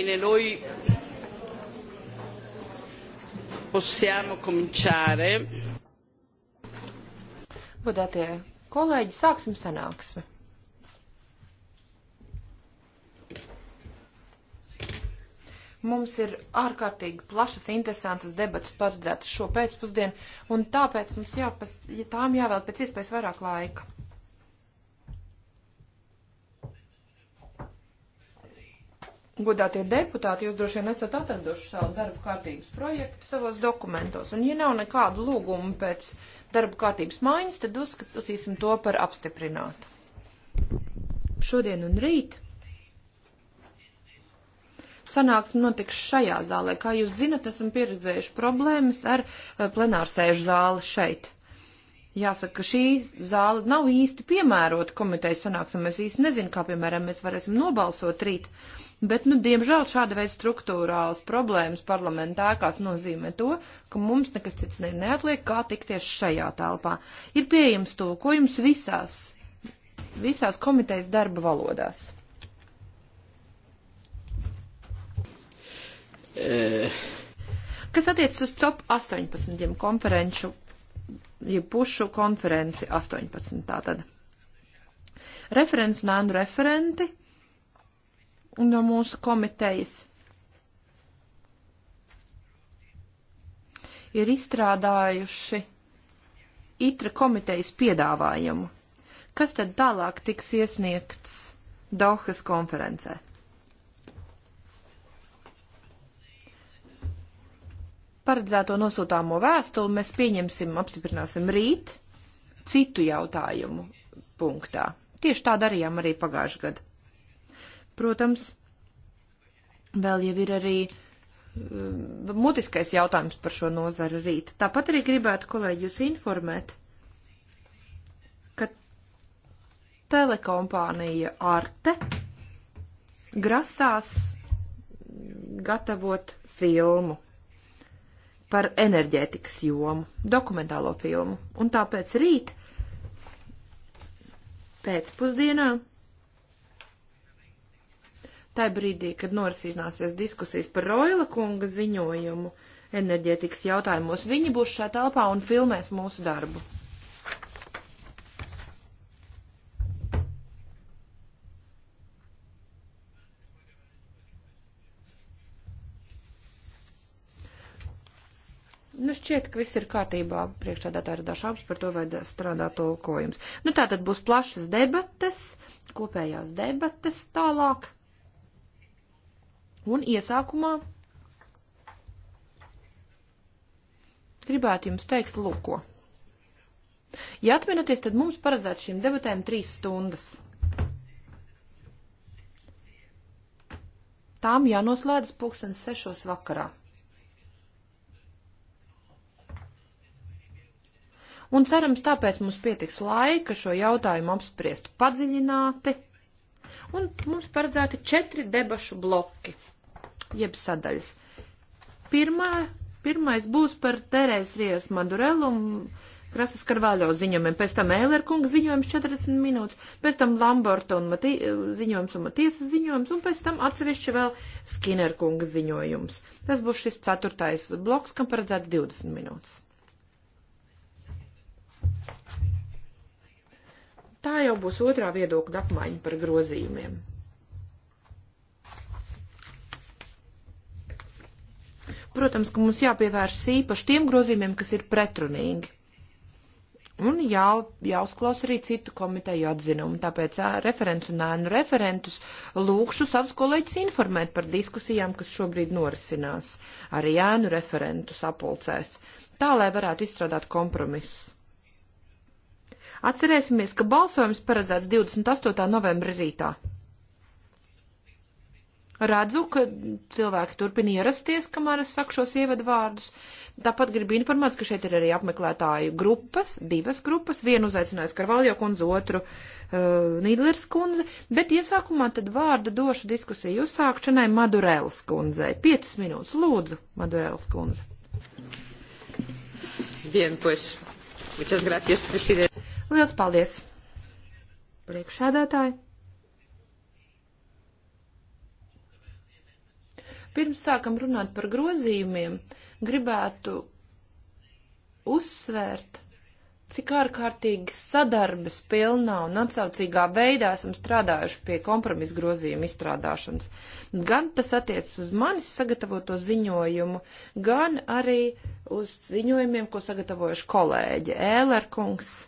Bene, noi possiamo cominciare. Godātie kolēģi, sāksim sanāksmi. Mums ir ārkārtīgi plašas, interesantas debatas paredzētas šo pēcpusdienu, un tāpēc mums jāpas, tām jāvēl pēc iespējas vairāk laika. Godātie deputāti, jūs droši vien esat atraduši savu darbu kārtības projektu savos dokumentos, un ja nav nekādu lūgumu pēc darbu kārtības maiņas, tad uzskatīsim to par apstiprinātu. Šodien un rīt sanāksme notiks šajā zālē. Kā jūs zinat, esam pieredzējuši problēmas ar eh, plenārsēžu zāli šeit. Jāsaka, ka šī zāle nav īsti piemērota komitejas sanāksmē. Es īsti nezinu, kā, piemēram, mēs varēsim nobalsot rīt. Bet, nu, diemžēl šāda veida struktūrāls problēmas parlamentā ēkās nozīmē to, ka mums nekas cits neatliek, kā tikties šajā telpā. Ir pieejams to, ko jums visās, visās komitejas darba valodās. Eh. Kas attiecas uz COP 18 konferenču ja pušu konferenci 18. tātad. Referents un ēnu referenti no mūsu komitejas ir izstrādājuši itra komitejas piedāvājumu. Kas tad tālāk tiks iesniegts Dohas konferencē? Paredzēto nosūtāmo vēstuli mēs pieņemsim, apstiprināsim rīt citu jautājumu punktā. Tieši tā darījām arī pagājušajā gadā. Protams, vēl jau ir arī um, mutiskais jautājums par šo nozaru rīt. Tāpat arī gribētu kolēģi jūs informēt, ka telekompānija Arte grasās gatavot filmu par enerģētikas jomu, dokumentālo filmu. Un tāpēc rīt pēcpusdienā, tajā brīdī, kad norisināsies diskusijas par Roila kunga ziņojumu enerģētikas jautājumos, viņi būs šajā telpā un filmēs mūsu darbu. Nu, šķiet, ka viss ir kārtībā. Priekšādātāji ir dažādas par to, vai strādā tulkojums. Nu, tā tad būs plašas debates, kopējās debates tālāk. Un iesākumā gribētu jums teikt, lūko. Ja atminaties, tad mums paredzētu šīm debatēm trīs stundas. Tām jānoslēdz pulkstens sešos vakarā. un cerams tāpēc mums pietiks laika šo jautājumu apspriest padziļināti, un mums paredzēti četri debašu bloki, jeb sadaļas. Pirmā, pirmais būs par Terēs Rieves Madurelu un Krasas Karvaļo ziņojumiem, pēc tam Ēlerkunga ziņojums 40 minūtes, pēc tam Lamborta un Mati ziņojums un Matiesas ziņojums, un pēc tam atsevišķi vēl Skinnerkunga ziņojums. Tas būs šis ceturtais bloks, kam paredzēts 20 minūtes. Tā jau būs otrā viedokļa apmaiņa par grozījumiem. Protams, ka mums jāpievēršas īpaši tiem grozījumiem, kas ir pretrunīgi. Un jā, jāuzklaus arī citu komiteju atzinumu, tāpēc referents un ēnu referentus lūkšu savus kolēģus informēt par diskusijām, kas šobrīd norisinās, arī ēnu referentu sapulcēs, tā lai varētu izstrādāt kompromisus. Atcerēsimies, ka balsojums paredzēts 28. novembra rītā. Redzu, ka cilvēki turpina ierasties, kamēr es saku šos ievadu vārdus. Tāpat gribu informēt, ka šeit ir arī apmeklētāju grupas, divas grupas. Vienu uzaicinājusi Karvaljo kundze, otru uh, Nīdlers kundze, bet iesākumā tad vārdu došu diskusiju uzsākšanai Madurēlas kundzei. Piecas minūtes, lūdzu, Madurēlas kundze. Bien, pues. Muchas gracias, presidente. Lielas paldies! Priekšsēdētāji! Pirms sākam runāt par grozījumiem, gribētu uzsvērt, cik ārkārtīgi sadarbes pilnā un atsaucīgā veidā esam strādājuši pie kompromisa grozījuma izstrādāšanas. Gan tas attiecas uz manis sagatavoto ziņojumu, gan arī uz ziņojumiem, ko sagatavojuši kolēģi Ēlerkungs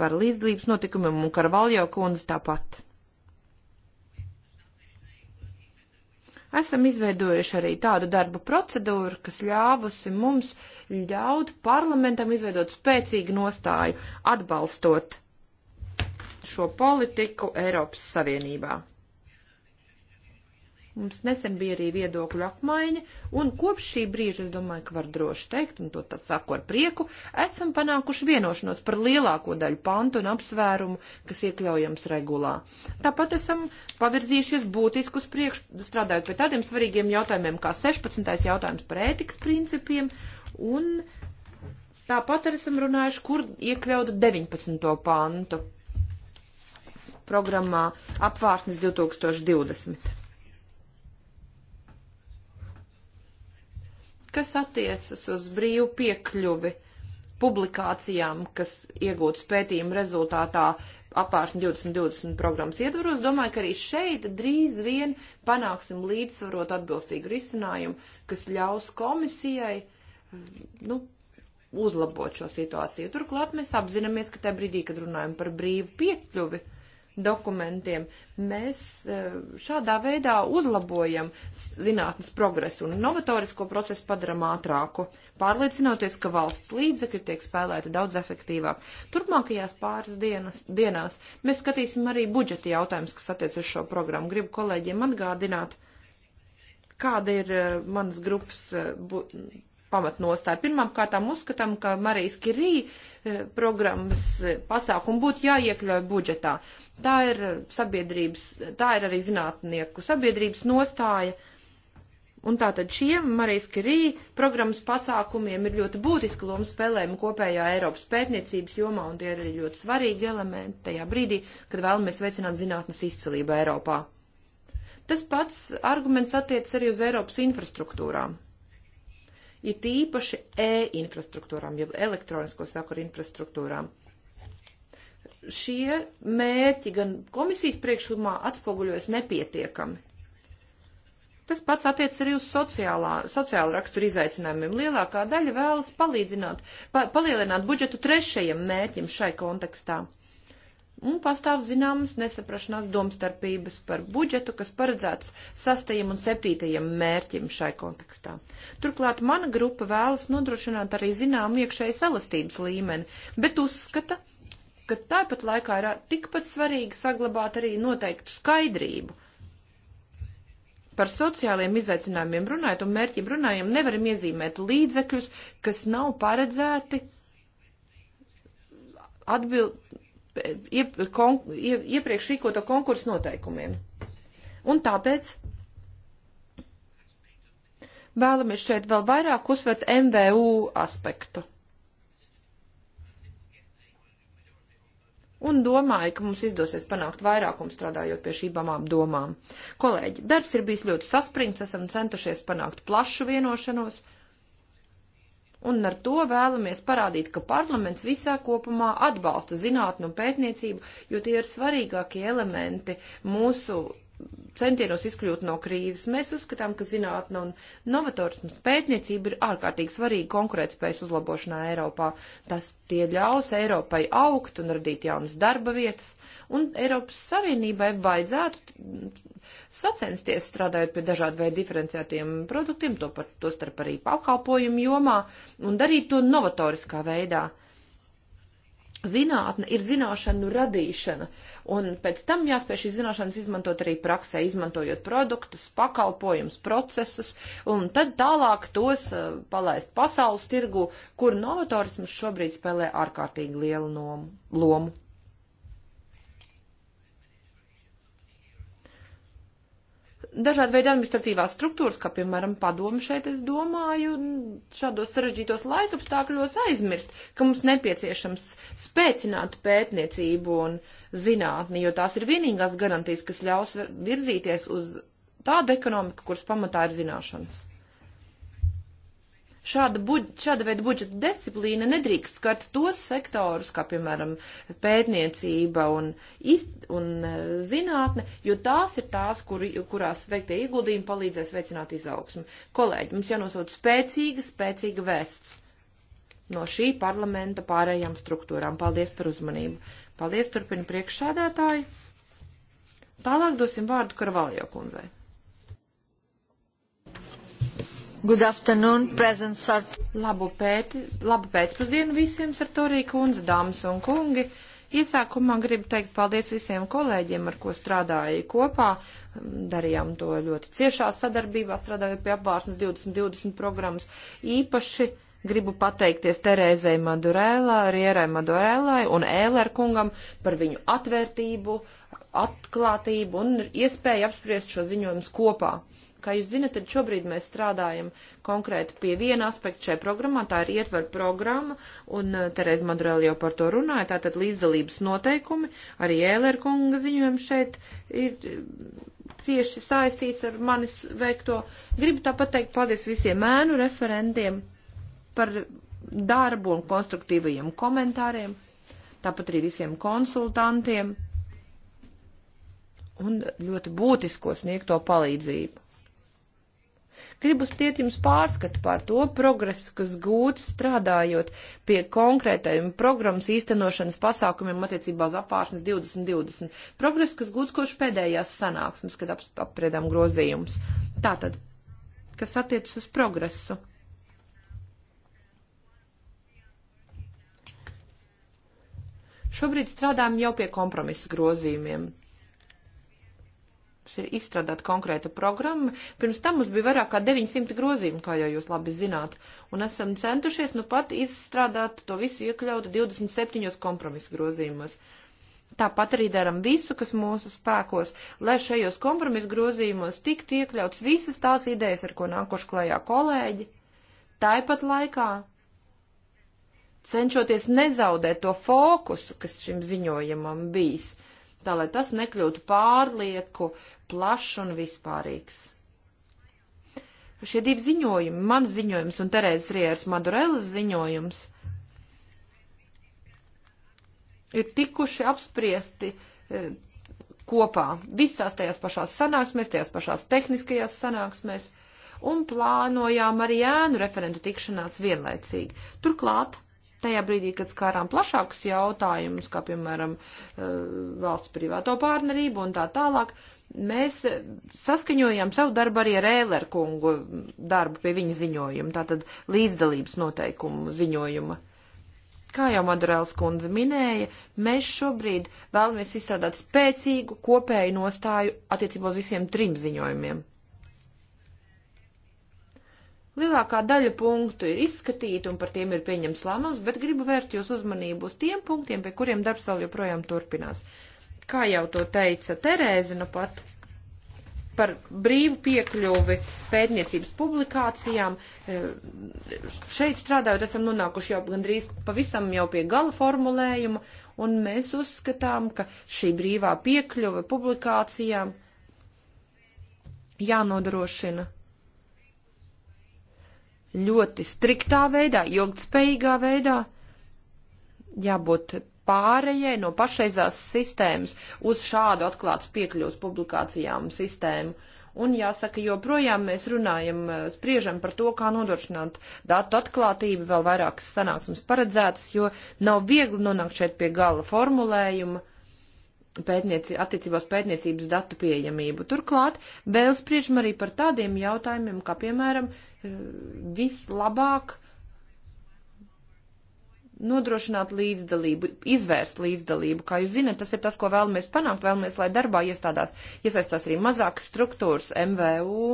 par līdzdalības notikumiem un Karvaljo kundze tāpat. Esam izveidojuši arī tādu darba procedūru, kas ļāvusi mums ļaut parlamentam izveidot spēcīgu nostāju atbalstot šo politiku Eiropas Savienībā. Mums nesen bija arī viedokļu apmaiņa, un kopš šī brīža, es domāju, ka var droši teikt, un to tas saku ar prieku, esam panākuši vienošanos par lielāko daļu pantu un apsvērumu, kas iekļaujams regulā. Tāpat esam pavirzījušies būtiski uz priekšu, strādājot pie tādiem svarīgiem jautājumiem, kā 16. jautājums par ētikas principiem, un tāpat arī esam runājuši, kur iekļaut 19. pantu programmā apvārsnes 2020 kas attiecas uz brīvu piekļuvi publikācijām, kas iegūtas pētījuma rezultātā apvāršņu 2020 programmas ietvaros, domāju, ka arī šeit drīz vien panāksim līdzsvarot atbilstīgu risinājumu, kas ļaus komisijai, nu, uzlabot šo situāciju. Turklāt mēs apzināmies, ka tajā brīdī, kad runājam par brīvu piekļuvi, uh, dokumentiem. Mēs e, šādā veidā uzlabojam zinātnes progresu un novatorisko procesu padaram ātrāku, pārliecinoties, ka valsts līdzekļi tiek spēlēti daudz efektīvāk. Turpmākajās pāris dienas, dienās mēs skatīsim arī budžeta jautājumus, kas attiec uz šo programmu. Gribu kolēģiem atgādināt, kāda ir e, manas grupas e, bu pamatnostāju. Pirmkārtām uzskatām, ka Marijas Kirī eh, programmas eh, pasākumu būtu jāiekļauj budžetā. Tā ir eh, sabiedrības, tā ir arī zinātnieku sabiedrības nostāja. Un tātad šiem Marijas Kirī programmas pasākumiem ir ļoti būtiska loma spēlējuma kopējā Eiropas pētniecības jomā, un tie ir arī ļoti svarīgi elementi tajā brīdī, kad vēlamies veicināt zinātnes izcelību Eiropā. Tas pats arguments attiec arī uz Eiropas infrastruktūrām it īpaši e-infrastruktūrām, jeb elektronisko sakaru infrastruktūrām. Šie mērķi gan komisijas priekšlikumā atspoguļojas nepietiekami. Tas pats attiec arī uz sociālā, sociāla rakstura izaicinājumiem. Lielākā daļa vēlas palīdzināt, pa, palielināt budžetu trešajam mērķim šai kontekstā. Un pastāv zināmas nesaprašanās domstarpības par budžetu, kas paredzēts sastajam un septītajam mērķim šai kontekstā. Turklāt mana grupa vēlas nodrošināt arī zināmu iekšējas elastības līmeni, bet uzskata, ka tāpat laikā ir tikpat svarīgi saglabāt arī noteiktu skaidrību. Par sociālajiem izaicinājumiem runājot un mērķiem runājot, nevaram iezīmēt līdzekļus, kas nav paredzēti atbild iep, kon, ie, iepriekš rīkoto konkursu noteikumiem. Un tāpēc vēlamies šeit vēl vairāk uzsvērt MVU aspektu. Un domāju, ka mums izdosies panākt vairākumu strādājot pie šīm abām domām. Kolēģi, darbs ir bijis ļoti saspringts, esam centušies panākt plašu vienošanos. Un ar to vēlamies parādīt, ka parlaments visā kopumā atbalsta zinātnu un pētniecību, jo tie ir svarīgākie elementi mūsu centienos izkļūt no krīzes. Mēs uzskatām, ka zinātne un novatorisms pētniecība ir ārkārtīgi svarīga konkurētspējas uzlabošanā Eiropā. Tas tie ļaus Eiropai augt un radīt jaunas darba vietas, un Eiropas Savienībai vajadzētu sacensties strādājot pie dažādu veidu diferenciētiem produktiem, to par to starp arī pakalpojumu jomā un darīt to novatoriskā veidā. Zinātne ir zināšanu radīšana, un pēc tam jāspēj šīs zināšanas izmantot arī praksē, izmantojot produktus, pakalpojumus, procesus, un tad tālāk tos uh, palaist pasaules tirgu, kur novatorisms šobrīd spēlē ārkārtīgi lielu nomu, lomu. dažādi veidi administratīvās struktūras, kā piemēram padomu šeit, es domāju, šādos sarežģītos laikapstākļos aizmirst, ka mums nepieciešams spēcināt pētniecību un zinātni, jo tās ir vienīgās garantijas, kas ļaus virzīties uz tādu ekonomiku, kuras pamatā ir zināšanas. Šāda, buģ, šāda veida budžeta disciplīna nedrīkst skart tos sektorus, kā piemēram pētniecība un, ist, un e, zinātne, jo tās ir tās, kur, kurās veiktie ieguldījumi palīdzēs veicināt izaugsmu. Kolēģi, mums jānosūt spēcīga, spēcīga vēsts no šī parlamenta pārējām struktūrām. Paldies par uzmanību. Paldies, turpina priekšsādātāji. Tālāk dosim vārdu Karvaljo kundzei. Good afternoon, present Sart. Labu, pēti, labu pēcpusdienu visiem, Sartorī kundze, dāmas un kungi. Iesākumā gribu teikt paldies visiem kolēģiem, ar ko strādāju kopā. Darījām to ļoti ciešā sadarbībā, strādājot pie apvārsnes 2020 programmas. Īpaši gribu pateikties Terēzei Madurēlā, Rierai Madurēlai un Ēlēr kungam par viņu atvērtību, atklātību un iespēju apspriest šo ziņojumus kopā. Kā jūs zinat, tad šobrīd mēs strādājam konkrēti pie viena aspekta šai programmā, tā ir ietver programma, un uh, Tereza Madurēla jau par to runāja, tātad līdzdalības noteikumi, arī Ēlera kunga ziņojums šeit ir uh, cieši saistīts ar manis veikto. Gribu tāpat teikt paldies visiem mēnu referentiem par darbu un konstruktīvajiem komentāriem, tāpat arī visiem konsultantiem un ļoti būtisko sniegto palīdzību. Gribu stiet jums pārskatu par to progresu, kas gūts strādājot pie konkrētajiem programmas īstenošanas pasākumiem attiecībā uz apvārsnes 2020. Progresu, kas gūts koši pēdējās sanāksmes, kad apspriedām grozījumus. Tātad, kas attiecas uz progresu. Šobrīd strādājam jau pie kompromisa grozījumiem. Šī ir izstrādāta konkrēta programma. Pirms tam mums bija vairāk kā 900 grozījumu, kā jau jūs labi zināt, un esam centušies nu pat izstrādāt to visu iekļaut 27 kompromisu grozījumos. Tāpat arī darām visu, kas mūsu spēkos, lai šajos kompromisu grozījumos tiktu iekļauts visas tās idejas, ar ko nākoši klajā kolēģi. Tāpat laikā cenšoties nezaudēt to fokusu, kas šim ziņojumam bijis, tā lai tas nekļūtu pārlieku plašs un vispārīgs. Šie divi ziņojumi, mans ziņojums un Terēzes Rieras Madurelas ziņojums, ir tikuši apspriesti e, kopā visās tajās pašās sanāksmēs, tajās pašās tehniskajās sanāksmēs, un plānojām arī ēnu referentu tikšanās vienlaicīgi. Turklāt, tajā brīdī, kad skārām plašākus jautājumus, kā piemēram e, valsts privāto pārnerību un tā tālāk, mēs saskaņojām savu darbu arī ar Ēleru kungu darbu pie viņa ziņojuma, tātad līdzdalības noteikumu ziņojuma. Kā jau Madurēls kundze minēja, mēs šobrīd vēlamies izstrādāt spēcīgu kopēju nostāju attiecībā uz visiem trim ziņojumiem. Lielākā daļa punktu ir izskatīta un par tiem ir pieņems lēmums, bet gribu vērst jūs uzmanību uz tiem punktiem, pie kuriem darbs vēl joprojām turpinās. Uh, kā jau to teica Terēze, nu pat par brīvu piekļuvi pētniecības publikācijām. E, šeit strādājot, esam nonākuši jau gandrīz pavisam jau pie gala formulējuma, un mēs uzskatām, ka šī brīvā piekļuve publikācijām jānodrošina ļoti striktā veidā, ilgtspējīgā veidā, jābūt pārējai no pašreizās sistēmas uz šādu atklāts piekļūs publikācijām sistēmu. Un jāsaka, joprojām mēs runājam, eh, spriežam par to, kā nodrošināt datu atklātību, vēl vairākas sanāksmes paredzētas, jo nav viegli nonākt šeit pie gala formulējuma pētnieci, attiecībā uz pētniecības datu pieejamību. Turklāt vēl spriežam arī par tādiem jautājumiem, kā piemēram eh, vislabāk nodrošināt līdzdalību, izvērst līdzdalību. Kā jūs zinat, tas ir tas, ko vēlamies panākt. Vēlamies, lai darbā iestādās, iesaistās arī mazākas struktūras, MVU,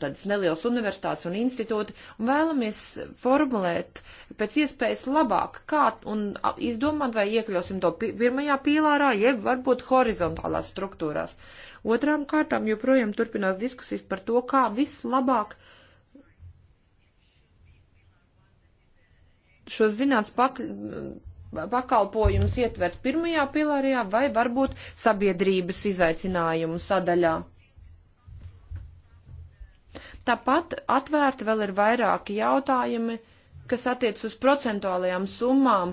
tādas nelielas universitātes un institūti, un vēlamies formulēt pēc iespējas labāk, kā un izdomāt, vai iekļausim to pirmajā pīlārā, jeb varbūt horizontālās struktūrās. Otrām kārtām joprojām turpinās diskusijas par to, kā vislabāk labāk šo zināts pakļ pakalpojumus ietvert pirmajā pilārijā vai varbūt sabiedrības izaicinājumu sadaļā. Tāpat atvērti vēl ir vairāki jautājumi kas attiec uz procentuālajām summām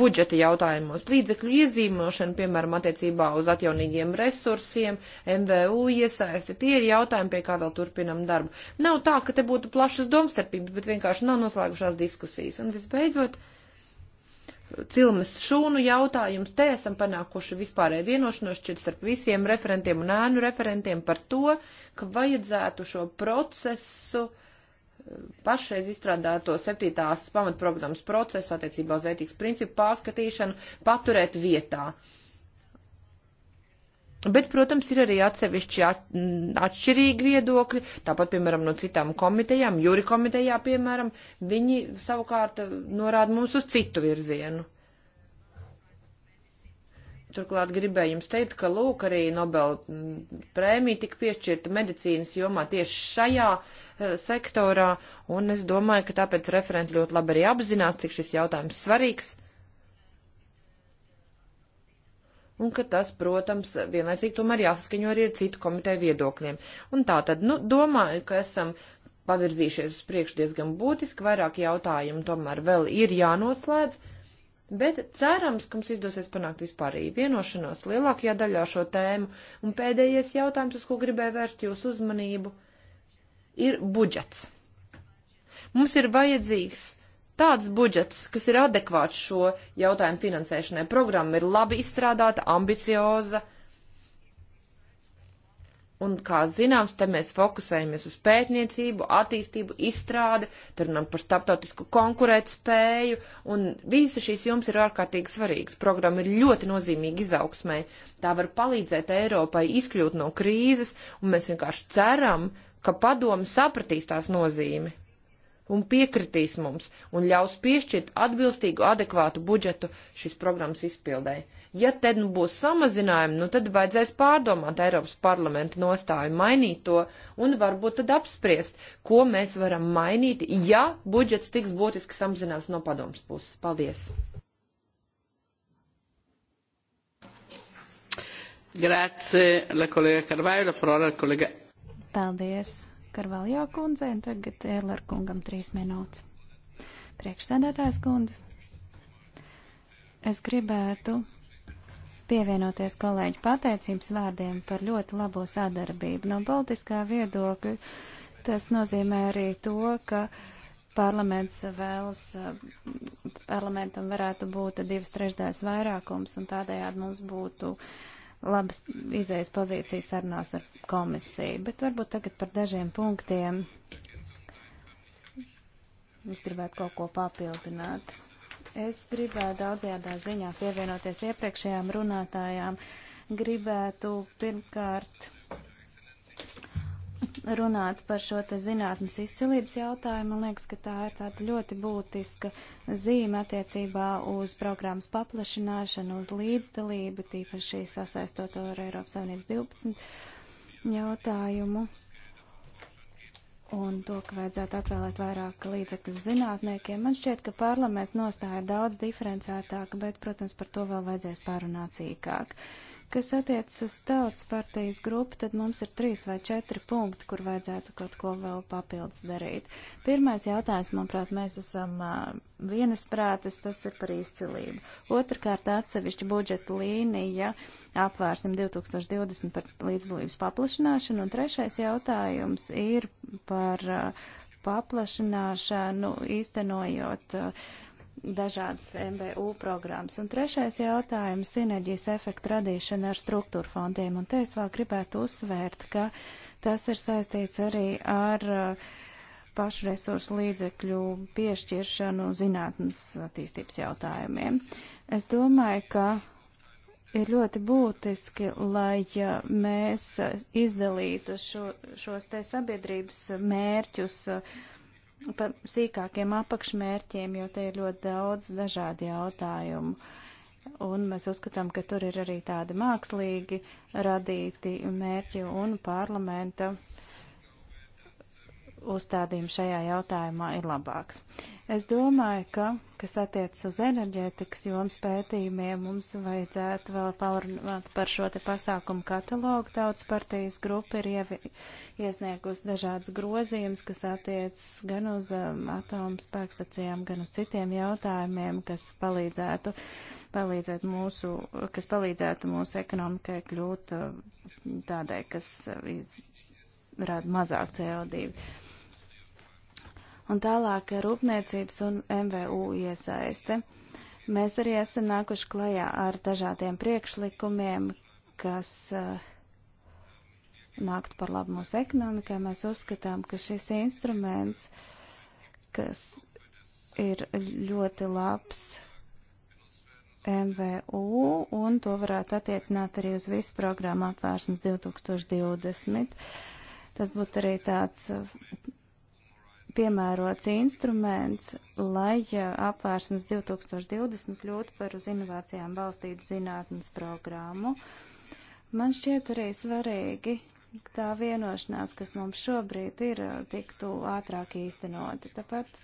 budžeta jautājumos. Līdzekļu iezīmošana, piemēram, attiecībā uz atjaunīgiem resursiem, MVU iesaisti, tie ir jautājumi, pie kā vēl turpinam darbu. Nav tā, ka te būtu plašas domstarpības, bet vienkārši nav noslēgušās diskusijas. Un visbeidzot, Cilmes šūnu jautājums. Te esam panākuši vispārēju vienošanos šķiet starp visiem referentiem un ēnu referentiem par to, ka vajadzētu šo procesu uh, pašreiz izstrādāto septītās pamatprogrammas procesu attiecībā uz ētikas principu pārskatīšanu paturēt vietā. Bet, protams, ir arī atsevišķi at, atšķirīgi viedokļi, tāpat, piemēram, no citām komitejām, jūri komitejā, piemēram, viņi savukārt eh, norāda mums uz citu virzienu. Turklāt gribēju jums teikt, ka lūk, arī Nobel prēmija tika piešķirta medicīnas jomā tieši šajā uh, Eh, sektorā, un es domāju, ka tāpēc referenti ļoti labi arī apzinās, cik šis jautājums svarīgs. Un ka tas, protams, vienlaicīgi tomēr jāsaskaņo arī ar citu komiteju viedokļiem. Un tā tad, nu, domāju, ka esam pavirzījušies uz priekšu diezgan būtiski, vairāk jautājumu tomēr vēl ir jānoslēdz, bet cerams, ka mums izdosies panākt vispārīgi vienošanos lielākajā daļā šo tēmu. Un pēdējais jautājums, uz ko gribēju vērst jūsu uzmanību ir budžets. Mums ir vajadzīgs tāds budžets, kas ir adekvāts šo jautājumu finansēšanai. Programma ir labi izstrādāta, ambicioza. Un, kā zināms, te mēs fokusējamies uz pētniecību, attīstību, izstrādi, te runam par starptautisku konkurētspēju, un visa šīs jums ir ārkārtīgi svarīgas. Programma ir ļoti nozīmīga izaugsmai. Tā var palīdzēt Eiropai izkļūt no krīzes, un mēs vienkārši ceram, uh, ka padomu sapratīs tās nozīmi un piekritīs mums un ļaus piešķirt atbilstīgu, adekvātu budžetu šīs programmas izpildēji. Ja te nu būs samazinājumi, nu tad vajadzēs pārdomāt Eiropas parlamenta nostāju, mainīt to un varbūt tad apspriest, ko mēs varam mainīt, ja budžets tiks būtiski samazināts no padomas puses. Paldies! Grazie, la collega Carvaio, la parola al collega Paldies Karvaljā kundzei, un tagad Ēler kungam trīs minūtes. Priekšsēdētājs kundze, es gribētu pievienoties kolēģu pateicības vārdiem par ļoti labo sadarbību. No politiskā viedokļa tas nozīmē arī to, ka parlaments vēlas, parlamentam varētu būt divas trešdaļas vairākums, un tādējādi mums būtu uh, labas izējas pozīcijas sarunās ar komisiju. Bet varbūt tagad par dažiem punktiem. Es gribētu kaut ko papildināt. Es gribētu daudzjādā ziņā pievienoties iepriekšējām runātājām. Gribētu pirmkārt runāt par šo te zinātnes izcilības jautājumu. Man liekas, ka tā ir tāda ļoti būtiska zīme attiecībā uz programmas paplašināšanu, uz līdzdalību, tīpaši sasaistot to ar Eiropas Savienības 12 jautājumu. Un to, ka vajadzētu atvēlēt vairāk līdzekļu zinātniekiem, man šķiet, ka parlamenta nostāja ir daudz diferencētāka, bet, protams, par to vēl vajadzēs pārunāt sīkāk. Uh, Kas attiecas uz tautas partijas grupu, tad mums ir trīs vai četri punkti, kur vajadzētu kaut ko vēl papildus darīt. Pirmais jautājums, manuprāt, mēs esam vienas prātas, tas ir par izcilību. Otrakārt, atsevišķa budžeta līnija apvērsim 2020 par līdzdalības paplašināšanu. Un trešais jautājums ir par paplašināšanu, īstenojot uh, dažādas MBU programmas. Un trešais jautājums - sinerģijas efekta radīšana ar struktūra fondiem. Un te es vēl gribētu uzsvērt, ka tas ir saistīts arī ar uh, pašu resursu līdzekļu piešķiršanu zinātnes attīstības jautājumiem. Es domāju, ka ir ļoti būtiski, lai mēs izdalītu šo, šos te sabiedrības mērķus uh, par sīkākiem apakšmērķiem, jo te ir ļoti daudz dažādu jautājumu. Un mēs uzskatām, ka tur ir arī tādi mākslīgi radīti mērķi un parlamenta uzstādījums šajā jautājumā ir labāks. Es domāju, ka, kas attiecas uz enerģētikas jomas pētījumiem, mums vajadzētu vēl parunāt par šo te pasākumu katalogu. Tautas partijas grupa ir ievi, iesniegus dažādas grozījumus, kas attiecas gan uz um, atomu spēkstacijām, gan uz citiem jautājumiem, kas palīdzētu, palīdzētu mūsu, kas palīdzētu mūsu ekonomikai kļūt um, tādai, kas uh, iz, rada mazāk CO2 un tālāk rūpniecības un MVU iesaiste. Mēs arī esam nākuši klajā ar dažādiem priekšlikumiem, kas uh, eh, nāktu par labu mūsu ekonomikai. Mēs uzskatām, ka šis instruments, kas ir ļoti labs MVU, un to varētu attiecināt arī uz visu programmu atvērsnes 2020. Tas būtu arī tāds piemērots instruments, lai apvērsnes 2020 kļūtu par uz inovācijām balstītu zinātnes programmu. Man šķiet arī svarīgi, ka tā vienošanās, kas mums šobrīd ir, tiktu ātrāk īstenoti. Tāpat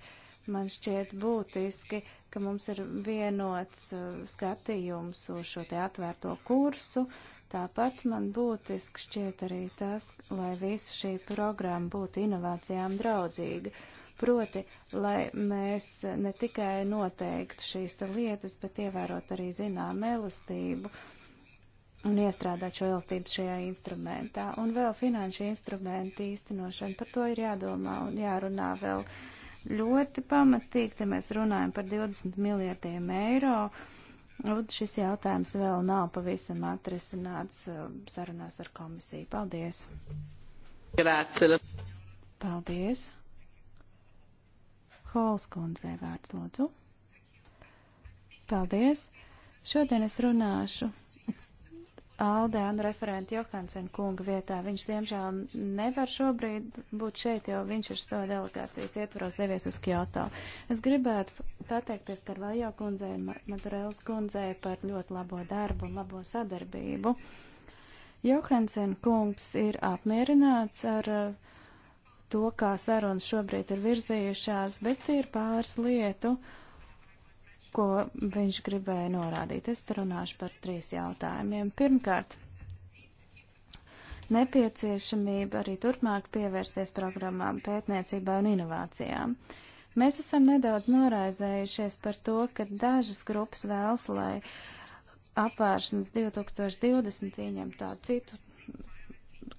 man šķiet būtiski, ka mums ir vienots uh, skatījums uz šo te atvērto kursu, uh, Tāpat man būtiski šķiet arī tas, lai visa šī programma būtu inovācijām draudzīga. Proti, lai mēs ne tikai noteiktu šīs lietas, bet ievērot arī zinām elastību un iestrādāt šo elastību šajā instrumentā. Un vēl finanšu instrumentu īstenošana, par to ir jādomā un jārunā vēl ļoti pamatīgi, te mēs runājam par 20 miljardiem eiro. Uh, Un šis jautājums vēl nav pavisam atrisināts eh, sarunās ar komisiju. Paldies! Grācila. Paldies! Hols kundzei vārds lūdzu. Paldies! Šodien es runāšu Aldē un referenta Johansen kunga vietā. Viņš, diemžēl, nevar šobrīd būt šeit, jo viņš ir stāv delegācijas ietvaros devies uz Kyoto. Es gribētu pateikties par Vajo kundzei un Madurēlas kundzei par ļoti labo darbu un labo sadarbību. Johansen kungs ir apmierināts ar uh, to, kā sarunas šobrīd ir virzījušās, bet ir pāris lietu, uh, ko viņš gribēja norādīt. Es runāšu par trīs jautājumiem. Pirmkārt, nepieciešamība arī turpmāk pievērsties programmām pētniecībā un inovācijām. Mēs esam nedaudz noraizējušies par to, ka dažas grupas vēlas, lai apvēršanas 2020 ieņem tādu citu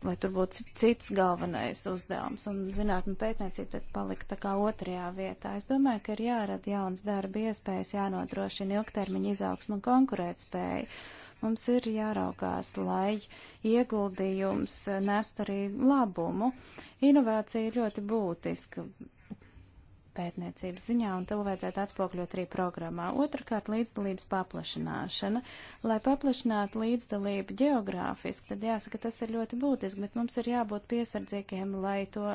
lai tur būtu cits galvenais uzdevums, un zinātnē pētniecība tad palika tā kā otrajā vietā. Es domāju, ka ir jārada jauns darba iespējas, jānodrošina ilgtermiņa izaugsmu un konkurētspēju. Mums ir jāraugās, lai ieguldījums nest arī labumu. Inovācija ir ļoti būtiska pētniecības ziņā, un to vajadzētu atspokļot arī programmā. Otrakārt, līdzdalības paplašināšana. Lai paplašinātu līdzdalību geogrāfiski, tad jāsaka, tas ir ļoti būtiski, bet mums ir jābūt piesardzīgiem, lai to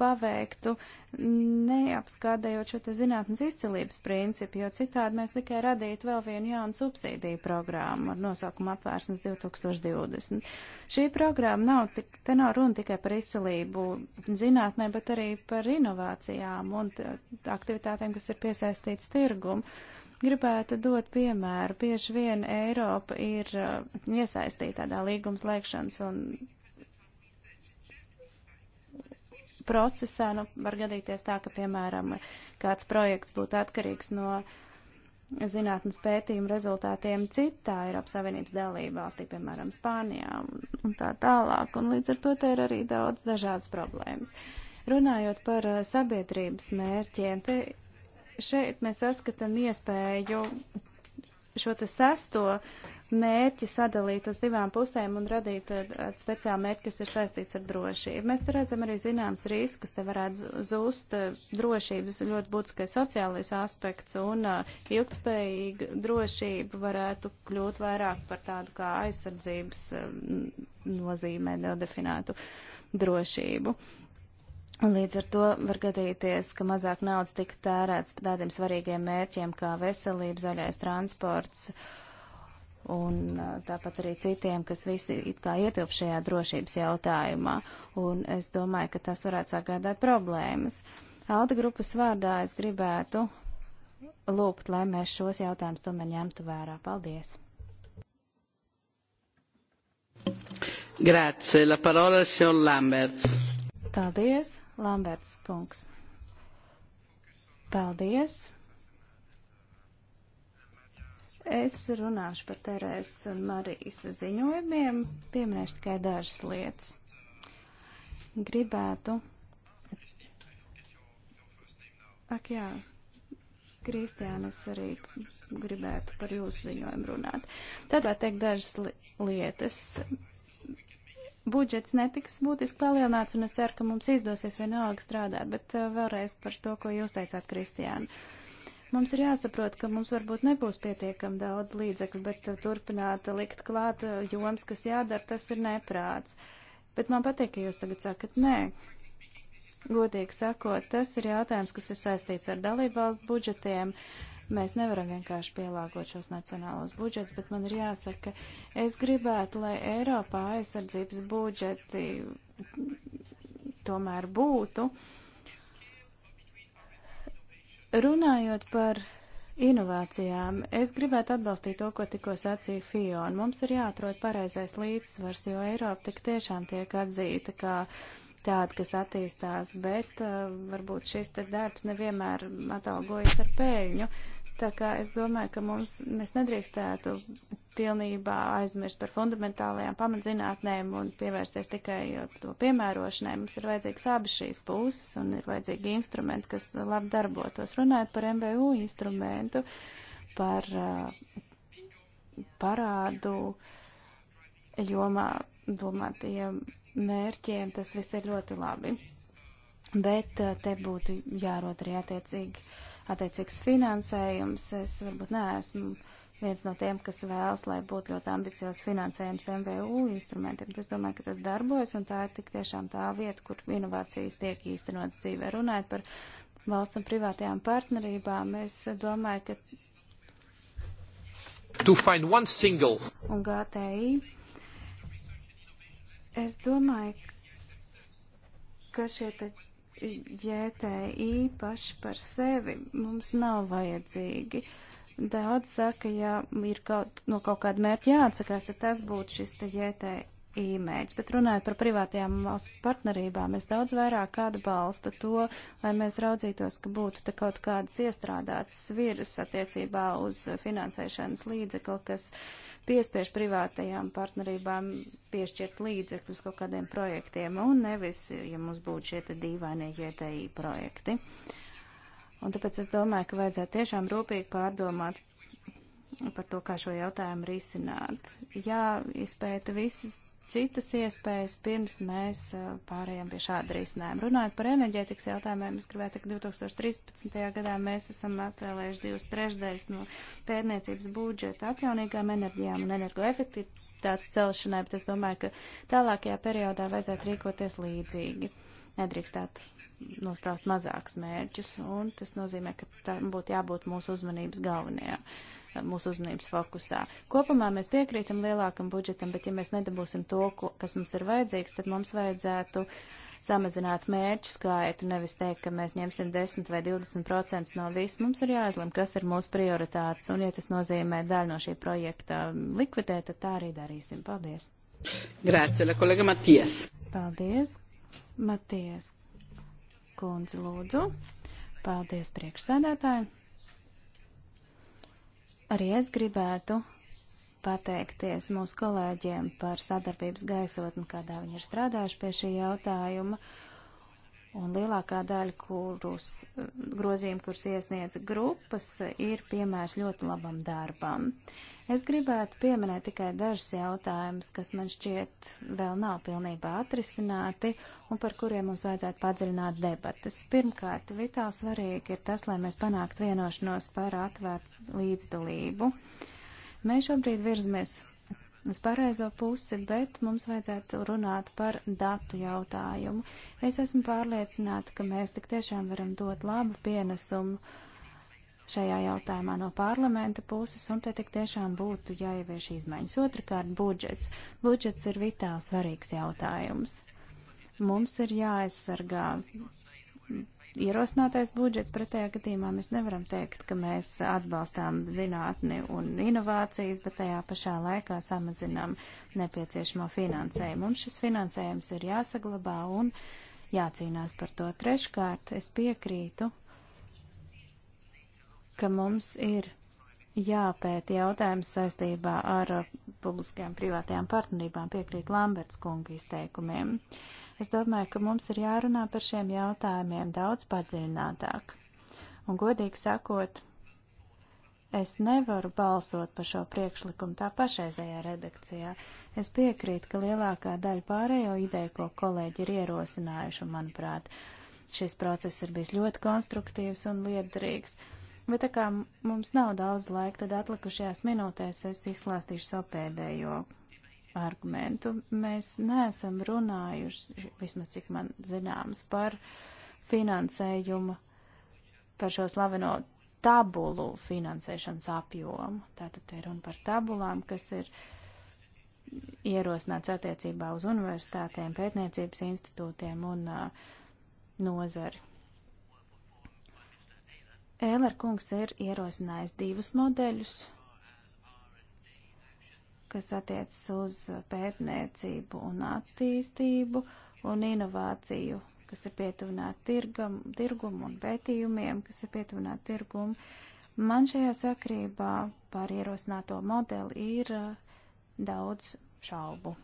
paveiktu, neapskādējot šo te zinātnes izcilības principu, jo citādi mēs tikai radītu vēl vienu jaunu subsīdiju programmu ar nosaukumu apvērsnes 2020. Šī programma nav, tik, te nav runa tikai par izcilību zinātnē, bet arī par inovācijām un aktivitātēm, kas ir piesaistītas tirgumu. Gribētu dot piemēru. Bieži vien Eiropa ir uh, iesaistīta tādā līgumslēgšanas un procesā, nu, var gadīties tā, ka, piemēram, kāds projekts būtu atkarīgs no zinātnes pētījuma rezultātiem citā Eiropas Savienības dalība valstī, piemēram, Spānijā un tā tālāk, un līdz ar to te ir arī daudz dažādas problēmas. Runājot par uh, sabiedrības mērķiem, te šeit mēs saskatām iespēju šo te sesto mērķi sadalītu uz divām pusēm un radītu eh, speciāli mērķi, kas ir saistīts ar drošību. Mēs te redzam arī zināms riskus, te varētu zust eh, drošības ļoti būtiskais sociālais aspekts un eh, ilgtspējīga drošība varētu kļūt vairāk par tādu kā aizsardzības nozīmē nedefinētu drošību. Līdz ar to var gadīties, ka mazāk naudas tika tērēts tādiem svarīgiem mērķiem kā veselība, zaļais transports, uh, un tāpat arī citiem, kas visi it kā ietilp šajā drošības jautājumā. Un es domāju, ka tas varētu sagādāt problēmas. Alda grupas vārdā es gribētu lūgt, lai mēs šos jautājumus tomēr ņemtu vērā. Paldies! Grazie, la parola signor Lamberts. Paldies, Lamberts kungs. Paldies. Es runāšu par Terēzes un Marijas ziņojumiem, pieminēšu tikai dažas lietas. Gribētu. Ak jā, Kristiāna, es arī gribētu par jūsu ziņojumu runāt. Tad vēl teikt dažas li lietas. Budžets netiks būtiski palielināts, un es ceru, ka mums izdosies vienalga strādāt, bet eh, vēlreiz par to, ko jūs teicāt, Kristiāna. Uh, Mums ir jāsaprot, ka mums varbūt nebūs pietiekami daudz līdzekļu, bet uh, turpināt likt klāt uh, joms, kas jādara, tas ir neprāts. Bet man patīk, ka jūs tagad sakat nē. Godīgi sakot, tas ir jautājums, kas ir saistīts ar dalībvalstu budžetiem. Mēs nevaram vienkārši pielāgot šos nacionālos budžets, bet man ir jāsaka, ka es gribētu, lai Eiropā aizsardzības budžeti tomēr būtu. Uh, Runājot par inovācijām, es gribētu atbalstīt to, ko tikko sacīja Fiona. Mums ir jāatrod pareizais līdzsvars, jo Eiropa tik tiešām tiek atzīta kā tāda, kas attīstās, bet uh, varbūt šis te darbs nevienmēr atalgojas ar pēļņu. Uh, Tā kā es domāju, ka mums, mēs nedrīkstētu pilnībā aizmirst par fundamentālajām pamatzinātnēm un pievērsties tikai to piemērošanai. Mums ir vajadzīgs abi šīs puses un ir vajadzīgi instrumenti, kas labi darbotos. Runājot par MBU instrumentu, par uh, parādu jomā domātajiem mērķiem, tas viss ir ļoti labi. Bet eh, te būtu jārod arī attiecīgi, attiecīgs finansējums. Es varbūt neesmu viens no tiem, kas vēlas, lai būtu ļoti ambiciozs finansējums MVU instrumentiem. Es domāju, ka tas darbojas un tā ir tik tiešām tā vieta, kur inovācijas tiek īstenotas dzīvē. Runājot par valsts un privātajām partnerībām, es domāju, ka. Un GTI. Es domāju, ka šie te ģētēji īpaši par sevi mums nav vajadzīgi. Daudz saka, ja ir kaut, no kaut kāda mērķa jāatsakās, tad tas būtu šis te ģētēji mērķis. Bet runājot par privātajām valsts partnerībām, es daudz vairāk atbalstu to, lai mēs raudzītos, ka būtu te kaut kādas iestrādātas sviras attiecībā uz finansēšanas līdzekli, kas piespiež privātajām partnerībām piešķirt līdzekļus kaut kādiem projektiem un nevis, ja mums būtu šie te dīvainie JTI projekti. Un tāpēc es domāju, ka vajadzētu tiešām rūpīgi pārdomāt par to, kā šo jautājumu risināt. Jā, izpēta visas citas iespējas, pirms mēs uh, pārējām pie šāda risinājuma. Runājot par enerģētikas jautājumiem, es gribētu teikt, 2013. gadā mēs esam atvēlējuši divas trešdaļas no pērniecības budžeta atjaunīgām enerģijām un energoefektivitātes celšanai, bet es domāju, ka tālākajā periodā vajadzētu rīkoties līdzīgi. Nedrīkstētu nosprāst mazākus mērķus, un tas nozīmē, ka tam būtu jābūt mūsu uzmanības galvenajā, mūsu uzmanības fokusā. Kopumā mēs piekrītam lielākam budžetam, bet ja mēs nedabūsim to, ko, kas mums ir vajadzīgs, tad mums vajadzētu samazināt mērķu skaitu, nevis teikt, ka mēs ņemsim 10 vai 20 procentus no visu. Mums ir jāizlem, kas ir mūsu prioritātes, un ja tas nozīmē daļu no šī projekta likvidēt, tad tā arī darīsim. Paldies! Grācija, kolēga Matijas. Paldies, Matijas kundze, lūdzu. Paldies priekšsēdētāji. Arī es gribētu pateikties mūsu kolēģiem par sadarbības gaisotni, kādā viņi ir strādājuši pie šī jautājuma. Un lielākā daļa kurus, grozījumu, kurus iesniedz grupas, ir piemērs ļoti labam darbam. Uh, Es gribētu pieminēt tikai dažus jautājumus, kas man šķiet vēl nav pilnībā atrisināti un par kuriem mums vajadzētu padziļināt debatas. Pirmkārt, vitāli svarīgi ir tas, lai mēs panāktu vienošanos par atvērtu līdzdalību. Mēs šobrīd virzamies uz pareizo pusi, bet mums vajadzētu runāt par datu jautājumu. Es esmu pārliecināta, ka mēs tik tiešām varam dot labu pienesumu šajā jautājumā no parlamenta puses, un te tik tiešām būtu jāievieš izmaiņas. Otrakārt, budžets. Budžets ir vitāli svarīgs jautājums. Mums ir jāaizsargā ierosinātais budžets, pretējā gadījumā mēs nevaram teikt, ka mēs atbalstām zinātni un inovācijas, bet tajā pašā laikā samazinām nepieciešamo finansējumu. Mums šis finansējums ir jāsaglabā un jācīnās par to. Treškārt, es piekrītu ka mums ir jāpēta jautājums saistībā ar uh, publiskajām privātajām partnerībām, piekrīt Lamberts kunga izteikumiem. Es domāju, ka mums ir jārunā par šiem jautājumiem daudz padziļinātāk. Un godīgi sakot, es nevaru balsot par šo priekšlikumu tā pašreizējā redakcijā. Es piekrītu, ka lielākā daļa pārējo ideju, ko kolēģi ir ierosinājuši, un, manuprāt, šis process ir bijis ļoti konstruktīvs un liederīgs. Uh, Bet tā kā mums nav daudz laika, tad atlikušajās minūtēs es izklāstīšu savu pēdējo argumentu. Mēs neesam runājuši, vismaz cik man zināms, par finansējumu, par šo slaveno tabulu finansēšanas apjomu. Tātad te runa par tabulām, kas ir ierosināts attiecībā uz universitātēm, pētniecības institūtiem un uh, nozari. Ēler kungs ir ierosinājis divus modeļus, kas attiecas uz pētniecību un attīstību un inovāciju, kas ir pietuvināti tirgam, tirgumu un pētījumiem, kas ir pietuvināti tirgumu. Man šajā sakrībā par ierosināto modeli ir uh, daudz šaubu.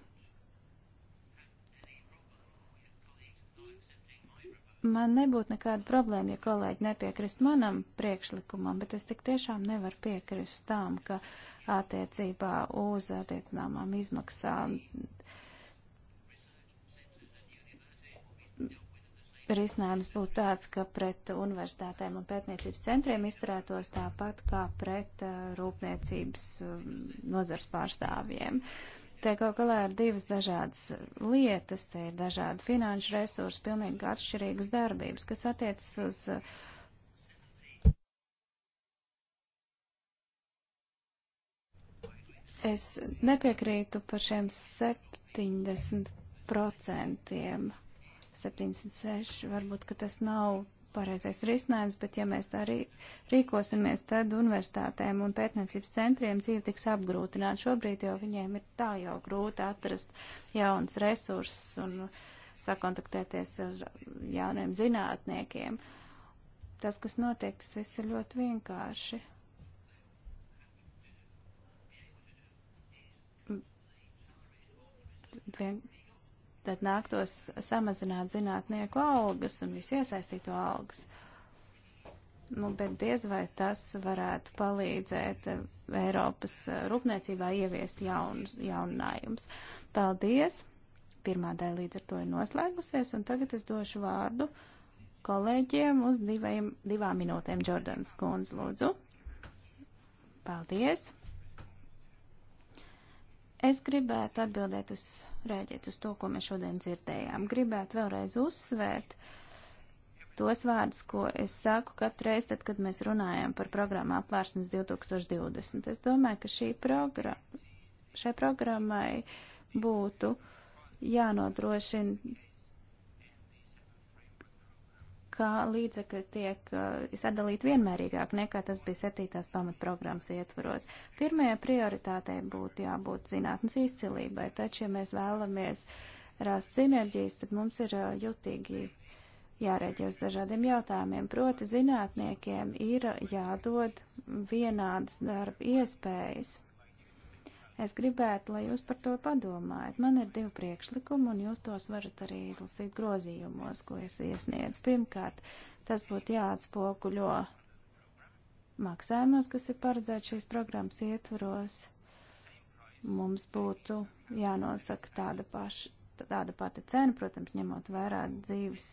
man nebūtu nekāda problēma, ja kolēģi nepiekrist manam priekšlikumam, bet es tik tiešām nevaru piekrist tam, ka attiecībā uz attiecināmām izmaksām risinājums būtu tāds, ka pret universitātēm un pētniecības centriem izturētos tāpat kā pret uh, rūpniecības um, nozars pārstāvjiem. Uh, te kaut galā ir divas dažādas lietas, te ir dažādi finanšu resursi, pilnīgi atšķirīgas darbības, kas attiecas uz. Eh, es nepiekrītu par šiem 70%, 76, varbūt, ka tas nav pareizais risinājums, bet ja mēs tā arī rīkosimies, tad universitātēm un pētniecības centriem dzīve tiks apgrūtināta. Šobrīd jau viņiem ir tā jau grūti atrast jaunas resursus un sakontaktēties ar jauniem zinātniekiem. Tas, kas notiek, tas viss ir ļoti vienkārši. Vien, tad nāktos samazināt zinātnieku algas un visu iesaistīto algas. Nu, bet diez vai tas varētu palīdzēt eh, Eiropas eh, rūpniecībā ieviest jaunus, jauninājumus. Paldies! Pirmā daļa līdz ar to ir noslēgusies, un tagad es došu vārdu kolēģiem uz divajam, divām minūtēm. Jordans Kunz, lūdzu. Paldies! Es gribētu atbildēt uz, rēģēt uz to, ko mēs šodien dzirdējām. Gribētu vēlreiz uzsvērt tos vārdus, ko es saku katru reizi, tad, kad mēs runājam par programmu apvērsnes 2020. Es domāju, ka šī programma, šai programmai būtu jānodrošina ka līdzekļi tiek eh, sadalīti vienmērīgāk nekā tas bija septītās pamatprogrammas ietvaros. Pirmajai prioritātei būtu jābūt zinātnes izcilībai, taču, ja mēs vēlamies rast sinerģijas, tad mums ir eh, jutīgi jārēģē uz dažādiem jautājumiem. Proti zinātniekiem ir jādod vienādas darba iespējas Es gribētu, lai jūs par to padomājat. Man ir divi priekšlikumi, un jūs tos varat arī izlasīt grozījumos, ko es iesniedzu. Pirmkārt, tas būtu jāatspoguļo maksājumos, kas ir paredzēts šīs programmas ietvaros. Mums būtu jānosaka tāda, paša, tāda pati cena, protams, ņemot vērā dzīves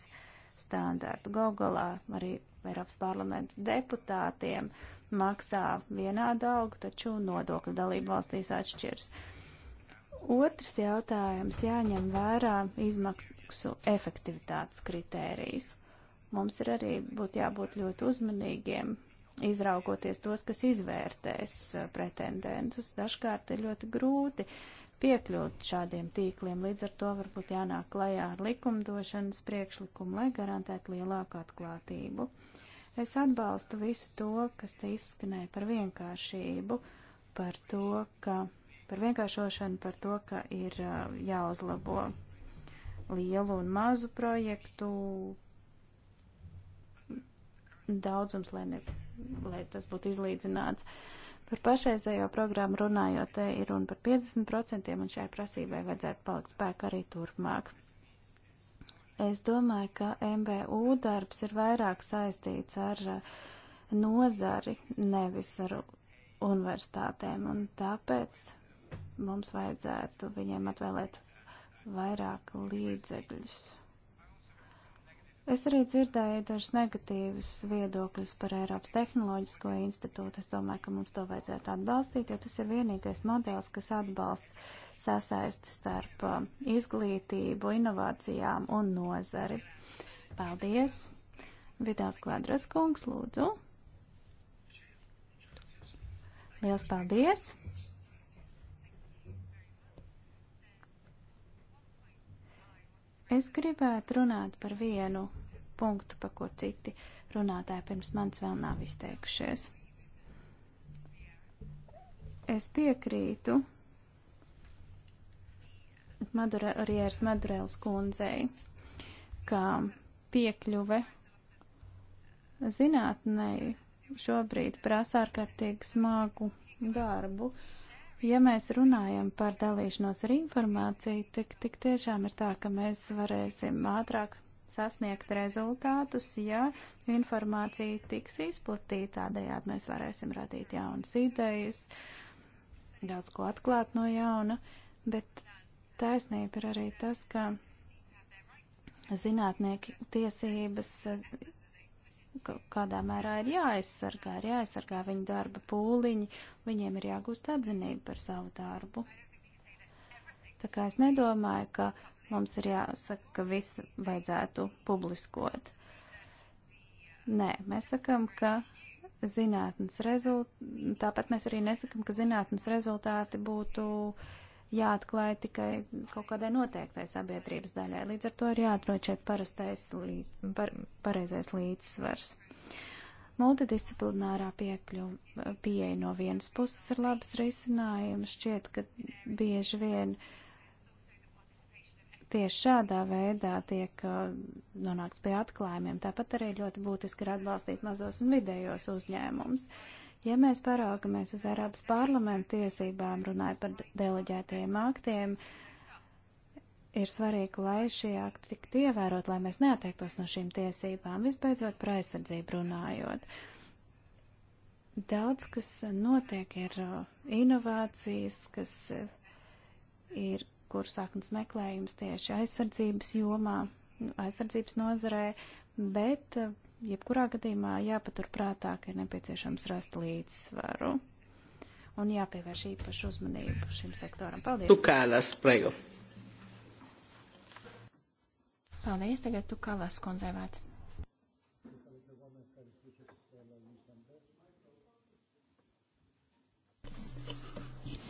standārtu. Gogolā arī Eiropas parlamenta deputātiem maksā vienādu algu, taču nodokļu dalību valstīs atšķirs. Otrs jautājums jāņem vērā izmaksu efektivitātes kritērijas. Mums ir arī būtu jābūt ļoti uzmanīgiem, izraugoties tos, kas izvērtēs uh, pretendentus. Dažkārt ir ļoti grūti piekļūt šādiem tīkliem, līdz ar to varbūt jānāk klajā ar likumdošanas priekšlikumu, lai garantētu lielāku atklātību. Uh, Es atbalstu visu to, kas te izskanēja par vienkāršību, par to, ka par vienkāršošanu, par to, ka ir jāuzlabo lielu un mazu projektu daudzums, lai, ne, lai tas būtu izlīdzināts. Par pašreizējo programmu runājot, te ir runa par 50%, un šai prasībai vajadzētu palikt spēku arī turpmāk. Es domāju, ka MBU darbs ir vairāk saistīts ar uh, nozari, nevis ar universitātēm, un tāpēc mums vajadzētu viņiem atvēlēt vairāk līdzekļus. Es arī dzirdēju dažus negatīvus viedokļus par Eiropas Tehnoloģisko institūtu. Es domāju, ka mums to vajadzētu atbalstīt, jo tas ir vienīgais modelis, kas atbalsts sasaisti starp uh, izglītību, inovācijām un nozari. Paldies! Vidās Kvadras kungs, lūdzu! Liels paldies! Es gribētu runāt par vienu punktu, pa ko citi runātāji pirms manis vēl nav izteikušies. Es piekrītu Madure, Rieras Madurēls kundzei, ka piekļuve zinātnei šobrīd prasa ārkārtīgi smagu darbu. Ja mēs runājam par dalīšanos ar informāciju, tik, tik tiešām ir tā, ka mēs varēsim ātrāk sasniegt rezultātus, ja informācija tiks izplatīta. Tādējādi mēs varēsim radīt jaunas idejas, daudz ko atklāt no jauna, bet Taisnība ir arī tas, ka zinātnieki tiesības kādā mērā ir jāaizsargā, ir jāaizsargā viņu darba pūliņi, viņiem ir jāgūst atzinība par savu darbu. Tā kā es nedomāju, ka mums ir jāsaka, ka viss vajadzētu publiskot. Nē, mēs sakam, ka zinātnes rezultāti, tāpat mēs arī nesakam, ka zinātnes rezultāti būtu jāatklāja tikai kaut kādai noteiktai sabiedrības daļai. Līdz ar to ir jāatrod šeit parastais, lī, par, pareizais līdzsvars. Multidisciplinārā piekļuva pieeja no vienas puses ir labs risinājums. Šķiet, ka bieži vien tieši šādā veidā tiek uh, nonāks pie atklājumiem. Tāpat arī ļoti būtiski ir atbalstīt mazos un vidējos uzņēmumus. Uh, Ja mēs paraugamies uz Eiropas parlamentu tiesībām, runājot par deleģētajiem aktiem, ir svarīgi, lai šie akti tiktu ievērot, lai mēs neatteiktos no šīm tiesībām, visbeidzot par aizsardzību runājot. Daudz, kas notiek, ir uh, inovācijas, kas uh, ir, kur saknes meklējums tieši aizsardzības jomā, aizsardzības nozarē, bet uh, jebkurā gadījumā jāpaturprātā, ka ir nepieciešams rast līdzsvaru un jāpievērš īpašu uzmanību šim sektoram. Paldies! Tukālas, prego! Paldies, tagad Tukālas konzervēt.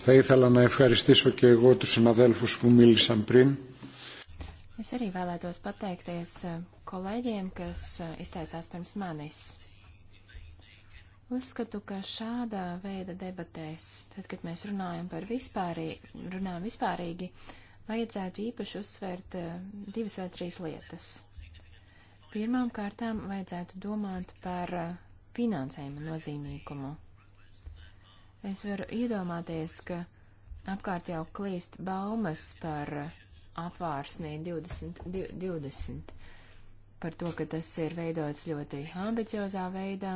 Θα ήθελα να ευχαριστήσω και εγώ τους συναδέλφους που μίλησαν πριν. Es arī vēlētos pateikties eh, kolēģiem, kas eh, izteicās pirms manis. Uzskatu, ka šādā veida debatēs, tad, kad mēs runājam par vispārī, runājam vispārīgi, vajadzētu īpaši uzsvērt eh, divas vai trīs lietas. Pirmām kārtām vajadzētu domāt par finansējuma nozīmīgumu. Es varu iedomāties, ka apkārt jau klīst baumas par apvārsnī 2020 20, par to, ka tas ir veidots ļoti ambiciozā veidā.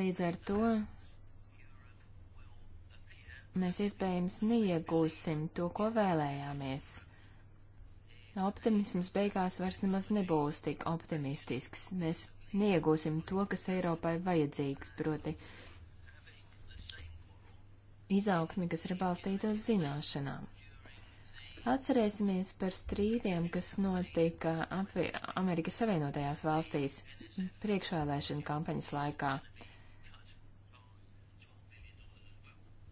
Līdz ar to mēs iespējams neiegūsim to, ko vēlējāmies. Optimisms beigās vairs nemaz nebūs tik optimistisks. Mēs neiegūsim to, kas Eiropai vajadzīgs, proti izaugsmi, kas ir balstīta uz zināšanām. Atcerēsimies par strīdiem, kas notika Afi Amerikas Savienotajās valstīs priekšvēlēšana kampaņas laikā.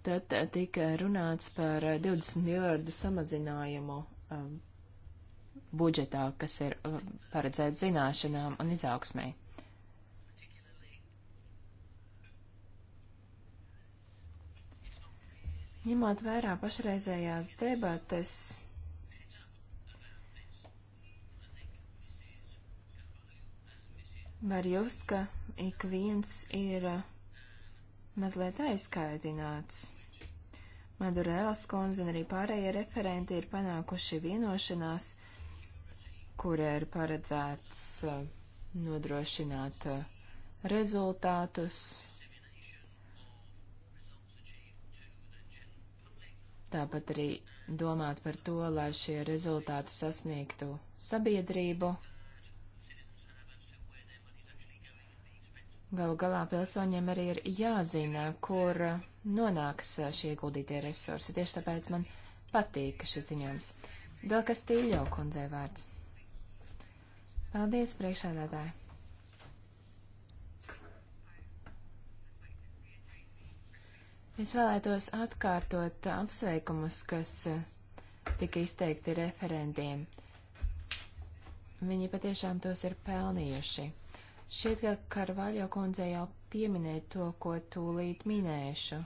Tad eh, tika runāts par 20 miljardu samazinājumu um, budžetā, kas ir um, paredzēts zināšanām un izaugsmēji. Ņemot vērā pašreizējās debates, var just, ka ik viens ir uh, mazliet aizkaitināts. Madurēlas kundze un arī pārējie referenti ir panākuši vienošanās, kura ir paredzēts uh, nodrošināt uh, rezultātus tāpat arī domāt par to, lai šie rezultāti sasniegtu sabiedrību. Galu galā pilsoņiem arī ir jāzina, kur nonāks šie ieguldītie resursi. Tieši tāpēc man patīk šis ziņojums. Vēl kas tīļo kundzei vārds. Paldies, priekšādātāji! Es vēlētos atkārtot apsveikumus, kas eh, tika izteikti referentiem. Viņi patiešām tos ir pelnījuši. Šķiet, ka Karvaļo kundze jau pieminēja to, ko tūlīt minēšu.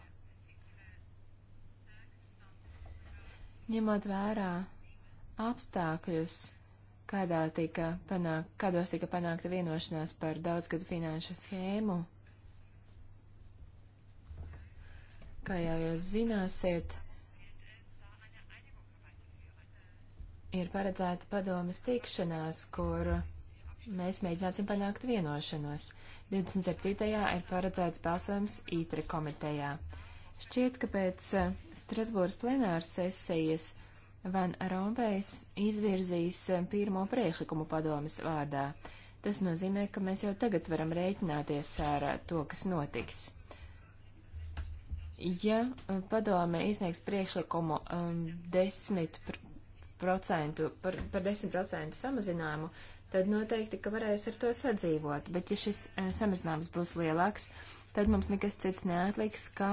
Ņemot vērā apstākļus, kādā tika panāk, kādos tika panākta vienošanās par daudzgadu finanšu schēmu, kā jau jūs zināsiet, ir paredzēta padomas tikšanās, kur mēs mēģināsim panākt vienošanos. 27. ir paredzēts balsojums ITRE komitejā. Šķiet, ka pēc eh, Strasbūras plenāras sesijas Van Rompējs izvirzīs eh, pirmo priekšlikumu padomas vārdā. Tas nozīmē, ka mēs jau tagad varam rēķināties ar eh, to, kas notiks. Ja e, padome izniegs priekšlikumu um, e, 10 pr procentu, par, par 10% samazinājumu, tad noteikti, ka varēs ar to sadzīvot. Bet ja šis uh, samazinājums būs lielāks, tad mums nekas cits neatliks, kā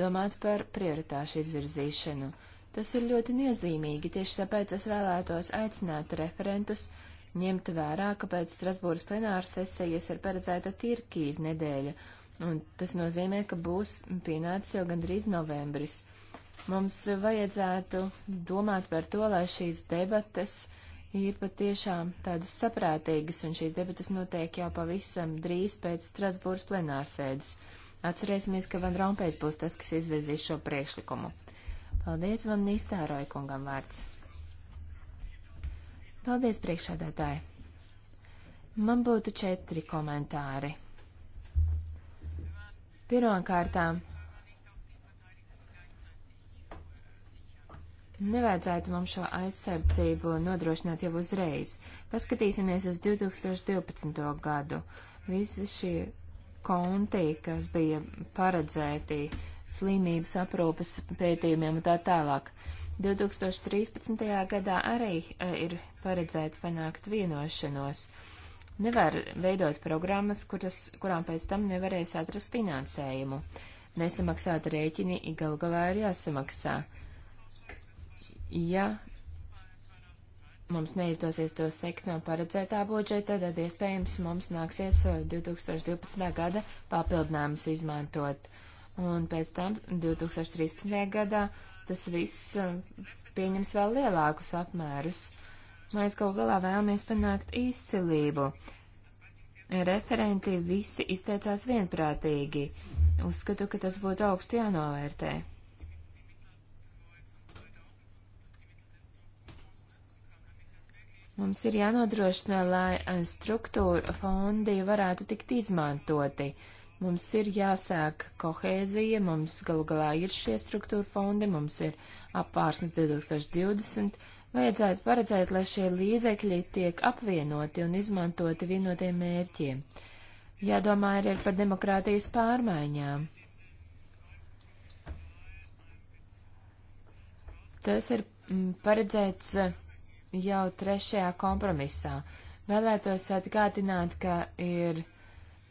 domāt par prioritāšu izvirzīšanu. Tas ir ļoti niezīmīgi, tieši tāpēc es vēlētos aicināt referentus ņemt vērā, ka pēc Strasbūras plenāra sesijas ir paredzēta Tirkijas nedēļa Un tas nozīmē, ka būs pienācis jau gandrīz novembris. Mums vajadzētu domāt par to, lai šīs debatas ir patiešām tādas saprātīgas, un šīs debatas notiek jau pavisam drīz pēc Strasbūras plenārsēdes. Atcerēsimies, ka Van Rompējs būs tas, kas izvirzīs šo priekšlikumu. Paldies, Van Nistāroja kungam vārds. Paldies, priekšādētāji. Man būtu četri komentāri. Pirmkārtām, nevajadzētu mums šo aizsardzību nodrošināt jau uzreiz. Paskatīsimies uz 2012. gadu. Visi šie konti, kas bija paredzēti slimības aprūpas pētījumiem un tā tālāk. 2013. gadā arī eh, ir paredzēts panākt vienošanos. Nevar veidot programmas, kuras, kurām pēc tam nevarēs atrast finansējumu. Nesamaksāt rēķini gal galā ir jāsamaksā. Ja mums neizdosies to sekt no paredzētā budžeta, tad iespējams mums nāksies 2012. Uh, gada papildinājumus izmantot. Un pēc tam 2013. gadā tas viss uh, pieņems vēl lielākus apmērus. Mēs galu galā vēlamies panākt izcilību. Referenti visi izteicās vienprātīgi. Uzskatu, ka tas būtu augstu jānovērtē. Mums ir jānodrošina, lai eh, struktūra fondi varētu tikt izmantoti. Mums ir jāsāk kohēzija, mums galu galā ir šie struktūra fondi, mums ir apvārsnes 2020, Vajadzētu paredzēt, lai šie līdzekļi tiek apvienoti un izmantoti vienotiem mērķiem. Jādomā arī par demokrātijas pārmaiņām. Tas ir mm, paredzēts mm, jau trešajā kompromisā. Vēlētos atgādināt, ka ir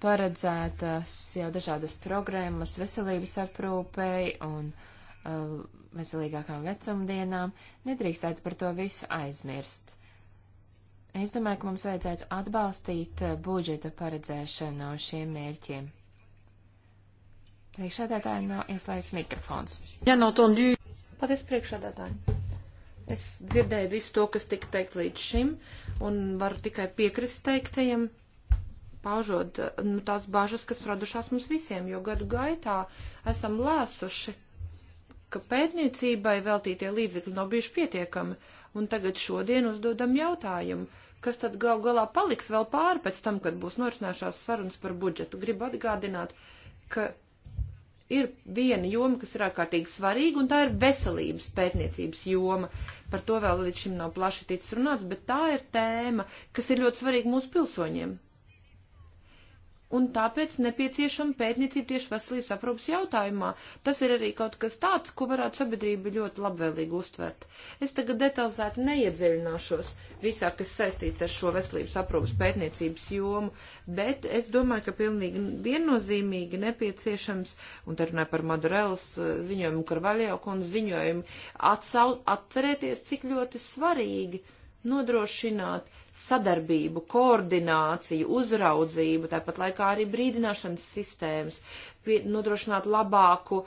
paredzētas jau dažādas programmas veselības aprūpei un uh, veselīgākām vecumdienām, nedrīkstētu par to visu aizmirst. Es domāju, ka mums vajadzētu atbalstīt eh, budžeta paredzēšanu šiem mērķiem. Priekšādātāji nav ieslēgts mikrofons. Jā, ja, no tondu. Paldies priekšādātāji. Es dzirdēju visu to, kas tika teikt līdz šim, un varu tikai piekrist teiktajiem, paužot eh, nu, tās bažas, kas radušās mums visiem, jo gadu gaitā esam lēsuši ka pētniecībai veltītie līdzekļi nav bijuši pietiekami, un tagad šodien uzdodam jautājumu, kas tad gal galā paliks vēl pāri pēc tam, kad būs norisināšās sarunas par budžetu. Gribu atgādināt, ka ir viena joma, kas ir ārkārtīgi svarīga, un tā ir veselības pētniecības joma. Par to vēl līdz šim nav plaši ticis runāts, bet tā ir tēma, kas ir ļoti svarīga mūsu pilsoņiem. Un tāpēc nepieciešama pētniecība tieši veselības aprūpas jautājumā. Tas ir arī kaut kas tāds, ko varētu sabiedrība ļoti labvēlīgi uztvert. Es tagad detalizēti neiedziļināšos visā, kas saistīts ar šo veselības aprūpas pētniecības jomu, bet es domāju, ka pilnīgi viennozīmīgi nepieciešams, un te runāju par Madurelas eh, ziņojumu, Karvaļjauku un ziņojumu, atsau, atcerēties, cik ļoti svarīgi nodrošināt sadarbību, koordināciju, uzraudzību, tāpat laikā arī brīdināšanas sistēmas, pie, nodrošināt labāku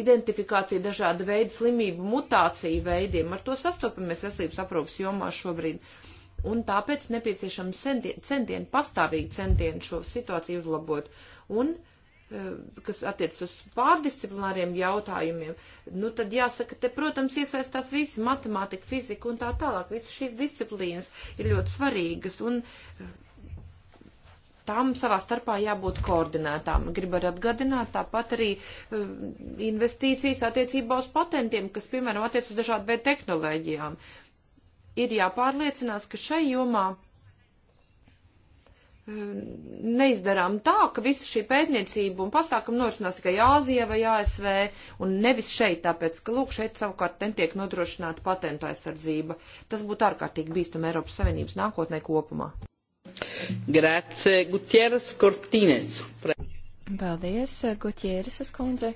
identifikāciju dažādu veidu slimību, mutāciju veidiem. Ar to sastopamies veselības aprūpas jomā šobrīd. Un tāpēc nepieciešams centieni, centieni pastāvīgi centieni šo situāciju uzlabot. Un Eh, kas attiecas uz pārdisciplināriem jautājumiem, nu tad jāsaka, te, protams, iesaistās visi matemātika, fizika un tā tālāk. Visas šīs disciplīnas ir ļoti svarīgas un eh, tām savā starpā jābūt koordinētām. Gribu arī atgadināt tāpat arī eh, investīcijas attiecībā uz patentiem, kas, piemēram, attiec uz dažādu veidu tehnoloģijām. Ir jāpārliecinās, ka šai jomā. Jo neizdarām tā, ka visa šī pētniecība un pasākuma norisinās tikai Āzijā vai ASV un nevis šeit, tāpēc, ka, lūk, šeit savukārt netiek nodrošināta patentu aizsardzība. Tas būtu ārkārtīgi bīstam Eiropas Savienības nākotnē kopumā. Grāce Gutieres Kortīnes. Paldies, Gutieres kundze.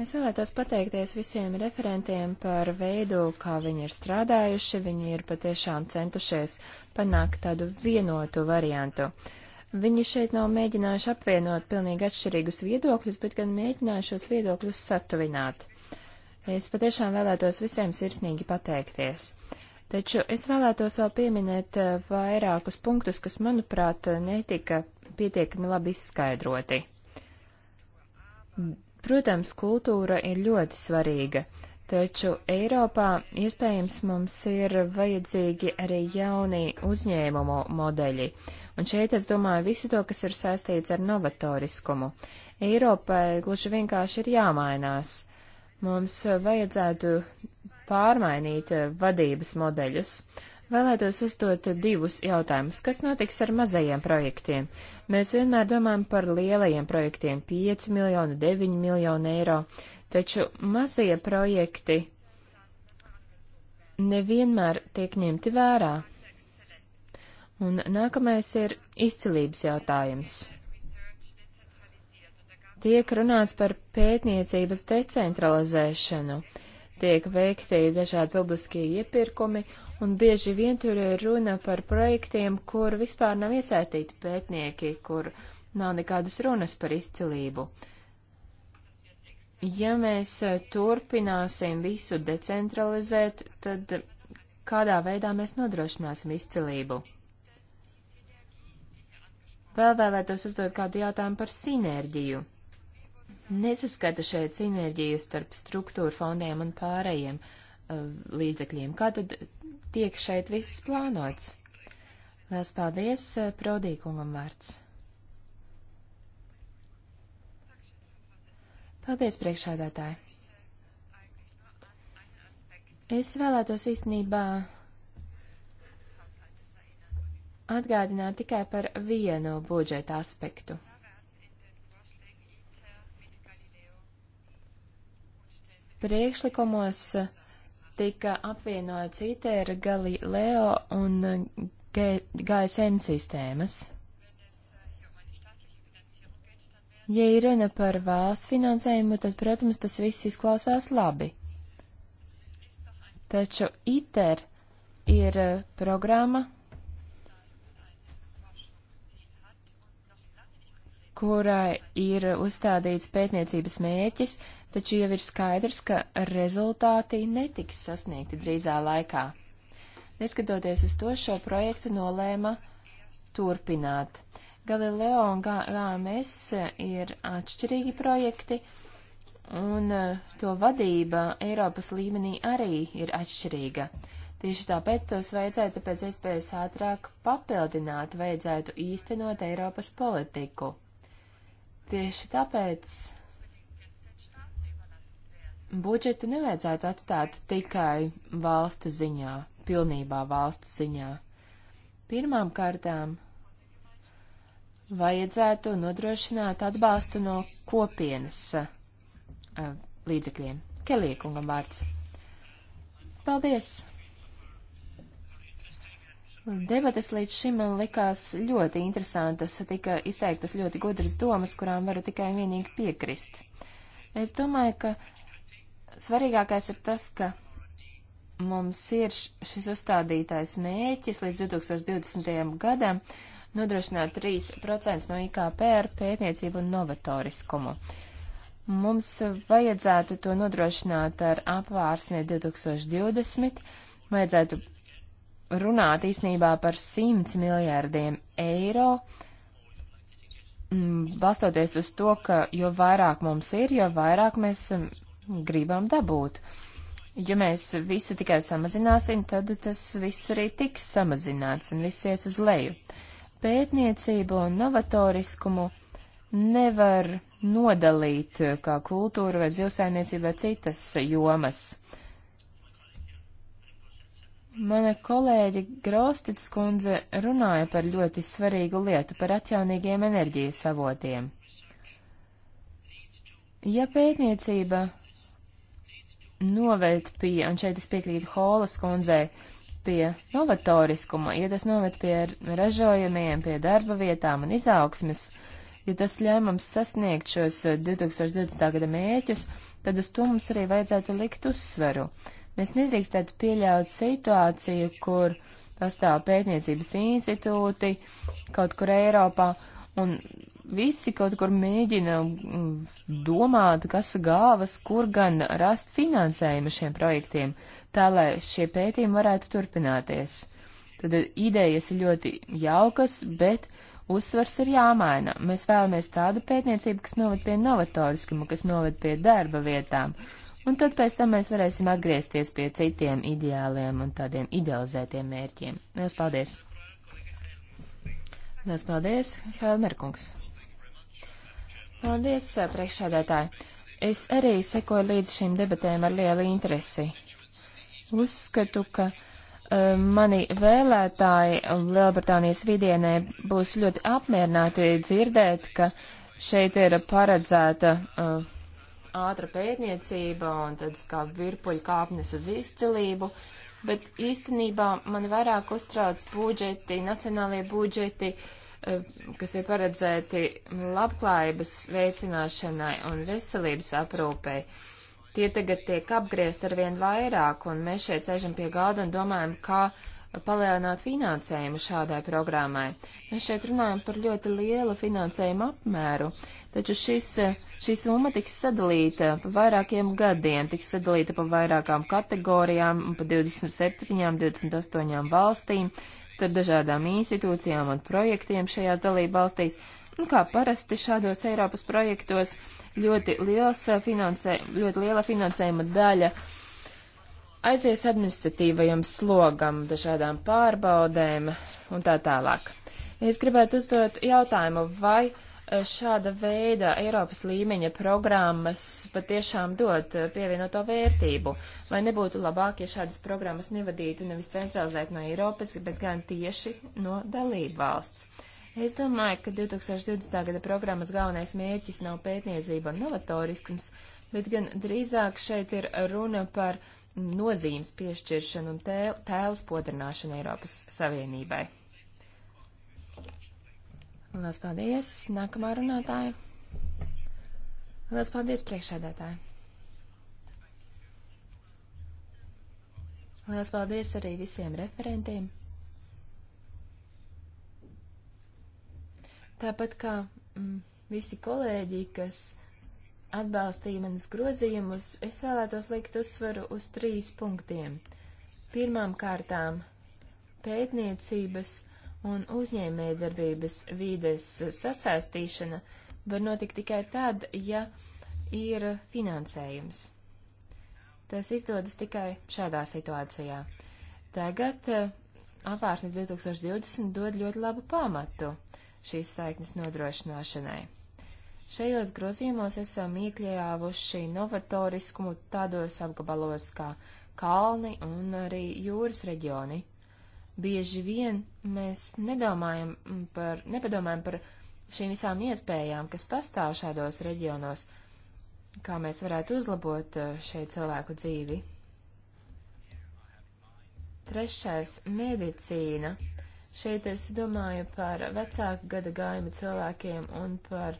Es vēlētos pateikties visiem referentiem par veidu, kā viņi ir strādājuši. Viņi ir patiešām centušies panākt tādu vienotu variantu. Viņi šeit nav mēģinājuši apvienot pilnīgi atšķirīgus viedokļus, bet gan mēģinājuši šos viedokļus satuvināt. Es patiešām vēlētos visiem sirsnīgi pateikties. Taču es vēlētos vēl pieminēt eh, vairākus punktus, kas, manuprāt, netika pietiekami labi izskaidroti. Protams, kultūra ir ļoti svarīga, taču Eiropā iespējams mums ir vajadzīgi arī jauni uzņēmumu modeļi, un šeit es domāju visu to, kas ir saistīts ar novatoriskumu. Eiropai gluži vienkārši ir jāmainās. Mums vajadzētu pārmainīt vadības modeļus, Vēlētos uzdot divus jautājumus. Kas notiks ar mazajiem projektiem? Mēs vienmēr domājam par lielajiem projektiem - 5 miljonu, 9 miljonu eiro, taču mazie projekti nevienmēr tiek ņemti vērā. Un nākamais ir izcilības jautājums tiek runāts par pētniecības decentralizēšanu, tiek veikti dažādi publiskie iepirkumi, Un bieži vien tur ir runa par projektiem, kur vispār nav iesaistīti pētnieki, kur nav nekādas runas par izcilību. Ja mēs eh, turpināsim visu decentralizēt, tad kādā veidā mēs nodrošināsim izcilību? Vēl vēlētos uzdot kādu jautājumu par sinerģiju. Nesaskata šeit sinerģiju starp struktūra fondiem un pārējiem eh, līdzekļiem. Kā tad tiek šeit viss plānots. Lielas paldies, eh, Prodīkungam vārds. Paldies, priekšādātāji. Es vēlētos īstenībā atgādināt tikai par vienu budžeta aspektu. Priekšlikumos uh, tika apvienots ITER, Galileo un GSM sistēmas. Ja ir runa par valsts finansējumu, tad, protams, tas viss izklausās labi. Taču ITER ir eh, programma, kurai ir uzstādīts pētniecības mērķis, taču jau ir skaidrs, ka rezultāti netiks sasniegti drīzā laikā. Neskatoties uz to, šo projektu nolēma turpināt. Galileo un GMS ir atšķirīgi projekti, un eh, to vadība Eiropas līmenī arī ir atšķirīga. Tieši tāpēc tos vajadzētu pēc iespējas ātrāk papildināt, vajadzētu īstenot Eiropas politiku. Tieši tāpēc budžetu nevajadzētu atstāt tikai valstu ziņā, pilnībā valstu ziņā. Pirmām kārtām vajadzētu nodrošināt atbalstu no kopienas eh, līdzekļiem. Kelīkungam vārds. Paldies! Debates līdz šim man likās ļoti interesantas, tika izteiktas ļoti gudras domas, kurām varu tikai un vienīgi piekrist. Es domāju, ka svarīgākais ir tas, ka mums ir šis uzstādītais mēķis līdz 2020. gadam nodrošināt 3% no IKP ar pētniecību un novatoriskumu. Mums vajadzētu to nodrošināt ar apvārsni 2020, vajadzētu runāt īsnībā par 100 miljārdiem eiro, mm, balstoties uz to, ka jo vairāk mums ir, jo vairāk mēs mm, gribam dabūt. Ja mēs visu tikai samazināsim, tad tas viss arī tiks samazināts un viss ies uz leju. Pētniecību un novatoriskumu nevar nodalīt kā kultūru vai zilsainiecību vai citas jomas. Mana kolēģe Grostits kundze runāja par ļoti svarīgu lietu par atjaunīgiem enerģijas avotiem. Ja pētniecība noved pie, un šeit es piekrītu Holas kundzei, pie novatoriskuma, ja tas noved pie ražojumiem, pie darba vietām un izaugsmes, ja tas ļauj mums sasniegt šos 2020. Eh, gada mēķus, tad uz to mums arī vajadzētu likt uzsveru. Uh, Mēs nedrīkstētu pieļaut situāciju, kur pastāv pētniecības institūti kaut kur Eiropā, un visi kaut kur mēģina mm, domāt, kas galvas, kur gan rast finansējumu šiem projektiem, tā lai šie pētījumi varētu turpināties. Tad idejas ir ļoti jaukas, bet uzsvars ir jāmaina. Mēs vēlamies tādu pētniecību, kas noved pie novatoriskuma, kas noved pie darba vietām. Uh, Un tad pēc tam mēs varēsim atgriezties pie citiem ideāliem un tādiem idealizētiem mērķiem. Lielas paldies! Lielas paldies, Helmerkungs! Paldies, priekšsēdētāji! Es arī sekoju līdz šīm debatēm ar lielu interesi. Uzskatu, ka uh, mani vēlētāji Lielbritānijas vidienē būs ļoti apmierināti dzirdēt, ka šeit ir paredzēta uh, ātra pētniecība un tāds kā virpuļu kāpnes uz izcilību, bet īstenībā man vairāk uztrauc budžeti, nacionālie budžeti, eh, kas ir paredzēti labklājības veicināšanai un veselības aprūpei. Tie tagad tiek apgriezt ar vien vairāk, un mēs šeit sēžam pie galda un domājam, kā palielināt finansējumu šādai programmai. Mēs šeit runājam par ļoti lielu finansējumu apmēru, taču šis, šī summa tiks sadalīta pa vairākiem gadiem, tiks sadalīta pa vairākām kategorijām, pa 27, 28 valstīm, starp dažādām institūcijām un projektiem šajās dalība valstīs. Un kā parasti šādos Eiropas projektos ļoti, liels finansē, ļoti liela finansējuma daļa uh, aizies administratīvajam slogam, dažādām pārbaudēm un tā tālāk. Es gribētu uzdot jautājumu, vai eh, šāda veida Eiropas līmeņa programmas patiešām dod eh, pievienoto vērtību, vai nebūtu labāk, ja šādas programmas nevadītu nevis centralizēt no Eiropas, bet gan tieši no dalību valsts. Es domāju, ka 2020. gada programmas galvenais mērķis nav pētniecība un novatorisks, bet gan drīzāk šeit ir runa par uh, nozīmes piešķiršanu un tēl, tēls podrināšanu Eiropas Savienībai. Lielas paldies! Nākamā runātāja. Lielas paldies, priekšsēdētāji! Lielas paldies arī visiem referentiem. Tāpat kā mm, visi kolēģi, kas atbalstīja manus grozījumus, es vēlētos likt uzsvaru uz trīs punktiem. Pirmām kārtām pētniecības un uzņēmējdarbības vīdes sasaistīšana var notikt tikai tad, ja ir finansējums. Tas izdodas tikai šādā situācijā. Tagad eh, apvārsnes 2020 dod ļoti labu pamatu šīs saiknes nodrošināšanai. Šajos grozījumos esam iekļāvuši novatoriskumu tādos apgabalos kā kalni un arī jūras reģioni. Bieži vien mēs nedomājam par, nepadomājam par šīm visām iespējām, kas pastāv šādos reģionos, kā mēs varētu uzlabot eh, šeit cilvēku dzīvi. Trešais - medicīna. Šeit es domāju par vecāku gada gājuma cilvēkiem un par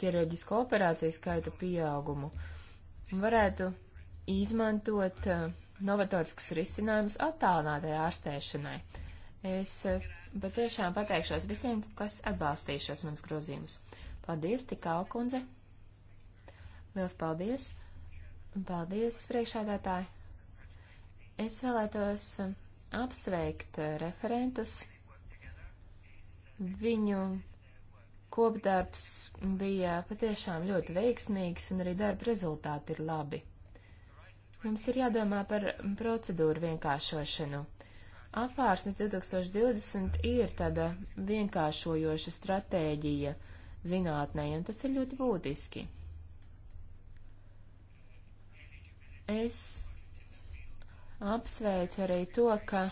ķirurģisko operāciju skaita pieaugumu, varētu izmantot eh, novatoriskus risinājumus attālinātajai ārstēšanai. Es eh, patiešām pateikšos visiem, kas atbalstīšos mans grozījumus. Paldies, Tikā kundze! Liels paldies! Paldies, priekšādātāji! Es vēlētos eh, apsveikt referentus. Viņu Kopdarbs bija patiešām ļoti veiksmīgs un arī darba rezultāti ir labi. Mums ir jādomā par procedūru vienkāršošanu. Apvārsnes 2020 ir tāda vienkāršojoša stratēģija zinātnē, un tas ir ļoti būtiski. Es apsveicu arī to, ka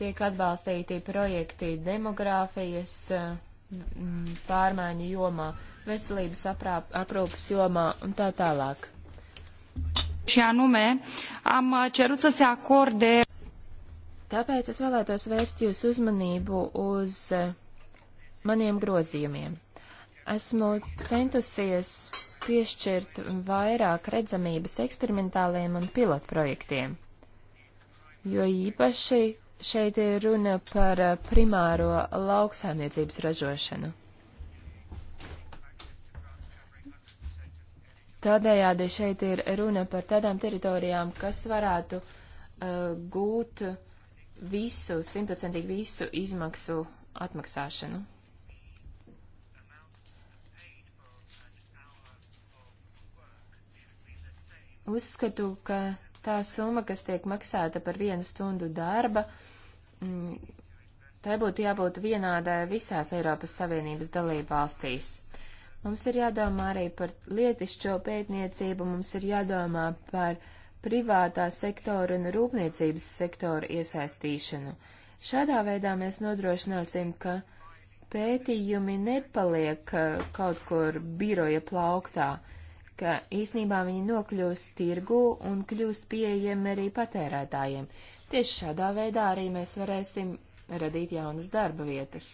tiek atbalstīti projekti demogrāfijas, uh, Mm, pārmaiņu jomā, veselības aprāp, aprūpas jomā un tā tālāk. Și anume, am cerut să se acorde. Tāpēc es vēlētos vērst jūsu uzmanību uz eh, maniem grozījumiem. Esmu centusies piešķirt vairāk redzamības eksperimentāliem un pilotprojektiem, jo īpaši Šeit ir runa par eh, primāro lauksaimniecības ražošanu. Tādējādi šeit ir runa par tādām teritorijām, kas varētu uh, gūt visu, simtprocentīgi visu izmaksu atmaksāšanu. Uzskatu, ka tā summa, kas tiek maksāta par vienu stundu darba, uh, Mm, tai būtu jābūt vienādai visās Eiropas Savienības dalībvalstīs. Mums ir jādomā arī par lietišķo pētniecību, mums ir jādomā par privātā sektora un rūpniecības sektora iesaistīšanu. Šādā veidā mēs nodrošināsim, ka pētījumi nepaliek uh, kaut kur biroja plauktā, ka īsnībā viņi nokļūst tirgu un kļūst pieejami arī patērētājiem. Tieši šādā veidā arī mēs varēsim radīt jaunas darba vietas.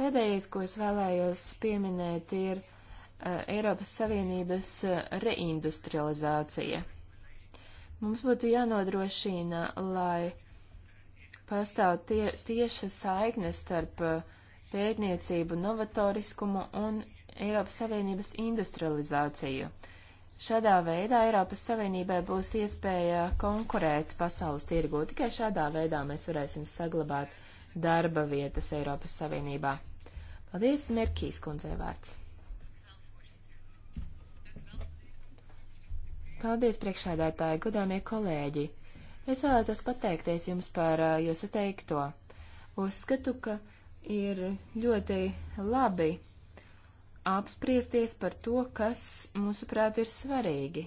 Pēdējais, ko es vēlējos pieminēt, ir uh, Eiropas Savienības eh, reindustrializācija. Mums būtu jānodrošina, lai pastāv tie, tieša saikne starp eh, pētniecību, novatoriskumu un Eiropas Savienības industrializāciju. Uh, Šādā veidā Eiropas Savienībai būs iespēja konkurēt pasaules tirgu. Tikai šādā veidā mēs varēsim saglabāt darba vietas Eiropas Savienībā. Paldies, Merkīs kundzei vārds. Paldies, priekšādātāji, godāmie kolēģi. Es vēlētos pateikties jums par uh, jūsu teikto. Uzskatu, ka ir ļoti labi apspriesties par to, kas, mūsuprāt, ir svarīgi.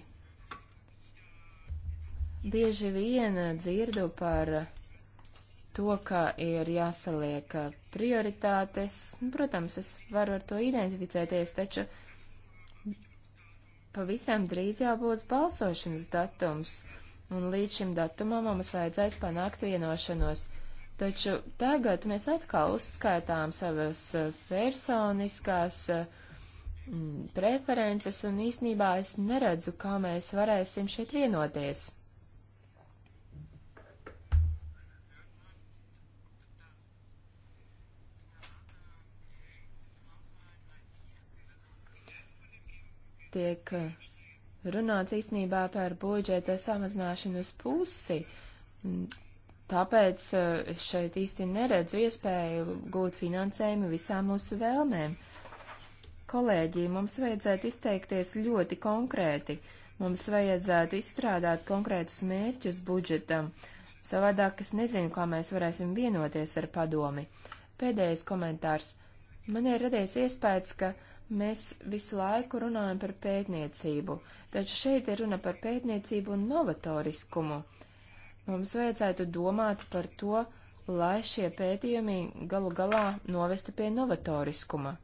Bieži vien dzirdu par to, ka ir jāsaliek prioritātes. Protams, es varu ar to identificēties, taču pavisam drīz jau būs balsošanas datums, un līdz šim datumam mums vajadzētu panākt vienošanos. Taču tagad mēs atkal uzskaitām savas personiskās uh, Mm, preferences, un īsnībā es neredzu, kā mēs varēsim šeit vienoties. Tiek uh, runāts īsnībā par budžeta samazināšanu uz pusi, mm, tāpēc uh, es šeit īsti neredzu iespēju gūt finansējumu visām mūsu vēlmēm. Uh, Kolēģi, mums vajadzētu izteikties ļoti konkrēti. Mums vajadzētu izstrādāt konkrētus mērķus budžetam. Savādāk es nezinu, kā mēs varēsim vienoties ar padomi. Pēdējais komentārs. Man ir radies iespējas, ka mēs visu laiku runājam par pētniecību, taču šeit ir runa par pētniecību un novatoriskumu. Mums vajadzētu domāt par to, lai šie pētījumi galu galā novestu pie novatoriskuma.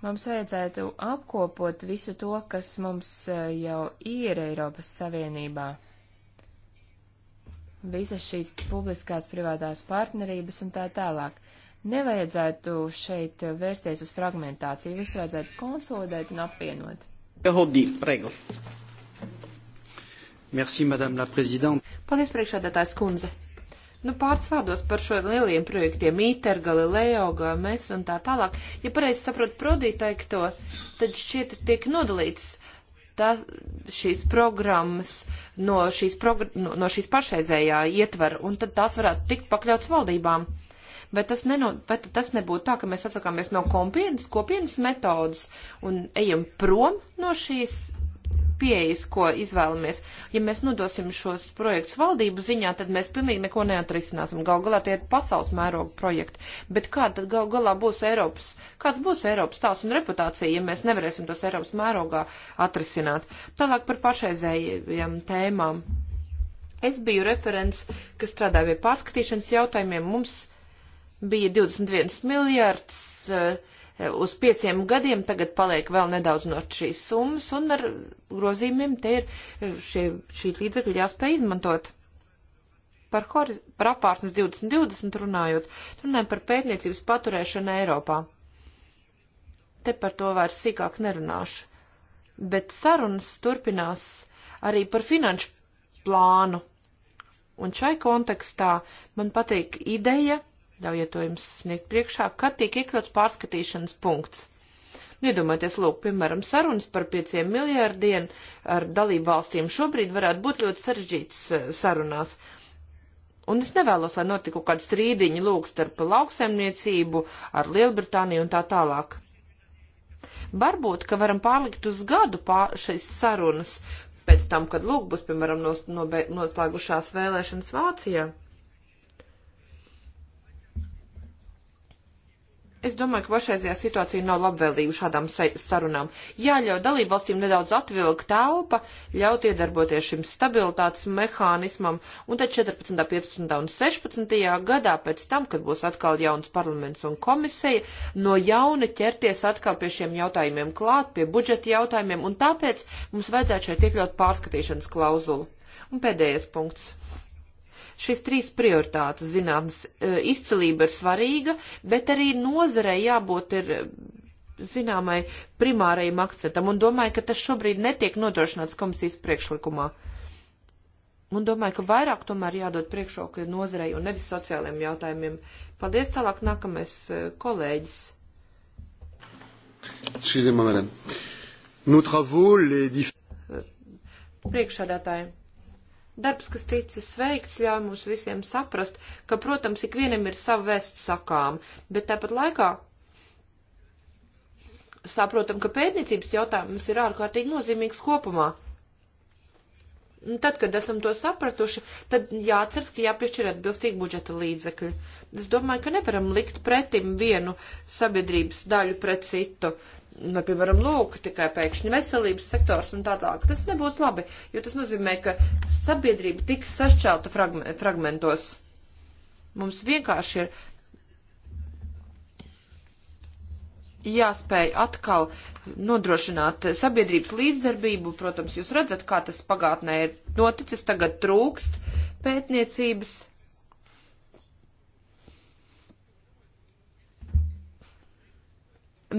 Mums vajadzētu apkopot visu to, kas mums eh, jau ir Eiropas Savienībā. Visas šīs publiskās privātās partnerības un tā tālāk. Nevajadzētu šeit eh, vērsties uz fragmentāciju, visu vajadzētu konsolidēt un apvienot. Jodī, prego. Merci, madame la présidente. Paldies, priekšādātājs kundze. Nu, pāris vārdos par šo lieliem projektiem - ITER, Galileo, GMS un tā tālāk. Ja pareizi saprotu Prodī teikto, tad šķiet tiek nodalīts tas, šīs programmas no šīs, progr no, no šīs pašreizējā ietvara, un tad tās varētu tikt pakļauts valdībām. Bet tas, neno, bet tas nebūtu tā, ka mēs atsakāmies no kompienas, kopienas metodas un ejam prom no šīs pieejas, ko izvēlamies. Ja mēs nodosim šos projektus valdību ziņā, tad mēs pilnīgi neko neatrisināsim. Gal galā tie ir pasaules mēroga projekti. Bet kā tad gal galā būs Eiropas, kāds būs Eiropas tās un reputācija, ja mēs nevarēsim tos Eiropas mērogā atrisināt? Tālāk par pašreizējiem tēmām. Es biju referents, kas strādā pie pārskatīšanas jautājumiem. Mums bija 21 miljārds. Uh, uz pieciem gadiem, tagad paliek vēl nedaudz no šīs summas, un ar grozījumiem te ir eh, šie, šī līdzekļa jāspēj izmantot. Par, horiz, par apvārsnes 2020 runājot, runājam par pētniecības paturēšanu Eiropā. Te par to vairs sīkāk nerunāšu. Bet sarunas turpinās arī par finanšu plānu. Un šai kontekstā man patīk ideja ļaujiet to jums sniegt priekšā, kad tiek iekļauts pārskatīšanas punkts. Nu, iedomājieties, lūk, piemēram, sarunas par pieciem miljārdiem ar dalību valstīm šobrīd varētu būt ļoti sarežģīts eh, sarunās. Un es nevēlos, lai notiku kāda strīdiņa lūk starp lauksaimniecību ar Lielbritāniju un tā tālāk. Varbūt, ka varam pārlikt uz gadu pār šīs sarunas pēc tam, kad lūk būs, piemēram, noslēgušās vēlēšanas Vācijā. Es domāju, ka pašreizajā situācija nav labvēlīga šādām sarunām. Jāļauj dalībvalstīm nedaudz atvilkt telpa, ļaut iedarboties šim stabilitātes mehānismam, un tad 14., 15. un 16. gadā pēc tam, kad būs atkal jauns parlaments un komisija, no jauna ķerties atkal pie šiem jautājumiem klāt, pie budžeta jautājumiem, un tāpēc mums vajadzētu šeit iekļaut pārskatīšanas klauzulu. Un pēdējais punkts šīs trīs prioritātes zinātnes e, izcilība ir svarīga, bet arī nozarei jābūt ir e, zināmai primārajam akcentam, un domāju, ka tas šobrīd netiek nodrošināts komisijas priekšlikumā. Un domāju, ka vairāk tomēr jādod priekšroka nozarei un nevis sociālajiem jautājumiem. Paldies tālāk nākamais e, kolēģis. Priekšādātāji. Darbs, kas ticis veikts, ļauj mums visiem saprast, ka, protams, ikvienam ir sava vēsts sakām, bet tāpat laikā saprotam, ka pētniecības jautājums ir ārkārtīgi nozīmīgs kopumā. Un tad, kad esam to sapratuši, tad jāatceras, ka jāpiešķir atbilstīgi budžeta līdzekļi. Es domāju, ka nevaram likt pretim vienu sabiedrības daļu pret citu. Uh, vai, nu, piemēram, lūk, tikai pēkšņi veselības sektors un tā tālāk. Tas nebūs labi, jo tas nozīmē, ka sabiedrība tiks sašķelta fragmentos. Mums vienkārši ir jāspēj atkal nodrošināt sabiedrības līdzdarbību. Protams, jūs redzat, kā tas pagātnē ir noticis, tagad trūkst pētniecības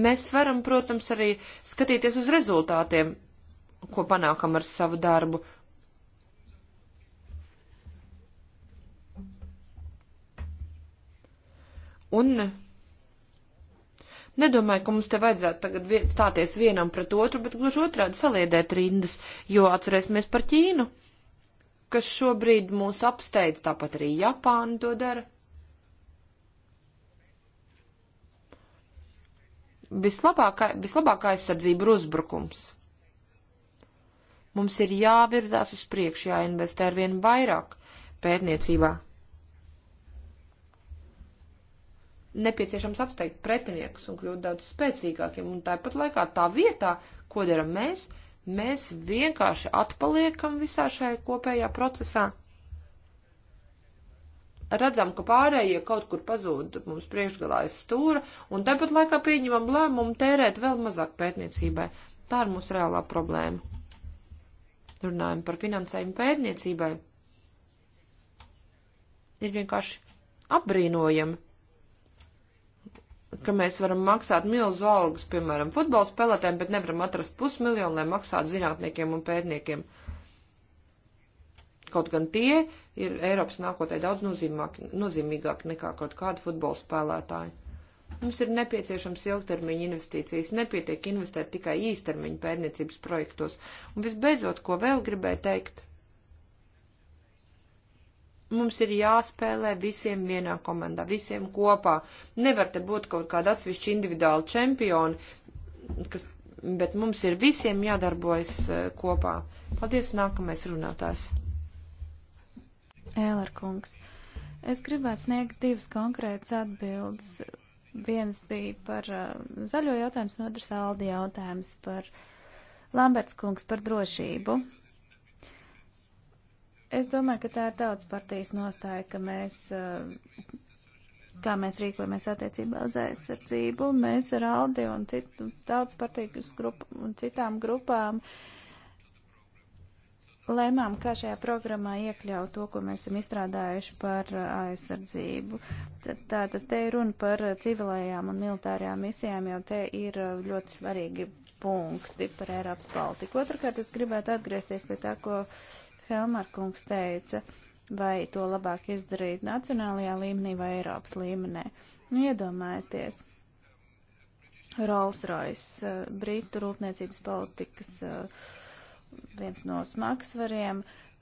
Mēs varam, protams, arī skatīties uz rezultātiem, ko panākam ar savu darbu. Un Nedomāju, ka mums te vajadzētu tagad stāties vienam pret otru, bet gluži otrādi saliedēt rindas, jo atcerēsimies par Ķīnu, kas šobrīd mūs apsteidz, tāpat arī Japāna to dara. vislabākā, vislabākā aizsardzība ir uzbrukums. Mums ir jāvirzās uz priekšu, jāinvestē ar vien vairāk pētniecībā. Nepieciešams apsteigt pretiniekus un kļūt daudz spēcīgākiem, un tāpat laikā tā vietā, ko daram mēs, mēs vienkārši atpaliekam visā šajā kopējā procesā redzam, ka pārējie kaut kur pazūd mums priekšgalā aiz stūra, un tāpat laikā pieņemam lēmumu tērēt vēl mazāk pētniecībai. Tā ir mūsu reālā problēma. Runājam par finansējumu pētniecībai. Ir vienkārši apbrīnojami, ka mēs varam maksāt milzu algas, piemēram, futbola spēlētēm, bet nevaram atrast pusmiljonu, lai maksātu zinātniekiem un pētniekiem. Uh, Kaut gan tie ir Eiropas nākotnē daudz nozīmāk, nozīmīgāk nekā kaut kāda futbola spēlētāja. Mums ir nepieciešams ilgtermiņa investīcijas, nepietiek investēt tikai īstermiņa pērniecības projektos. Un visbeidzot, ko vēl gribēju teikt, mums ir jāspēlē visiem vienā komandā, visiem kopā. Nevar te būt kaut kāda atsevišķa individuāla čempiona, kas, bet mums ir visiem jādarbojas eh, kopā. Paldies, nākamais runātājs. Ēlerkungs. Es gribētu sniegt divas konkrētas atbildes. Viens bija par uh, zaļo jautājums, un otrs Aldi jautājums par Lamberts kungs par drošību. Es domāju, ka tā ir tautas partijas nostāja, ka mēs, uh, kā mēs rīkojamies attiecībā uz aizsardzību, mēs ar Aldi un citu tautas partijas grupu un citām grupām uh, lēmām, kā šajā programmā iekļaut to, ko mēs esam izstrādājuši par aizsardzību. Tātad te ir runa par civilējām un militārajām misijām, jo te ir ļoti svarīgi punkti par Eiropas politiku. Otrakārt, es gribētu atgriezties pie tā, ko Helmar kungs teica, vai to labāk izdarīt nacionālajā līmenī vai Eiropas līmenī. Nu, iedomājieties, Rolls Royce, uh, Britu rūpniecības politikas uh, viens no smagsvariem.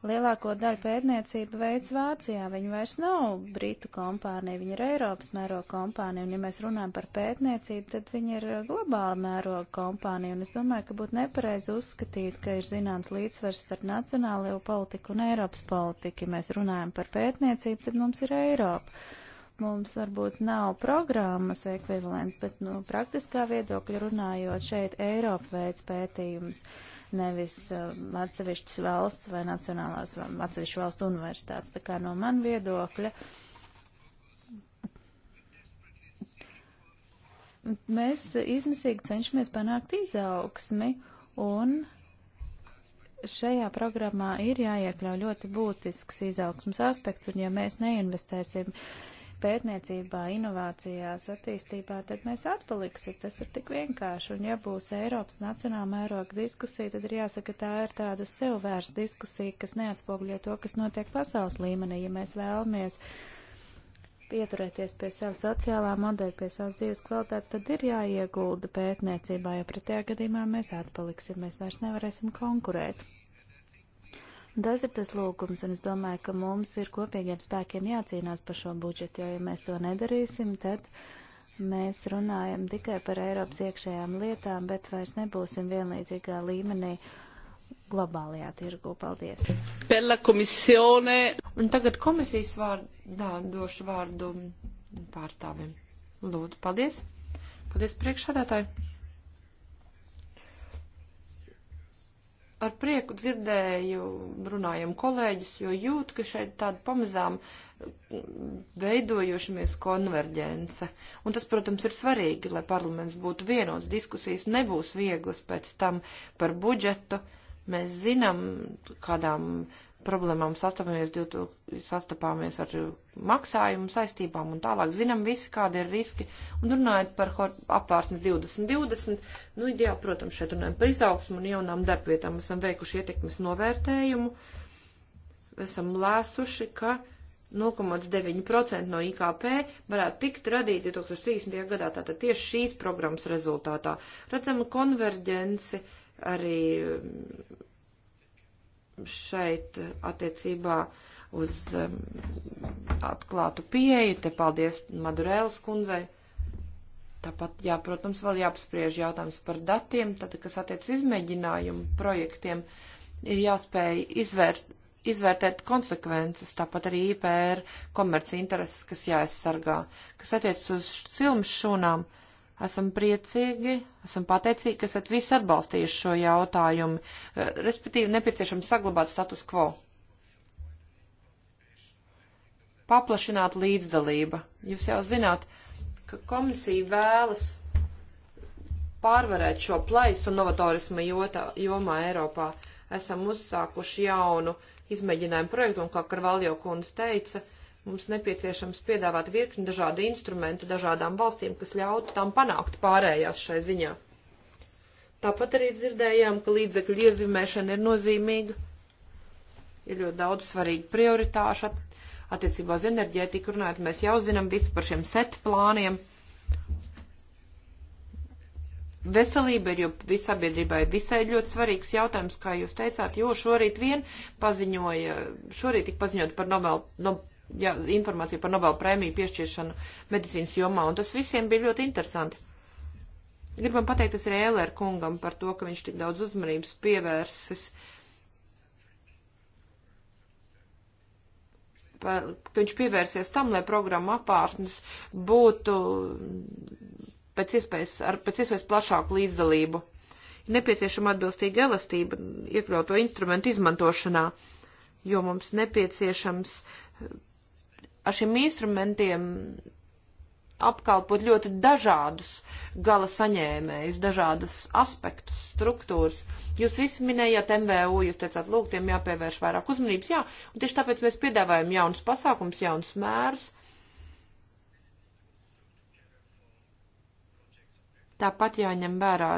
Lielāko daļu pētniecību veids Vācijā. Viņa vairs nav Britu kompānija, viņa ir Eiropas mēroga kompānija. Un, ja mēs runājam par pētniecību, tad viņa ir globāla mēroga kompānija. Un es domāju, ka būtu nepareizi uzskatīt, ka ir zināms līdzsvars starp nacionālo politiku un Eiropas politiku. Ja mēs runājam par pētniecību, tad mums ir Eiropa mums varbūt nav programmas ekvivalents, bet nu, praktiskā viedokļa runājot, šeit Eiropa veids pētījumus nevis um, atsevišķas valsts vai nacionālās um, atsevišķu valstu universitātes. Tā kā no man viedokļa mēs izmisīgi cenšamies panākt izaugsmi un šajā programmā ir jāiekļauj ļoti būtisks izaugsmas aspekts, un ja mēs neinvestēsim pētniecībā, inovācijās, attīstībā, tad mēs atpaliksim. Tas ir tik vienkārši. Un ja būs Eiropas nacionāla mēroga diskusija, tad ir jāsaka, tā ir tāda sev vērsta diskusija, kas neatspogļo to, kas notiek pasaules līmenī. Ja mēs vēlamies pieturēties pie sava sociālā modeļa, pie savas dzīves kvalitātes, tad ir jāiegulda pētniecībā, jo ja pretējā gadījumā mēs atpaliksim, mēs vairs nevarēsim konkurēt. Tas ir tas lūkums, un es domāju, ka mums ir kopīgiem spēkiem jācīnās par šo budžetu, jo ja mēs to nedarīsim, tad mēs runājam tikai par Eiropas iekšējām lietām, bet vairs nebūsim vienlīdzīgā līmenī globālajā tirgu. Paldies! Pella komisione! Un tagad komisijas vārdā došu vārdu pārstāvim. Lūdzu, paldies! Paldies priekšsādātāji! ar prieku dzirdēju, runājam kolēģus, jo jūtu, ka šeit tāda pamazām mm, veidojošamies konverģence. Un tas, protams, ir svarīgi, lai parlaments būtu vienots, diskusijas nebūs vieglas pēc tam par budžetu. Mēs zinām, kādām problēmām sastapāmies, 2000, sastapāmies ar maksājumu saistībām un tālāk. Zinām visi, kādi ir riski. Un runājot par apvārsnes 2020, nu, jā, protams, šeit runājam par izaugsmu un jaunām darbvietām. Esam veikuši ietekmes novērtējumu. Esam lēsuši, ka 0,9% no IKP varētu tikt radīti 2030. gadā, tātad tieši šīs programmas rezultātā. Redzama konverģenci arī šeit eh, attiecībā uz um, atklātu pieeju. Te paldies Madurēlas kundzei. Tāpat, jā, protams, vēl jāapspriež jautājums par datiem, tad, kas attiec uz izmēģinājumu projektiem, ir jāspēj izvērst, izvērtēt konsekvences, tāpat arī IPR komerci intereses, kas jāaizsargā, kas attiec uz cilmšūnām. Šūnām Esam priecīgi, esam pateicīgi, ka esat visi atbalstījuši šo jautājumu, eh, respektīvi nepieciešams saglabāt status quo. Paplašināt līdzdalība. Jūs jau zināt, ka komisija vēlas pārvarēt šo plaisu un novatorismu jomā Eiropā. Esam uzsākuši jaunu izmēģinājumu projektu, un kā Karvaljo kundze teica, uh, Mums nepieciešams piedāvāt virkni dažādu instrumentu dažādām valstīm, kas ļautu tām panākt pārējās šai ziņā. Tāpat arī dzirdējām, ka līdzekļu iezīmēšana ir nozīmīga. Ir ļoti daudz svarīgu prioritāšu attiecībā uz enerģētiku runājot. Mēs jau zinām visu par šiem set plāniem. Veselība ir jau visabiedrībai visai ļoti svarīgs jautājums, kā jūs teicāt, jo šorīt vien paziņoja, šorīt tik paziņot par Nobel, no, jā, informāciju par Nobel prēmiju piešķiršanu medicīnas jomā, un tas visiem bija ļoti interesanti. Gribam pateikties arī Ēlēr kungam par to, ka viņš tik daudz uzmanības pievērsis, pa, ka viņš pievērsies tam, lai programma apārsnes būtu pēc iespējas, ar pēc iespējas plašāku līdzdalību. Ir nepieciešama atbilstīga elastība iekļauto instrumentu izmantošanā, jo mums nepieciešams ar šiem instrumentiem apkalpot ļoti dažādus gala saņēmējus, dažādas aspektus, struktūras. Jūs visi minējāt MVU, jūs teicāt, lūk, tiem jāpievērš vairāk uzmanības, jā, un tieši tāpēc mēs piedāvājam jaunus pasākums, jaunus mērus. Tāpat jāņem vērā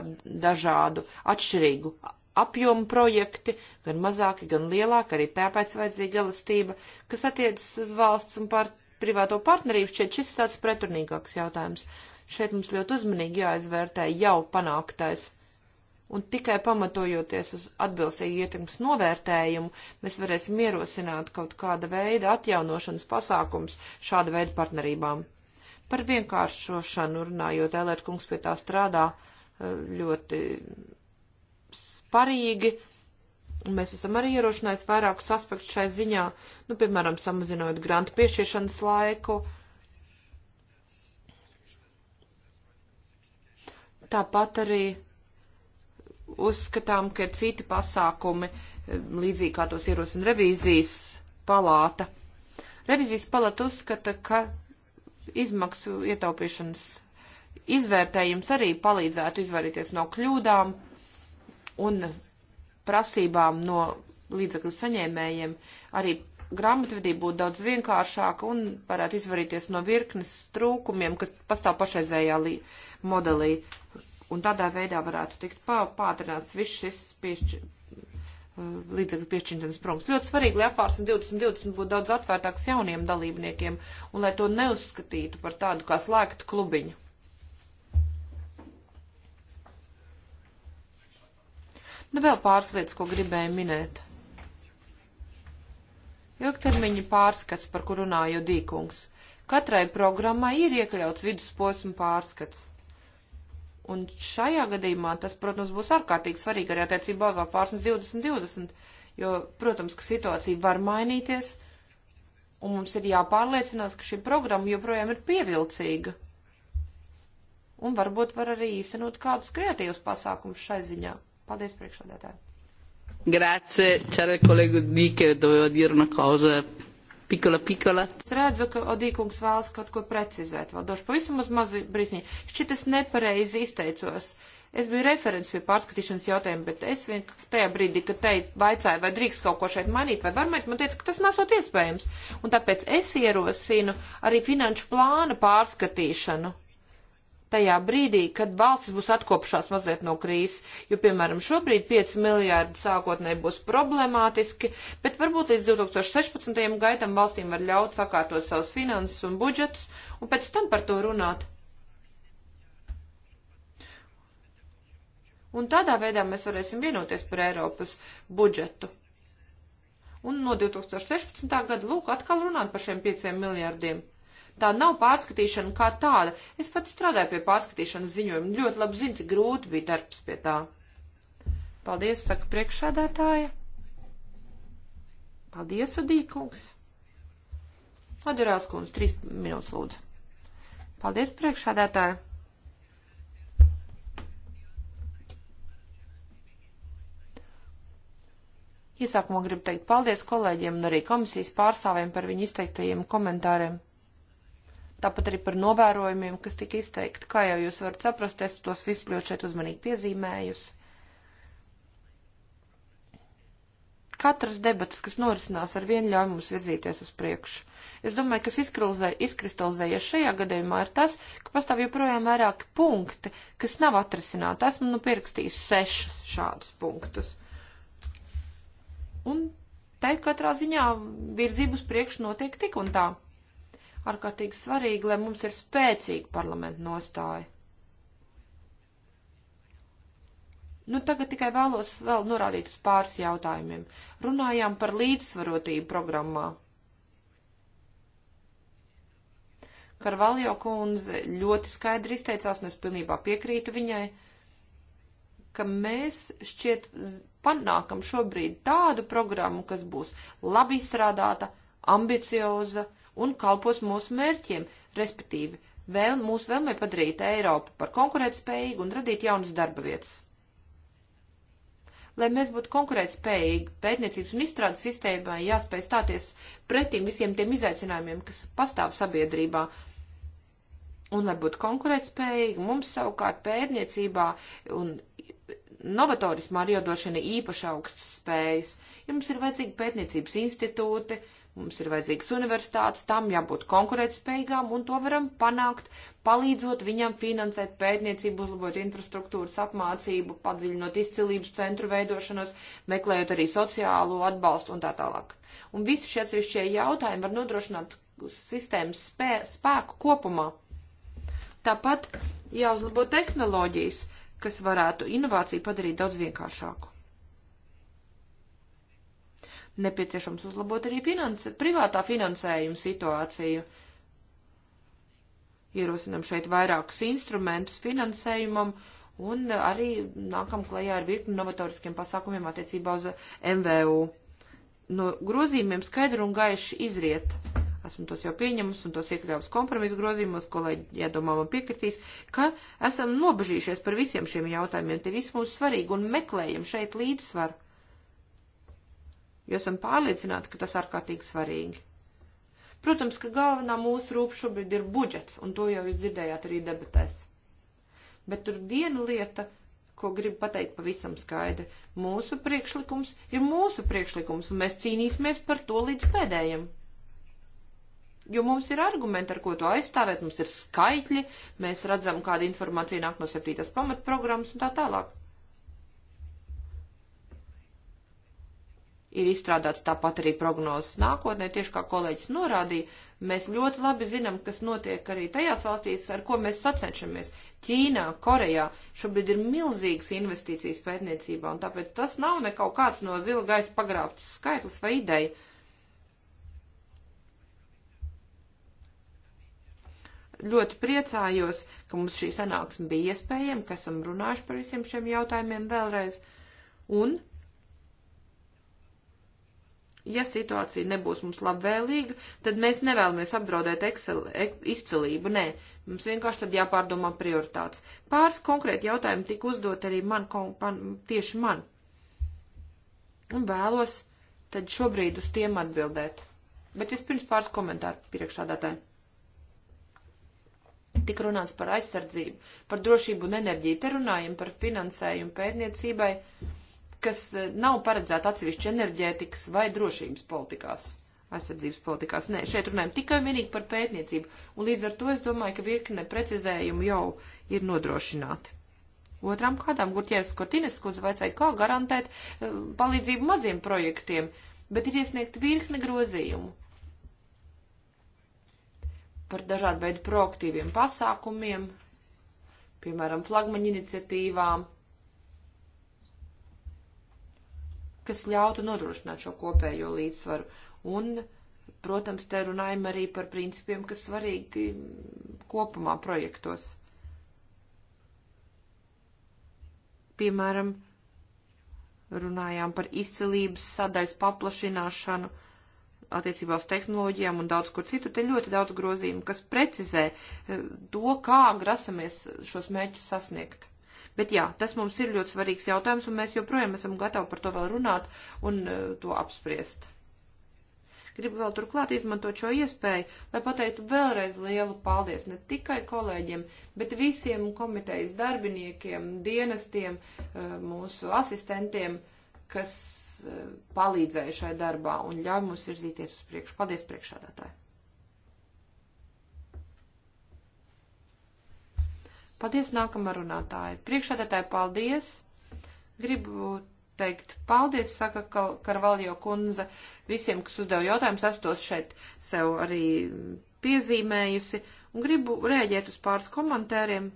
dažādu atšķirīgu apjomu projekti, gan mazāki, gan lielāki, arī tāpēc vajadzīga elastība, kas attiecas uz valsts un par privāto partnerību, šķiet šis ir tāds pretrunīgāks jautājums. Šeit mums ļoti uzmanīgi jāizvērtē jau panāktais. Un tikai pamatojoties uz atbilstīgu ietekmes novērtējumu, mēs varēsim ierosināt kaut kāda veida atjaunošanas pasākums šāda veida partnerībām. Par vienkāršošanu runājot, Elēt kungs pie tā strādā eh, ļoti parīgi. Mēs esam arī ierošinājuši vairākus aspektus šai ziņā, nu, piemēram, samazinot grantu piešķiršanas laiku. Tāpat arī uzskatām, ka ir citi pasākumi, līdzīgi kā tos ierosina revīzijas palāta. Revizijas palāta uzskata, ka izmaksu ietaupīšanas izvērtējums arī palīdzētu izvairīties no kļūdām, un prasībām no līdzekļu saņēmējiem, arī grāmatvedība būtu daudz vienkāršāka un varētu izvarīties no virknes trūkumiem, kas pastāv pašreizējā modelī. Un tādā veidā varētu tikt pātrināts viss šis piešķi, uh, līdzekļu piešķiršanas prongs. Ļoti svarīgi, lai apvārsnes 2020 būtu daudz atvērtāks jauniem dalībniekiem un lai to neuzskatītu par tādu kā slēgtu klubiņu. Nu, vēl pāris lietas, ko gribēju minēt. Ilgtermiņa pārskats, par kur runāja Dīkungs. Katrai programmai ir iekļauts vidusposma pārskats. Un šajā gadījumā tas, protams, būs ārkārtīgi svarīgi arī attiecībā uz apvārsnes 2020, jo, protams, ka situācija var mainīties, un mums ir jāpārliecinās, ka šī programma joprojām ir pievilcīga. Un varbūt var arī īstenot kādus kreatīvus pasākumus šai ziņā. Paldies, priekšsēdētāji. Grazie, čare kolēgu Dīke, dojo dirna kauza. Pikola, pikola. Es redzu, ka Odīkungs vēlas kaut ko precizēt. Vēl došu pavisam uz mazu brīsniņu. Šķiet, es nepareizi izteicos. Es biju referents pie pārskatīšanas jautājuma, bet es vienkārši tajā brīdī, kad teicu, vaicāju, vai drīkst kaut ko šeit mainīt, vai var mainīt, man teica, ka tas nesot iespējams. Un tāpēc es ierosinu arī finanšu plāna pārskatīšanu tajā brīdī, kad valstis būs atkopšās mazliet no krīzes, jo, piemēram, šobrīd 5 miljārdi sākotnēji būs problemātiski, bet varbūt līdz 2016. gaidam valstīm var ļaut sakārtot savus finanses un budžetus un pēc tam par to runāt. Un tādā veidā mēs varēsim vienoties par Eiropas budžetu. Un no 2016. gada lūk atkal runāt par šiem 5 miljārdiem. Tā nav pārskatīšana kā tāda. Es pat strādāju pie pārskatīšanas ziņojuma. Ļoti labi zinu, cik grūti bija darbs pie tā. Paldies, saka priekšsēdētāja. Paldies, Udīkungs. Adurās kundze, trīs minūtes lūdzu. Paldies, priekšsēdētāja. Iesākumā gribu teikt paldies kolēģiem un arī komisijas pārstāvjiem par viņu izteiktajiem komentāriem tāpat arī par novērojumiem, kas tika izteikti. Kā jau jūs varat saprast, es tos visus ļoti šeit uzmanīgi piezīmējusi. Katras debatas, kas norisinās, ar vienu ļauj mums virzīties uz priekšu. Es domāju, kas izkristalizējies šajā gadījumā ir tas, ka pastāv joprojām vairāki punkti, kas nav atrisināti. Esmu nu pierakstījis sešus šādus punktus. Un te katrā ziņā virzības priekš notiek tik un tā ārkārtīgi svarīgi, lai mums ir spēcīga parlamenta nostāja. Nu, tagad tikai vēlos vēl norādīt uz pāris jautājumiem. Runājām par līdzsvarotību programmā. Karvaljo kundze ļoti skaidri izteicās, un es pilnībā piekrītu viņai, ka mēs šķiet panākam šobrīd tādu programmu, kas būs labi izstrādāta, ambicioza, uh, un kalpos mūsu mērķiem, respektīvi vēl, mūsu vēlmē padarīt Eiropu par konkurētspējīgu un radīt jaunas darba vietas. Lai mēs būtu konkurētspējīgi, pētniecības un izstrādes sistēmai jāspēj stāties pretim visiem tiem izaicinājumiem, kas pastāv sabiedrībā. Un, lai būtu konkurētspējīgi, mums savukārt pētniecībā un novatorismā ir jodošana īpaši augstas spējas. Ja mums ir vajadzīgi pētniecības institūti, uh, Mums ir vajadzīgas universitātes, tam jābūt konkurētspējīgām, un to varam panākt, palīdzot viņam finansēt pētniecību, uzlabot infrastruktūras apmācību, padziļinot izcilības centru veidošanos, meklējot arī sociālo atbalstu un tā tālāk. Un visi šie atsevišķie jautājumi var nodrošināt sistēmas spē, spēku kopumā. Tāpat jāuzlabo tehnoloģijas, kas varētu inovāciju padarīt daudz vienkāršāku. Nepieciešams uzlabot arī finans, privātā finansējuma situāciju. Ierosinam šeit vairākus instrumentus finansējumam un arī nākam klajā ar virkni novatoriskiem pasākumiem attiecībā uz MVU. No grozījumiem skaidri un gaiši izriet esmu tos jau pieņemus un tos iekļāvus kompromisu grozījumos, kolēģi, jādomā, man piekritīs, ka esam nobežījušies par visiem šiem jautājumiem, tie visi mums svarīgi un meklējam šeit līdzsvaru jo esam pārliecināti, ka tas ārkārtīgi svarīgi. Protams, ka galvenā mūsu rūpa šobrīd ir budžets, un to jau jūs dzirdējāt arī debatēs. Bet tur viena lieta, ko gribu pateikt pavisam skaidri, mūsu priekšlikums ir mūsu priekšlikums, un mēs cīnīsimies par to līdz pēdējiem. Jo mums ir argumenti, ar ko to aizstāvēt, mums ir skaitļi, mēs redzam, kāda informācija nāk no septītās pamatprogrammas un tā tālāk. ir izstrādāts tāpat arī prognozes nākotnē, tieši kā kolēģis norādīja, mēs ļoti labi zinām, kas notiek arī tajās valstīs, ar ko mēs sacenšamies. Ķīnā, Korejā šobrīd ir milzīgas investīcijas pētniecībā, un tāpēc tas nav ne kaut kāds no zila gaisa pagrābts skaitlis vai ideja. Ļoti priecājos, ka mums šī sanāksme bija iespējama, ka esam runājuši par visiem šiem jautājumiem vēlreiz. Un ja situācija nebūs mums labvēlīga, tad mēs nevēlamies apdraudēt excel, e, izcelību, nē, mums vienkārši tad jāpārdomā prioritātes. Pāris konkrēti jautājumi tika uzdot arī man, man, tieši man. Un vēlos tad šobrīd uz tiem atbildēt. Bet vispirms pāris komentāru priekšādātāji. Tik runāts par aizsardzību, par drošību un enerģiju. Te runājam par finansējumu pētniecībai. Uh, kas eh, nav paredzēta atsevišķi enerģētikas vai drošības politikās, aizsardzības politikās. Nē, šeit runājam tikai un vienīgi par pētniecību, un līdz ar to es domāju, ka virkne precizējumu jau ir nodrošināti. Otram kādām Gurķieres Kortines kundze vajadzēja kā garantēt eh, palīdzību maziem projektiem, bet ir iesniegt virkne grozījumu par dažādu veidu proaktīviem pasākumiem, piemēram, flagmaņa iniciatīvām, kas ļautu nodrošināt šo kopējo līdzsvaru. Un, protams, te runājam arī par principiem, kas svarīgi kopumā projektos. Piemēram, runājām par izcilības sadaļas paplašināšanu attiecībā uz tehnoloģijām un daudz kur citu. Te ļoti daudz grozījumu, kas precizē eh, to, kā grasamies šos mērķus sasniegt. Bet jā, tas mums ir ļoti svarīgs jautājums, un mēs joprojām esam gatavi par to vēl runāt un uh, to apspriest. Gribu vēl turklāt izmantot šo iespēju, lai pateiktu vēlreiz lielu paldies ne tikai kolēģiem, bet visiem komitejas darbiniekiem, dienestiem, uh, mūsu asistentiem, kas e, palīdzēja šai darbā un ļauj mums virzīties uz priekšu. Paldies priekšādātāji! Paldies, nākamā runātāja. Priekšādātāja, paldies. Gribu teikt paldies, saka Karvaljo kundze, visiem, kas uzdeva jautājumus, es tos šeit sev arī piezīmējusi, un gribu rēģēt uz pāris komentāriem.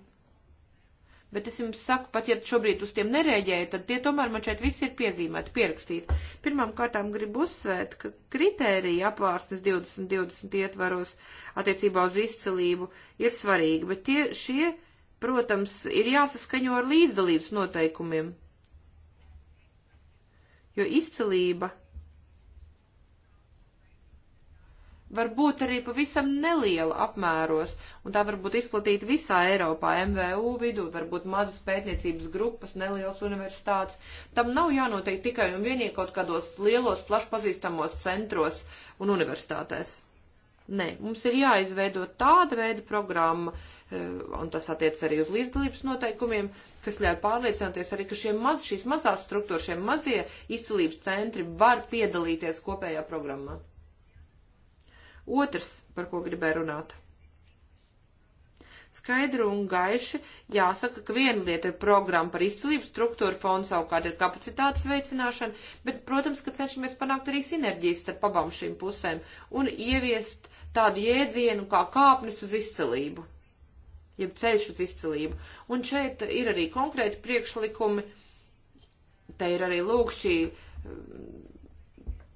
Bet es jums saku, pat ja šobrīd uz tiem nereaģēju, tad tie tomēr man šeit viss ir piezīmēti, pierakstīti. Pirmām kārtām gribu uzsvērt, ka kritērija apvārsnes 2020 ietvaros attiecībā uz izcilību ir svarīga, bet tie šie protams, ir jāsaskaņo ar līdzdalības noteikumiem, jo izcelība var būt arī pavisam neliela apmēros, un tā var būt izplatīta visā Eiropā, MVU vidū, varbūt mazas pētniecības grupas, nelielas universitātes. Tam nav jānotiek tikai un vienīgi kaut kādos lielos, plašpazīstamos centros un universitātēs. Nē, mums ir jāizveido tāda veida programma, uh, Eh, un tas attiec arī uz līdzdalības noteikumiem, kas ļauj pārliecināties arī, ka šie maz, šīs mazās struktūras, šie mazie izcilības centri var piedalīties kopējā programmā. Otrs, par ko gribēju runāt. Skaidru un gaiši jāsaka, ka viena lieta ir programma par izcilību, struktūra fonda savukārt ir kapacitātes veicināšana, bet, protams, ka cenšamies panākt arī sinerģijas starp abām šīm pusēm un ieviest tādu jēdzienu kā kāpnes uz izcilību jeb ceļš uz izcilību. Un šeit ir arī konkrēti priekšlikumi, te ir arī lūk šī mm,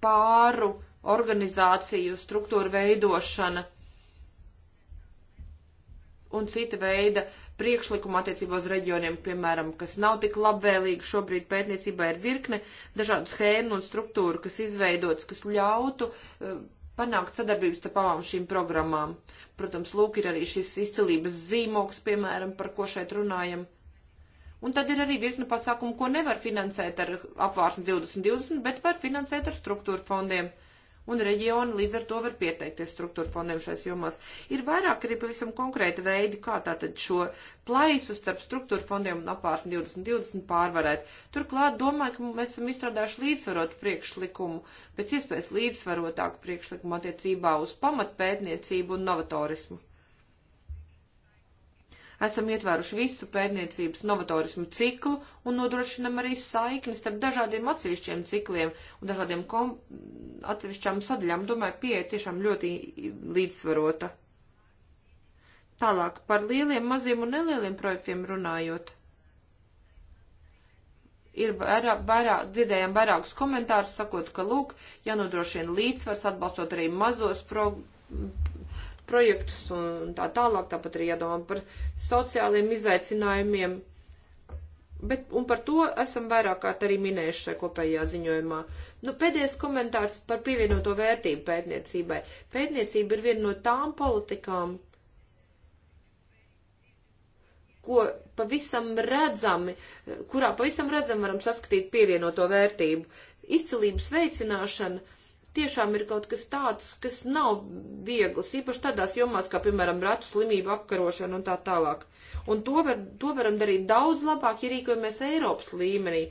pāru organizāciju struktūra veidošana un cita veida priekšlikuma attiecībā uz reģioniem, piemēram, kas nav tik labvēlīgi šobrīd pētniecībā ir virkne dažādu schēmu un struktūru, kas izveidots, kas ļautu uh, panākt sadarbības starp abām šīm programmām. Protams, lūk, ir arī šis izcilības zīmoks, piemēram, par ko šeit runājam. Un tad ir arī virkne pasākumu, ko nevar finansēt ar apvārsni 2020, bet var finansēt ar struktūra fondiem un reģioni līdz ar to var pieteikties struktūra fondiem šais jomās. Ir vairāk arī pavisam konkrēti veidi, kā tātad šo plaisu starp struktūra fondiem un apvārsni 2020 pārvarēt. Turklāt domāju, ka mēs esam izstrādājuši līdzsvarotu priekšlikumu, pēc iespējas līdzsvarotāku priekšlikumu attiecībā uz pamatpētniecību un novatorismu. Esam ietvēruši visu pērniecības novatorismu ciklu un nodrošinam arī saikni starp dažādiem atsevišķiem cikliem un dažādiem kom... atsevišķām sadaļām. Domāju, pieeja tiešām ļoti līdzsvarota. Tālāk par lieliem, maziem un nelieliem projektiem runājot ir vairāk, vairāk, dzirdējām vairākus komentārus, sakot, ka, lūk, jānodrošina līdzsvars, atbalstot arī mazos pro, projektus un tā tālāk, tāpat arī jādomā par sociāliem izaicinājumiem. Bet, un par to esam vairāk kārt arī minējuši šai kopējā ziņojumā. Nu, pēdējais komentārs par pievienoto vērtību pētniecībai. Pētniecība ir viena no tām politikām, ko pavisam redzami, kurā pavisam redzami varam saskatīt pievienoto vērtību. Izcilības veicināšana tiešām ir kaut kas tāds, kas nav viegls, īpaši tādās jomās, kā, piemēram, ratu slimību apkarošana un tā tālāk. Un to, var, to varam darīt daudz labāk, ja rīkojamies Eiropas līmenī,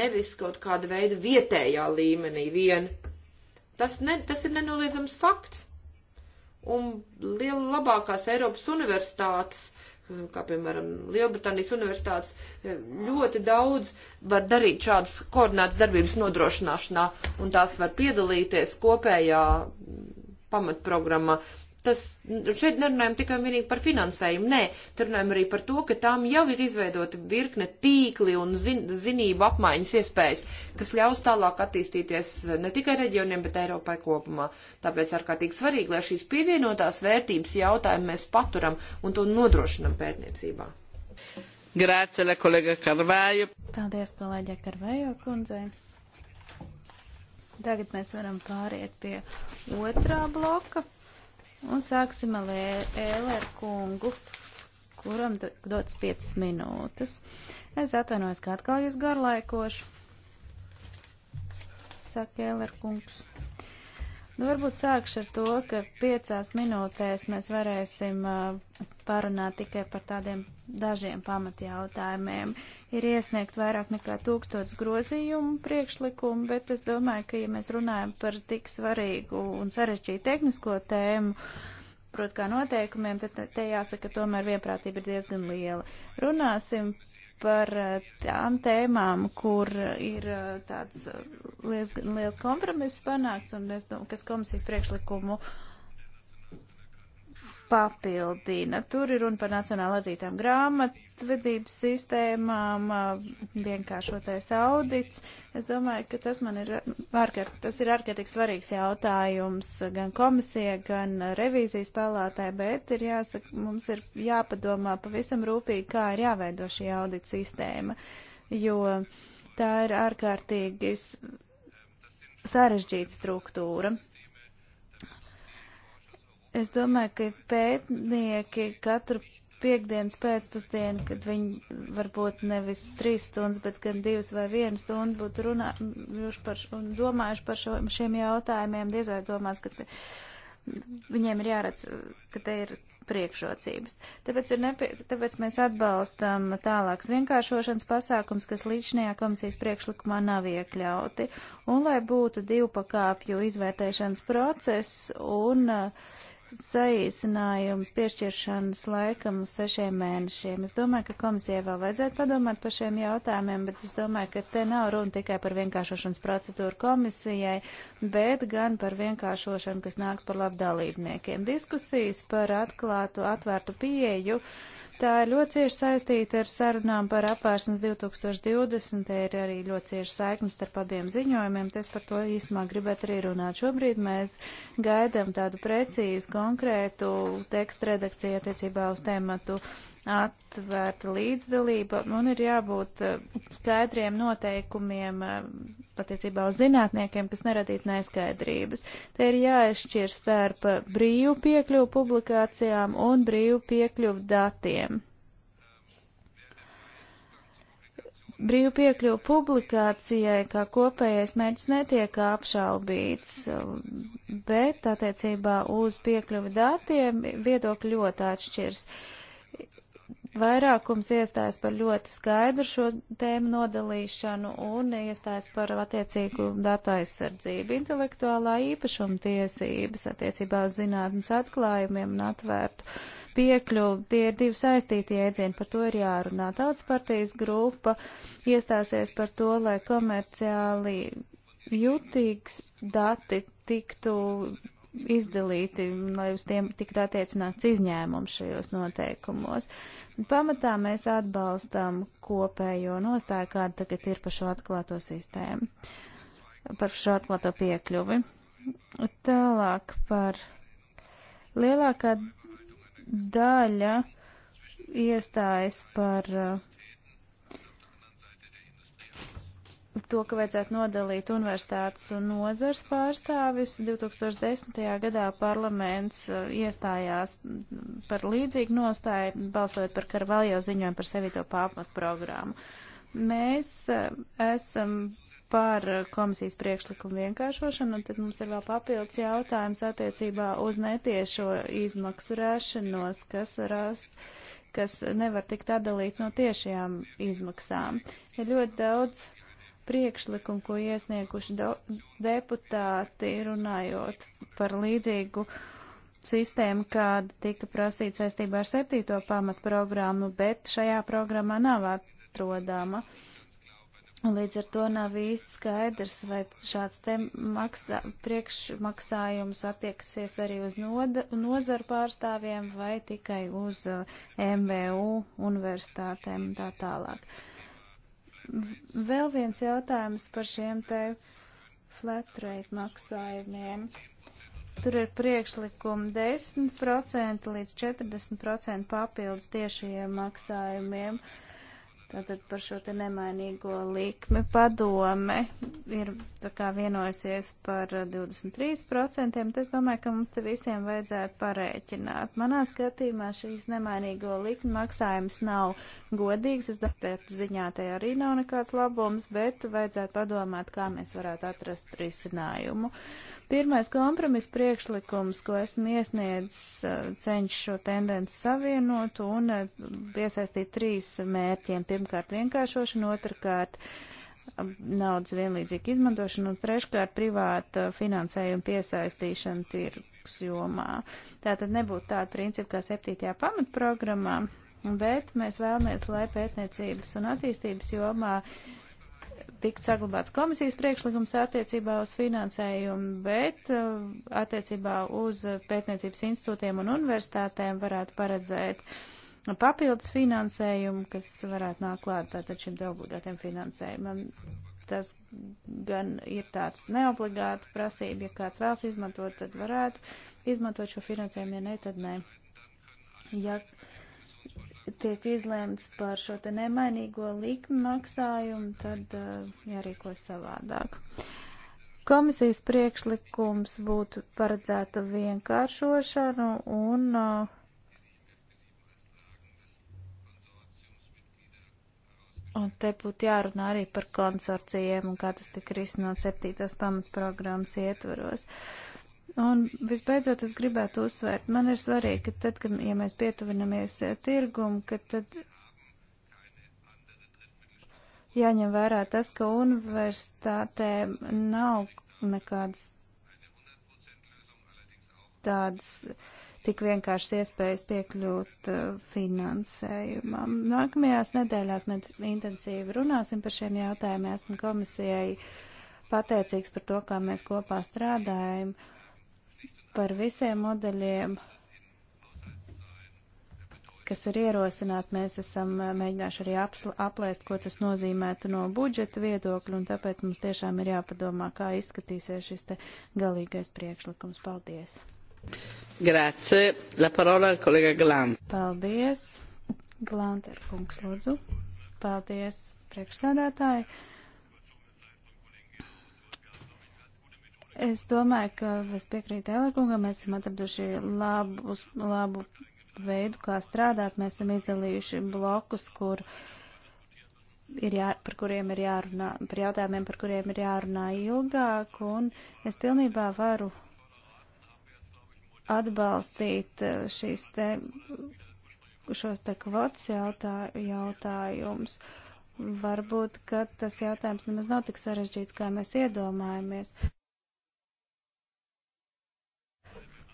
nevis kaut kāda veida vietējā līmenī vien. Tas, ne, tas ir nenoliedzams fakts. Un liela labākās Eiropas universitātes Mm, kā piemēram Lielbritānijas universitātes, e, ļoti daudz var darīt šādas koordinētas darbības nodrošināšanā, un tās var piedalīties kopējā mm, pamatprogrammā. Tas šeit nerunājam tikai un vienīgi par finansējumu, nē, te runājam arī par to, ka tām jau ir izveidota virkne tīkli un zin, zinību apmaiņas iespējas, kas ļaus tālāk attīstīties ne tikai reģioniem, bet Eiropai kopumā. Tāpēc ārkārtīgi svarīgi, lai šīs pievienotās vērtības jautājumu mēs paturam un to nodrošinam pētniecībā. Grāce, la kolega Karvāju. Paldies, kolēģa Karvāju kundzei. Tagad mēs varam pāriet pie otrā bloka Un sāksim ar Ēleru kungu, kuram dots 5 minūtes. Es atvainojos, ka atkal jūs garlaikošu, saka Ēleru kungs. Nu, varbūt sākšu ar to, ka piecās minūtēs mēs varēsim uh, parunāt tikai par tādiem dažiem pamatjautājumiem. Ir iesniegt vairāk nekā tūkstots grozījumu priekšlikumu, bet es domāju, ka ja mēs runājam par tik svarīgu un sarežģītu tehnisko tēmu, prot kā noteikumiem, tad te jāsaka, tomēr vienprātība ir diezgan liela. Runāsim par eh, tām tēmām, kur eh, ir eh, tāds liels, liels kompromiss panākts un es domāju, kas komisijas priekšlikumu papildina. Tur ir runa par nacionāla atzītām grāmat, grāmatvedības sistēmām, vienkāršotais audits. Es domāju, ka tas man ir, ārkārt, tas ir ārkārtīgi svarīgs jautājums gan komisija, gan revīzijas palātē, bet ir jāsaka, mums ir jāpadomā pavisam rūpīgi, kā ir jāveido šī audita sistēma, jo tā ir ārkārtīgi sarežģīta struktūra. Es domāju, ka pētnieki katru piekdienas pēcpusdienu, kad viņi varbūt nevis trīs stundas, bet gan divas vai vienu stundu būtu runājuši par, un domājuši par šo, šiem jautājumiem, diez vai domās, ka te, viņiem ir jāredz, ka te ir priekšrocības. Tāpēc, ir nepie... Tāpēc mēs atbalstam tālāks vienkāršošanas pasākums, kas līdzinājā komisijas priekšlikumā nav iekļauti, un lai būtu divu pakāpju izvērtēšanas process un uh, saīsinājums piešķiršanas laikam uz sešiem mēnešiem. Es domāju, ka komisijai vēl vajadzētu padomāt par šiem jautājumiem, bet es domāju, ka te nav runa tikai par vienkāršošanas procedūru komisijai, bet gan par vienkāršošanu, kas nāk par labdalībniekiem. Diskusijas par atklātu, atvērtu pieeju. Uh, Tā ir ļoti cieši saistīta ar sarunām par apvērsnes 2020, Te ir arī ļoti cieši saiknes starp abiem ziņojumiem, es par to īsumā gribētu arī runāt. Šobrīd mēs gaidām tādu precīzu, konkrētu tekstu redakciju attiecībā uz tēmatu atvērta līdzdalība un ir jābūt eh, skaidriem noteikumiem patiecībā eh, uz zinātniekiem, kas neradītu neskaidrības. Te ir jāizšķir starp brīvu piekļuvu publikācijām un brīvu piekļuvu datiem. Brīvu piekļuvu publikācijai kā kopējais mērķis netiek apšaubīts, bet attiecībā uz piekļuvu datiem viedokļi ļoti atšķirs. Uh, Vairākums iestājas par ļoti skaidru šo tēmu nodalīšanu un iestājas par attiecīgu datu aizsardzību, intelektuālā īpašuma tiesības attiecībā uz zinātnes atklājumiem un atvērtu piekļuvu. Tie ir divi saistīti jēdzieni, par to ir jārunā. Tautas partijas grupa iestāsies par to, lai komerciāli jutīgs dati tiktu izdalīti, lai uz tiem tiktu attiecināts izņēmums šajos noteikumos. Pamatā mēs atbalstam kopējo nostāju, kāda tagad ir par šo atklāto sistēmu, par šo atklāto piekļuvi. Tālāk par lielākā daļa iestājas par uh, to, ka vajadzētu nodalīt universitātes un nozars pārstāvis. 2010. gadā parlaments uh, iestājās mm, par līdzīgu nostāju, balsojot par Karvaljo ziņojumu par sevīto pāpmat programmu. Mēs uh, esam par komisijas priekšlikumu vienkāršošanu, un tad mums ir vēl papildus jautājums attiecībā uz netiešo izmaksu rēšanos, kas rast kas nevar tikt atdalīt no tiešajām izmaksām. Ir ļoti daudz priekšlikumu, ko iesnieguši deputāti, runājot par līdzīgu sistēmu, kāda tika prasīta saistībā ar septīto pamatprogrammu, bet šajā programmā nav atrodama. Un līdz ar to nav īsti skaidrs, vai šāds te maksā, priekšmaksājums attieksies arī uz noda, nozaru pārstāvjiem vai tikai uz eh, MVU universitātēm un tā tālāk. Uh, Vēl viens jautājums par šiem te flat rate maksājumiem. Tur ir priekšlikumi 10% līdz 40% papildus tiešajiem maksājumiem. Uh, Tātad par šo te nemainīgo likmi padome ir tā kā vienojusies par 23%, tad es domāju, ka mums te visiem vajadzētu parēķināt. Manā skatījumā šīs nemainīgo likmi maksājums nav godīgs, es domāju, ziņā te arī nav nekāds labums, bet vajadzētu padomāt, kā mēs varētu atrast risinājumu. Uh, Pirmais kompromiss priekšlikums, ko esmu iesniedzis, eh, cenš šo tendenci savienot un piesaistīt eh, trīs mērķiem. Pirmkārt, vienkāršošana, otrkārt, naudas vienlīdzīga izmantošana un treškārt privāta finansējuma piesaistīšana tirgus jomā. Tā tad nebūtu tāda principa kā septītajā pamatprogrammā, bet mēs vēlamies, lai pētniecības un attīstības jomā uh, tiktu saglabāts komisijas priekšlikums attiecībā uz finansējumu, bet uh, attiecībā uz pētniecības institūtiem un universitātēm varētu paredzēt papildus finansējumu, kas varētu nākt klāt tātad šim draugūtētiem finansējumam. Tas gan ir tāds neobligāta prasība, ja kāds vēlas izmantot, tad varētu izmantot šo finansējumu, ja ne, tad nē. Ja tiek izlēmts par šo te nemainīgo likmi maksājumu, tad uh, jārīko savādāk. Komisijas priekšlikums būtu paredzētu vienkāršošanu un uh, Un te būtu jārunā arī par konsorcijiem un kā tas tika risināts septītās pamatprogrammas ietvaros. Uh, Un visbeidzot, es gribētu uzsvērt, man ir svarīgi, ka tad, kad ja mēs pietuvinamies eh, tirgumu, ka tad jāņem vērā tas, ka universitātē nav nekādas tādas tik vienkāršas iespējas piekļūt uh, finansējumam. Nākamajās nedēļās mēs intensīvi runāsim par šiem jautājumiem. Esmu komisijai pateicīgs par to, kā mēs kopā strādājam. Uh, par visiem modeļiem, kas ir ierosināti, mēs esam mēģinājuši arī aplēst, ko tas nozīmētu no budžeta viedokļa, un tāpēc mums tiešām ir jāpadomā, kā izskatīsies šis te galīgais priekšlikums. Paldies! Grāce, la parola kolega Glam. Paldies, Glanter kungs, lūdzu. Paldies, priekšsēdētāji. Es domāju, ka es piekrītu Elerkungam, mēs esam atraduši labu, labu veidu, kā strādāt. Mēs esam izdalījuši blokus, kur ir jā, par kuriem ir jārunā, par jautājumiem, par kuriem ir jārunā ilgāk, un es pilnībā varu atbalstīt eh, šīs te, šos te kvots jautā, jautājumus. Varbūt, ka tas jautājums nemaz nav tik sarežģīts, kā mēs iedomājamies.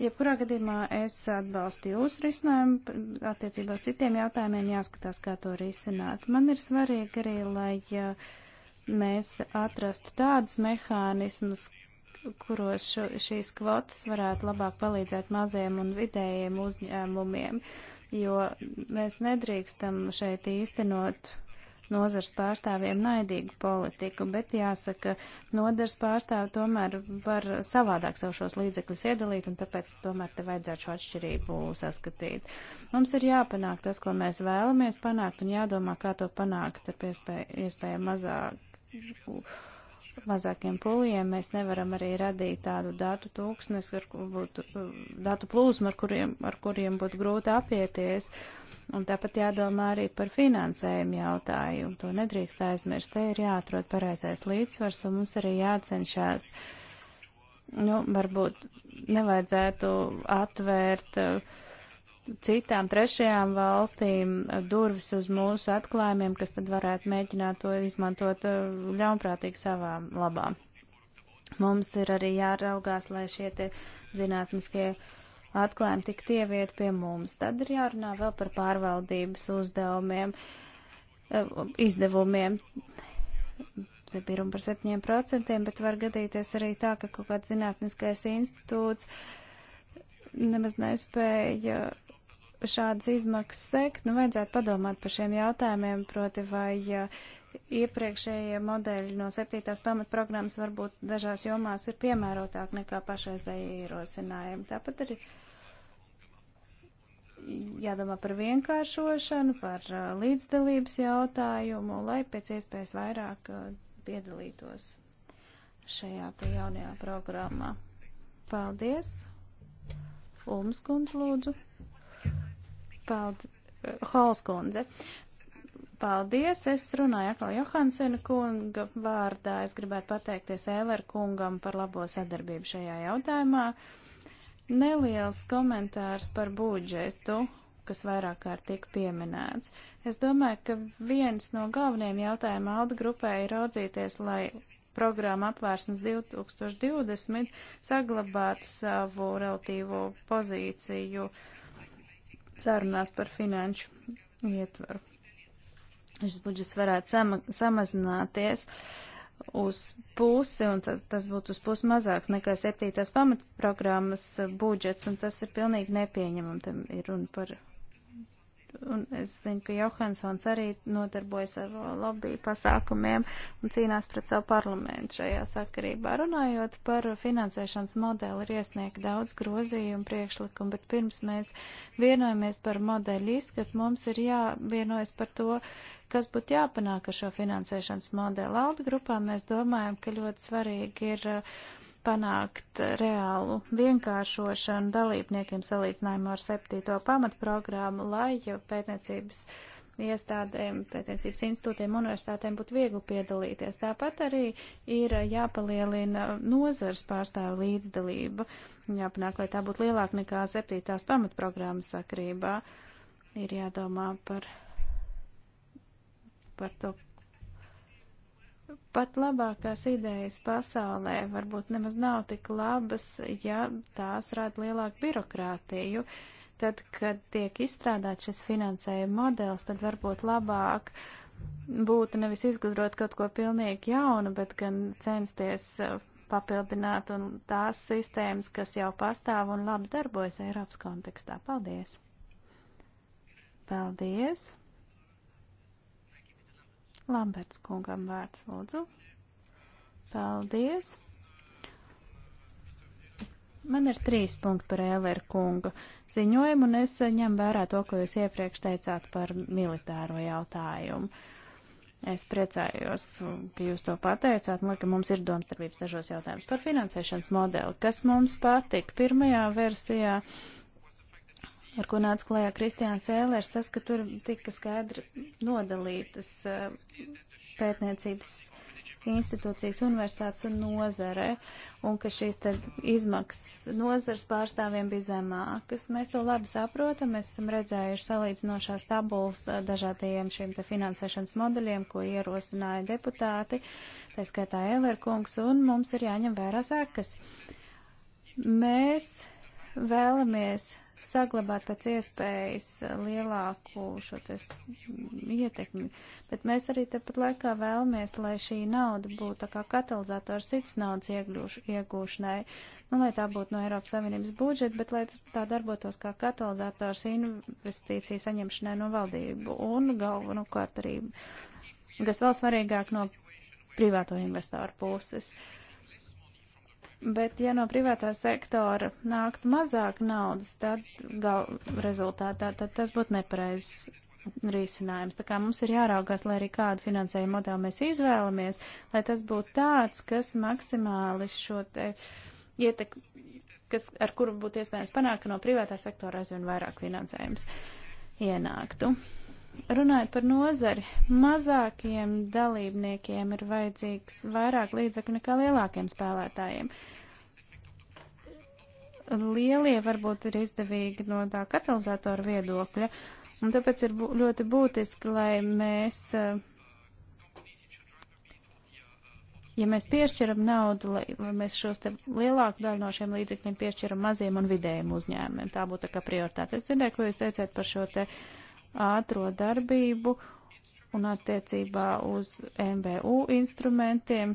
Jebkurā gadījumā es atbalstu jūsu risinājumu, attiecībā uz citiem jautājumiem jāskatās, kā to risināt. Man ir svarīgi arī, lai mēs atrastu tādus mehānismus, kuros šo, šīs kvotas varētu labāk palīdzēt maziem un vidējiem uzņēmumiem, jo mēs nedrīkstam šeit īstenot nozars pārstāvjiem naidīgu politiku, bet jāsaka, nodars pārstāvi tomēr var savādāk savu šos līdzekļus iedalīt, un tāpēc tomēr te vajadzētu šo atšķirību saskatīt. Mums ir jāpanāk tas, ko mēs vēlamies panākt, un jādomā, kā to panākt ar iespēju mazāk mazākiem polijiem mēs nevaram arī radīt tādu datu tūkstnes, ar būtu, datu plūsmu, ar kuriem, ar kuriem būtu grūti apieties. Un tāpat jādomā arī par finansējumu jautājumu. To nedrīkst aizmirst. Te ir jāatrod pareizais līdzsvars un mums arī jācenšas. Nu, varbūt nevajadzētu atvērt uh, citām trešajām valstīm durvis uz mūsu atklājumiem, kas tad varētu mēģināt to izmantot uh, ļaunprātīgi savā labā. Mums ir arī jāraugās, lai šie te zinātniskie atklājumi tiktu ieviet pie mums. Tad ir jārunā vēl par pārvaldības uzdevumiem, uh, izdevumiem. Te bija runa par 7%, bet var gadīties arī tā, ka kaut kāds zinātniskais institūts nemaz nespēja šādas izmaksas sekt, nu vajadzētu padomāt par šiem jautājumiem, proti vai iepriekšējie modeļi no septītās pamatprogrammas varbūt dažās jomās ir piemērotāk nekā pašreizējie ierosinājumi. Tāpat arī jādomā par vienkāršošanu, par uh, līdzdalības jautājumu, lai pēc iespējas vairāk uh, piedalītos šajā te jaunajā programmā. Paldies! Ulmskundz lūdzu. Paldies, Holskundze. Paldies, es runāju atkal Johansena kunga vārdā. Es gribētu pateikties Ēler kungam par labo sadarbību šajā jautājumā. Neliels komentārs par budžetu, kas vairāk kārt tika pieminēts. Es domāju, ka viens no galvenajiem jautājumiem Alda grupē ir raudzīties, lai programma apvērsnes 2020 saglabātu savu relatīvo pozīciju uh, sarunās par finanšu ietvaru. Šis budžets varētu sama, samazināties uz pusi, un tas, tas būtu uz pusi mazāks nekā septītās pamatprogrammas budžets, un tas ir pilnīgi nepieņemam. Tam ir runa par Un es zinu, ka Johansons arī nodarbojas ar lobby pasākumiem un cīnās pret savu parlamentu šajā sakarībā. Runājot par finansēšanas modeli, ir iesniegt daudz grozījumu priekšlikumu, bet pirms mēs vienojamies par modeļu izskatu, mums ir jāvienojas par to, kas būtu jāpanāk ar šo finansēšanas modeli. Alda grupā mēs domājam, ka ļoti svarīgi ir. Uh, panākt reālu vienkāršošanu dalībniekiem salīdzinājumu ar septīto pamatprogrammu, lai pētniecības iestādēm, pētniecības institūtiem, universitātēm būtu viegli piedalīties. Tāpat arī ir jāpalielina nozars pārstāvu līdzdalība, jāpanāk, lai tā būtu lielāka nekā septītās pamatprogrammas sakrībā. Ir jādomā par, par to Pat labākās idejas pasaulē varbūt nemaz nav tik labas, ja tās rada lielāku birokrātiju. Tad, kad tiek izstrādāts šis finansējuma modelis, tad varbūt labāk būtu nevis izgudrot kaut ko pilnīgi jaunu, bet gan censties uh, papildināt un tās sistēmas, kas jau pastāv un labi darbojas Eiropas kontekstā. Paldies! Paldies! Lamberts kungam vārds lūdzu. Paldies. Man ir trīs punkti par Ēleru kungu ziņojumu, un es ņem vērā to, ko jūs iepriekš teicāt par militāro jautājumu. Es priecājos, ka jūs to pateicāt. Man liekas, mums ir domstarpības dažos jautājumus par finansēšanas modeli, kas mums patika. Pirmajā versijā ar ko nāca klajā Kristiāns Ēlers, tas, ka tur tika skaidri nodalītas eh, pētniecības institūcijas, universitātes un nozare, un ka šīs te izmaksas nozars pārstāvjiem bija zemākas. Mēs to labi saprotam, mēs esam redzējuši salīdzinošās tabulas eh, dažādajiem šiem te finansēšanas modeļiem, ko ierosināja deputāti, tā skaitā Elerkungs, un mums ir jāņem vērā sekas. Mēs vēlamies saglabāt pēc iespējas eh, lielāku šo tes, ietekmi. Bet mēs arī tepat laikā vēlamies, lai šī nauda būtu tā kā katalizators cits naudas iegļūš, iegūšanai. Nu, lai tā būtu no Eiropas Savienības budžeta, bet lai tā darbotos kā katalizators investīciju saņemšanai no valdību un galvenokārt arī, kas vēl svarīgāk, no privāto investoru puses. Uh, Bet, ja no privātā sektora nāktu mazāk naudas, tad gal rezultātā tad tas būtu nepareizs risinājums. Tā kā mums ir jāraugās, lai arī kādu finansējumu modeli mēs izvēlamies, lai tas būtu tāds, kas maksimāli šo te ietek, kas, ar kuru būtu iespējams panākt, ka no privātā sektora aizvien vairāk finansējums ienāktu. Runājot par nozari, mazākiem dalībniekiem ir vajadzīgs vairāk līdzekļu nekā lielākiem spēlētājiem. Lielie varbūt ir izdevīgi no tā katalizatora viedokļa, un tāpēc ir bū ļoti būtiski, lai mēs, eh, ja mēs piešķiram naudu, lai mēs šos te lielāku daļu no šiem līdzekļiem piešķiram maziem un vidējiem uzņēmumiem. Tā būtu tā kā prioritāte. Es dzirdēju, ko jūs teicāt par šo te. Uh, ātro darbību un attiecībā uz MBU instrumentiem.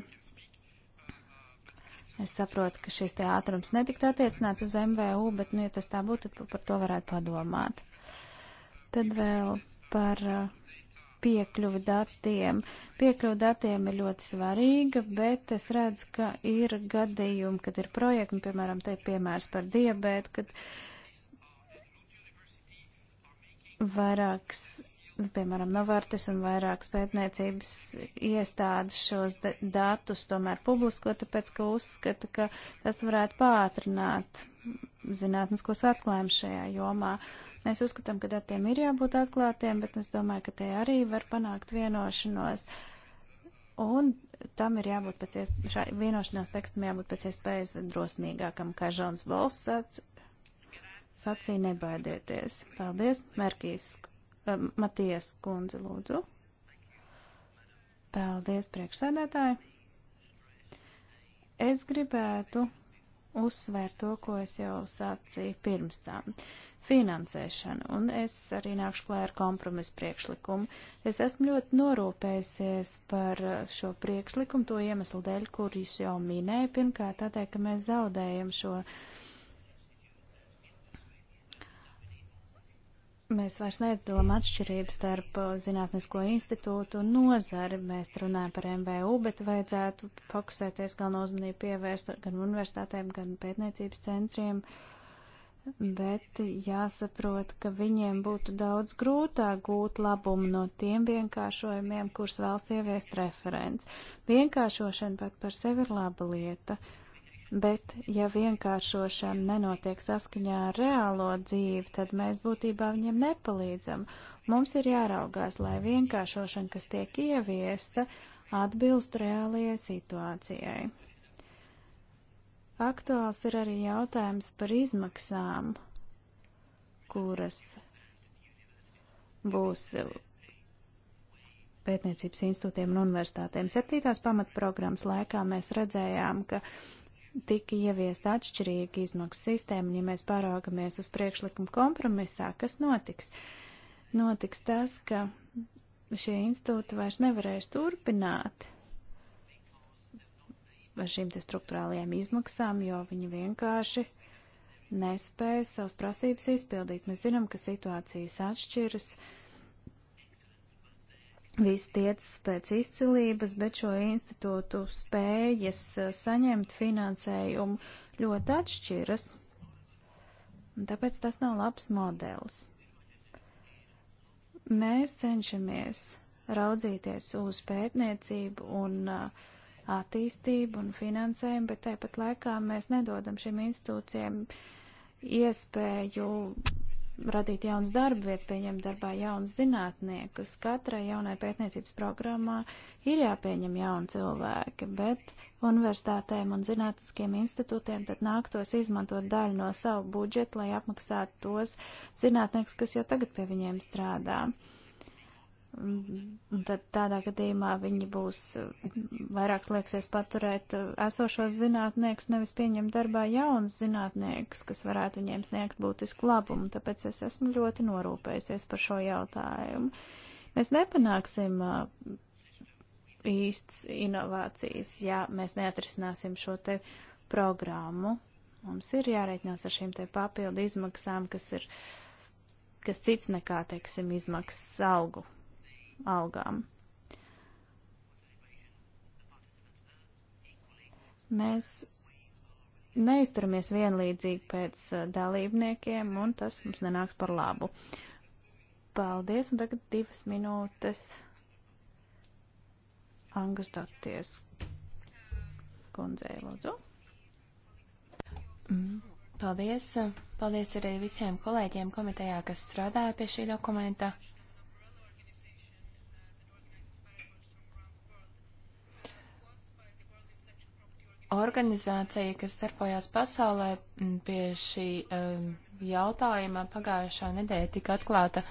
Es saprotu, ka šis te ātrums netiktu attiecināts uz MVU, bet, nu, ja tas tā būtu, tad par to varētu padomāt. Tad vēl par uh, piekļuvi datiem. Piekļuvi datiem ir ļoti svarīga, bet es redzu, ka ir gadījumi, kad ir projekti, nu, piemēram, te piemērs par diabētu, kad uh, vairāks, nu, piemēram, Novartis un vairākas pētniecības iestādes šos datus tomēr publisko, tāpēc, ka uzskata, ka tas varētu pātrināt zinātniskos atklājumus šajā jomā. Mēs uzskatām, ka datiem ir jābūt atklātiem, bet es domāju, ka te arī var panākt vienošanos. Un tam ir jābūt pēc iespējas, vienošanās tekstam jābūt pēc iespējas drosmīgākam, kā Žons Bolsats sacīja nebaidieties. Paldies, Merkīs, uh, Matijas kundze, lūdzu. Paldies, priekšsēdētāji. Es gribētu uzsvērt to, ko es jau sacīju pirms tam - finansēšanu, un es arī nākšu klāt ar kompromisu priekšlikumu. Es esmu ļoti norūpējusies par šo priekšlikumu, to iemeslu dēļ, kurus jau minēju, pirmkārt tādēļ, ka mēs zaudējam šo uh, Mēs vairs neatdalam atšķirības starp uh, Zinātnisko institūtu un nozari. Mēs runājam par MVU, bet vajadzētu fokusēties galveno uzmanību pievērst gan universitātēm, gan pētniecības centriem. Bet jāsaprot, ka viņiem būtu daudz grūtāk gūt labumu no tiem vienkāršojumiem, kurus vēlas ieviest referents. Vienkāršošana pat par sevi ir laba lieta. Uh, bet ja vienkāršošana nenotiek saskaņā ar reālo dzīvi, tad mēs būtībā viņiem nepalīdzam. Mums ir jāraugās, lai vienkāršošana, kas tiek ieviesta, atbilst reālajai situācijai. Aktuāls ir arī jautājums par izmaksām, kuras būs pētniecības institūtiem un universitātēm. Septītās pamatprogrammas laikā mēs redzējām, ka uh, tika ieviesta atšķirīga izmaksu sistēma, ja mēs paraugamies uz priekšlikumu kompromisā, kas notiks? Notiks tas, ka šie institūti vairs nevarēs turpināt ar šīm te struktūrālajām izmaksām, jo viņi vienkārši nespēja savas prasības izpildīt. Mēs zinām, ka situācijas atšķiras. Uh, visi tiecas pēc izcilības, bet šo institūtu spējas eh, saņemt finansējumu ļoti atšķiras. Un tāpēc tas nav labs modelis. Mēs cenšamies raudzīties uz pētniecību un eh, attīstību un finansējumu, bet tāpat laikā mēs nedodam šīm institūcijiem iespēju radīt jaunas darba vietas, pieņemt darbā jaunas zinātniekus. Katrai jaunai pētniecības programmā ir jāpieņem jauni cilvēki, bet universitātēm un zinātniskiem institūtiem tad nāktos izmantot daļu no savu budžetu, lai apmaksātu tos zinātniekus, kas jau tagad pie viņiem strādā. Uh, Mm, un tad tādā gadījumā viņi būs mm, vairāk slieksies paturēt uh, esošos zinātniekus, nevis pieņemt darbā jaunas zinātniekus, kas varētu viņiem sniegt būtisku labumu. Tāpēc es esmu ļoti norūpējusies par šo jautājumu. Mēs nepanāksim uh, īsts inovācijas, ja mēs neatrisināsim šo te programmu. Mums ir jāreikinās ar šīm te papildu izmaksām, kas ir kas cits nekā, teiksim, izmaksas algu algām. Mēs neizturamies vienlīdzīgi pēc uh, dalībniekiem, un tas mums nenāks par labu. Paldies, un tagad divas minūtes Angas doties kundzei, lūdzu. Mm, paldies. Paldies arī visiem kolēģiem komitejā, kas strādāja pie šī dokumenta. organizācija, kas starpojās pasaulē pie šī um, jautājuma pagājušā nedēļa tika atklāta,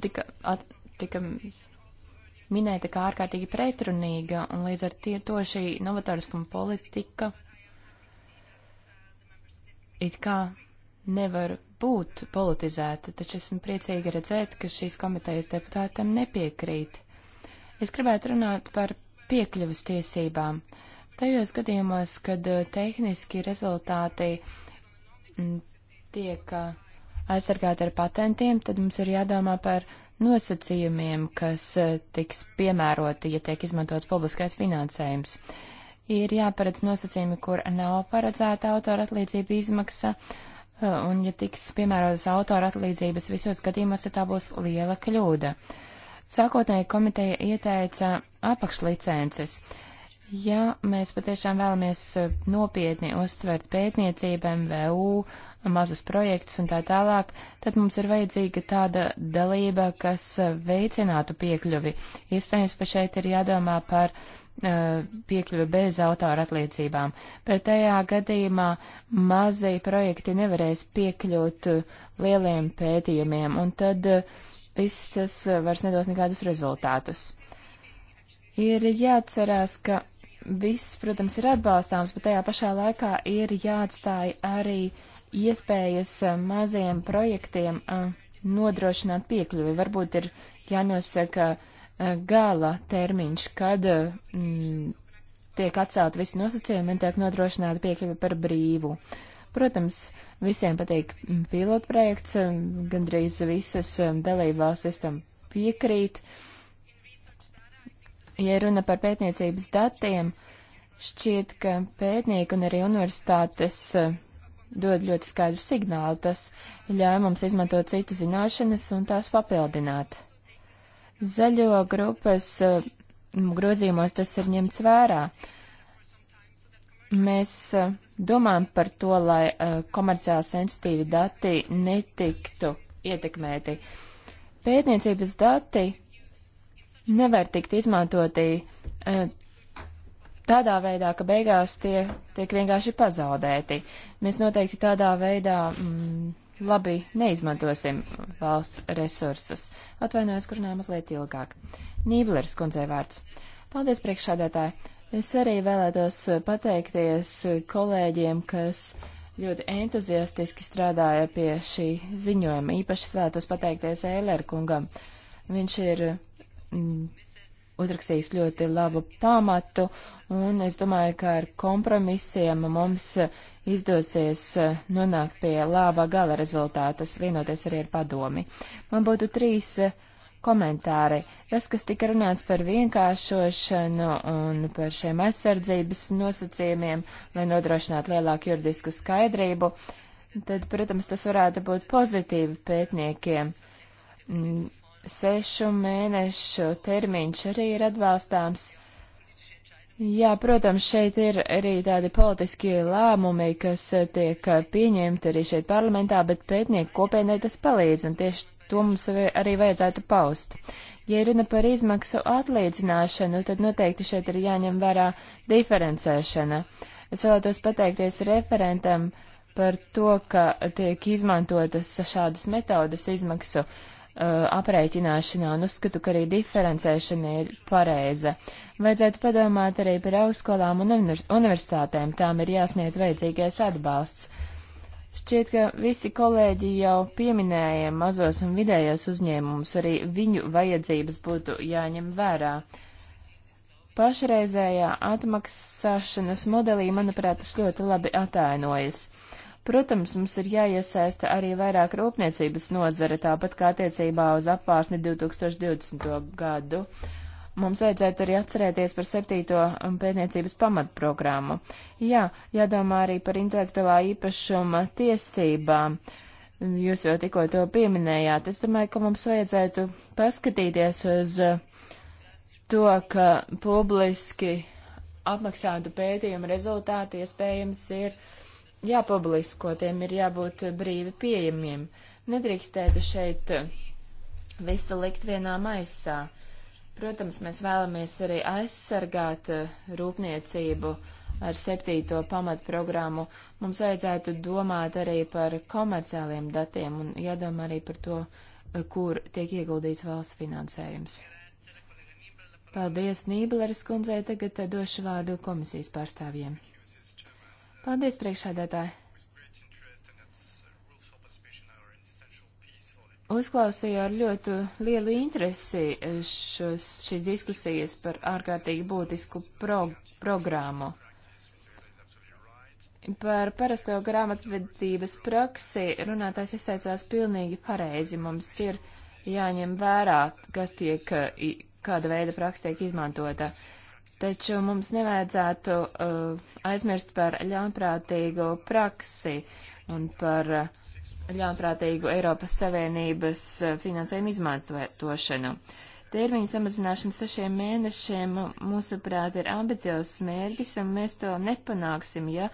tika, at, tika minēta kā ārkārtīgi pretrunīga, un līdz ar tie, to šī novatoriskuma politika it kā nevar būt politizēta, taču esmu priecīga redzēt, ka šīs komitejas deputātam nepiekrīt. Es gribētu runāt par piekļuvas tiesībām. Tajos gadījumos, kad eh, tehniski rezultāti mm, tiek eh, aizsargāti ar patentiem, tad mums ir jādomā par nosacījumiem, kas eh, tiks piemēroti, ja tiek izmantots publiskais finansējums. Ir jāparedz nosacījumi, kur nav paredzēta autora atlīdzība izmaksa, un ja tiks piemērotas autora atlīdzības visos gadījumos, tad tā būs liela kļūda. Sākotnēji komiteja ieteica apakšlicences. Ja mēs patiešām vēlamies eh, nopietni uztvert pētniecību, MVU, mazus projektus un tā tālāk, tad mums ir vajadzīga tāda dalība, kas eh, veicinātu piekļuvi. Iespējams, pa šeit ir jādomā par uh, piekļuvi bez autora atliecībām. Pretējā gadījumā mazie projekti nevarēs piekļūt lieliem pētījumiem, un tad uh, viss tas vairs nedos nekādus rezultātus. Ir jāatcerās, ka viss, protams, ir atbalstāms, bet tajā pašā laikā ir jāatstāj arī iespējas eh, mazajiem projektiem eh, nodrošināt piekļuvi. Varbūt ir jānosaka eh, gala termiņš, kad m, mm, tiek atcelt visi nosacījumi un tiek nodrošināta piekļuvi par brīvu. Protams, visiem patīk mm, pilotprojekts, gandrīz visas dalībvalstis tam piekrīt. Uh, Ja runa par pētniecības datiem, šķiet, ka pētnieki un arī universitātes eh, dod ļoti skaidru signālu. Tas ļauj mums izmantot citu zināšanas un tās papildināt. Zaļo grupas eh, grozījumos tas ir ņemts vērā. Mēs eh, domājam par to, lai komerciāli sensitīvi dati netiktu ietekmēti. Pētniecības dati nevar tikt izmantoti e, tādā veidā, ka beigās tie tiek vienkārši pazaudēti. Mēs noteikti tādā veidā mm, labi neizmantosim valsts resursus. Atvainojos, kur nāmas liet ilgāk. Nīblers kundzē vārds. Paldies priekšādētāji. Es arī vēlētos pateikties kolēģiem, kas ļoti entuziastiski strādāja pie šī ziņojuma. Īpaši vēlētos pateikties Ēlēra kungam. Viņš ir Mm, uzrakstījis ļoti labu pamatu, un es domāju, ka ar kompromisiem mums izdosies eh, nonākt pie laba gala rezultātas, vienoties arī ar padomi. Man būtu trīs eh, komentāri. Tas, kas tika runāts par vienkāršošanu un par šiem aizsardzības nosacījumiem, lai nodrošinātu lielāku juridisku skaidrību, tad, protams, tas varētu būt pozitīvi pētniekiem mm, sešu mēnešu termiņš arī ir atbalstāms. Jā, protams, šeit ir arī tādi politiskie lēmumi, kas tiek pieņemti arī šeit parlamentā, bet pētnieku kopienai tas palīdz, un tieši to mums arī vajadzētu paust. Ja runa par izmaksu atlīdzināšanu, tad noteikti šeit ir jāņem vērā diferencēšana. Es vēlētos pateikties referentam par to, ka tiek izmantotas šādas metodas izmaksu Uh, aprēķināšanā un uzskatu, ka arī diferencēšana ir pareiza. Vajadzētu padomāt arī par augstskolām un universitātēm, tām ir jāsniedz vajadzīgais atbalsts. Šķiet, ka visi kolēģi jau pieminēja mazos un vidējos uzņēmumus, arī viņu vajadzības būtu jāņem vērā. Pašreizējā atmaksāšanas modelī, manuprāt, tas ļoti labi atainojas. Protams, mums ir jāiesaista arī vairāk rūpniecības nozare, tāpat kā attiecībā uz apvārsni 2020. gadu. Mums vajadzētu arī atcerēties par septīto pētniecības pamatprogrammu. Jā, jādomā arī par intelektuālā īpašuma tiesībām. Jūs jau tikko to pieminējāt. Es domāju, ka mums vajadzētu paskatīties uz to, ka publiski apmaksātu pētījumu rezultāti iespējams ir uh, jāpublisko, tiem ir jābūt brīvi pieejamiem. Nedrīkstētu šeit visu likt vienā maisā. Protams, mēs vēlamies arī aizsargāt eh, rūpniecību ar septīto pamatprogrammu. Mums vajadzētu domāt arī par komerciāliem datiem un jādomā arī par to, eh, kur tiek ieguldīts valsts finansējums. Paldies Nībeleres kundzei, tagad eh, došu vārdu komisijas pārstāvjiem. Paldies, priekšsēdētāji! Uzklausīju ar ļoti lielu interesi šos, šīs diskusijas par ārkārtīgi būtisku pro programmu. Par parasto grāmatvedības praksi runātājs izteicās pilnīgi pareizi. Mums ir jāņem vērā, kas tiek, kāda veida praksa tiek izmantota. Uh, Taču mums nevajadzētu uh, aizmirst par ļaunprātīgu praksi un par uh, ļaunprātīgu Eiropas Savienības uh, finansējumu izmantošanu. Termiņa samazināšana sešiem mēnešiem, mūsuprāt, ir ambiciozs mērķis, un mēs to nepanāksim, ja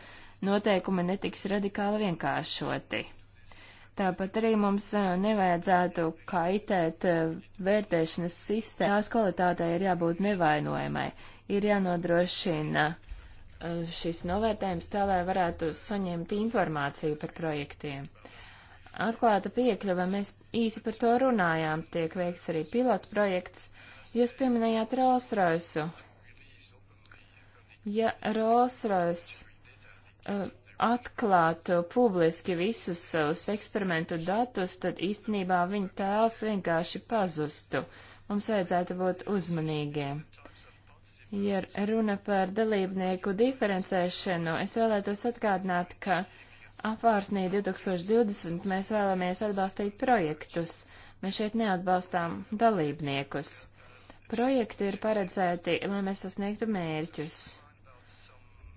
noteikumi netiks radikāli vienkāršoti. Tāpat arī mums uh, nevajadzētu kaitēt uh, vērtēšanas sistēmas. Tās kvalitātei ir jābūt nevainojamai ir jānodrošina uh, šis novērtējums tā, lai varētu saņemt informāciju par projektiem. Atklāta piekļuva, mēs īsi par to runājām, tiek veikts arī pilotu projekts. Jūs pieminējāt Rolls-Royce. Ja Rolls-Royce uh, atklātu publiski visus savus eksperimentu datus, tad īstenībā viņa tēls vienkārši pazustu. Mums vajadzētu būt uzmanīgiem. Ja runa par dalībnieku diferencēšanu, es vēlētos atgādināt, ka apvārsnī 2020 mēs vēlamies atbalstīt projektus. Mēs šeit neatbalstām dalībniekus. Projekti ir paredzēti, lai mēs sasniegtu mērķus.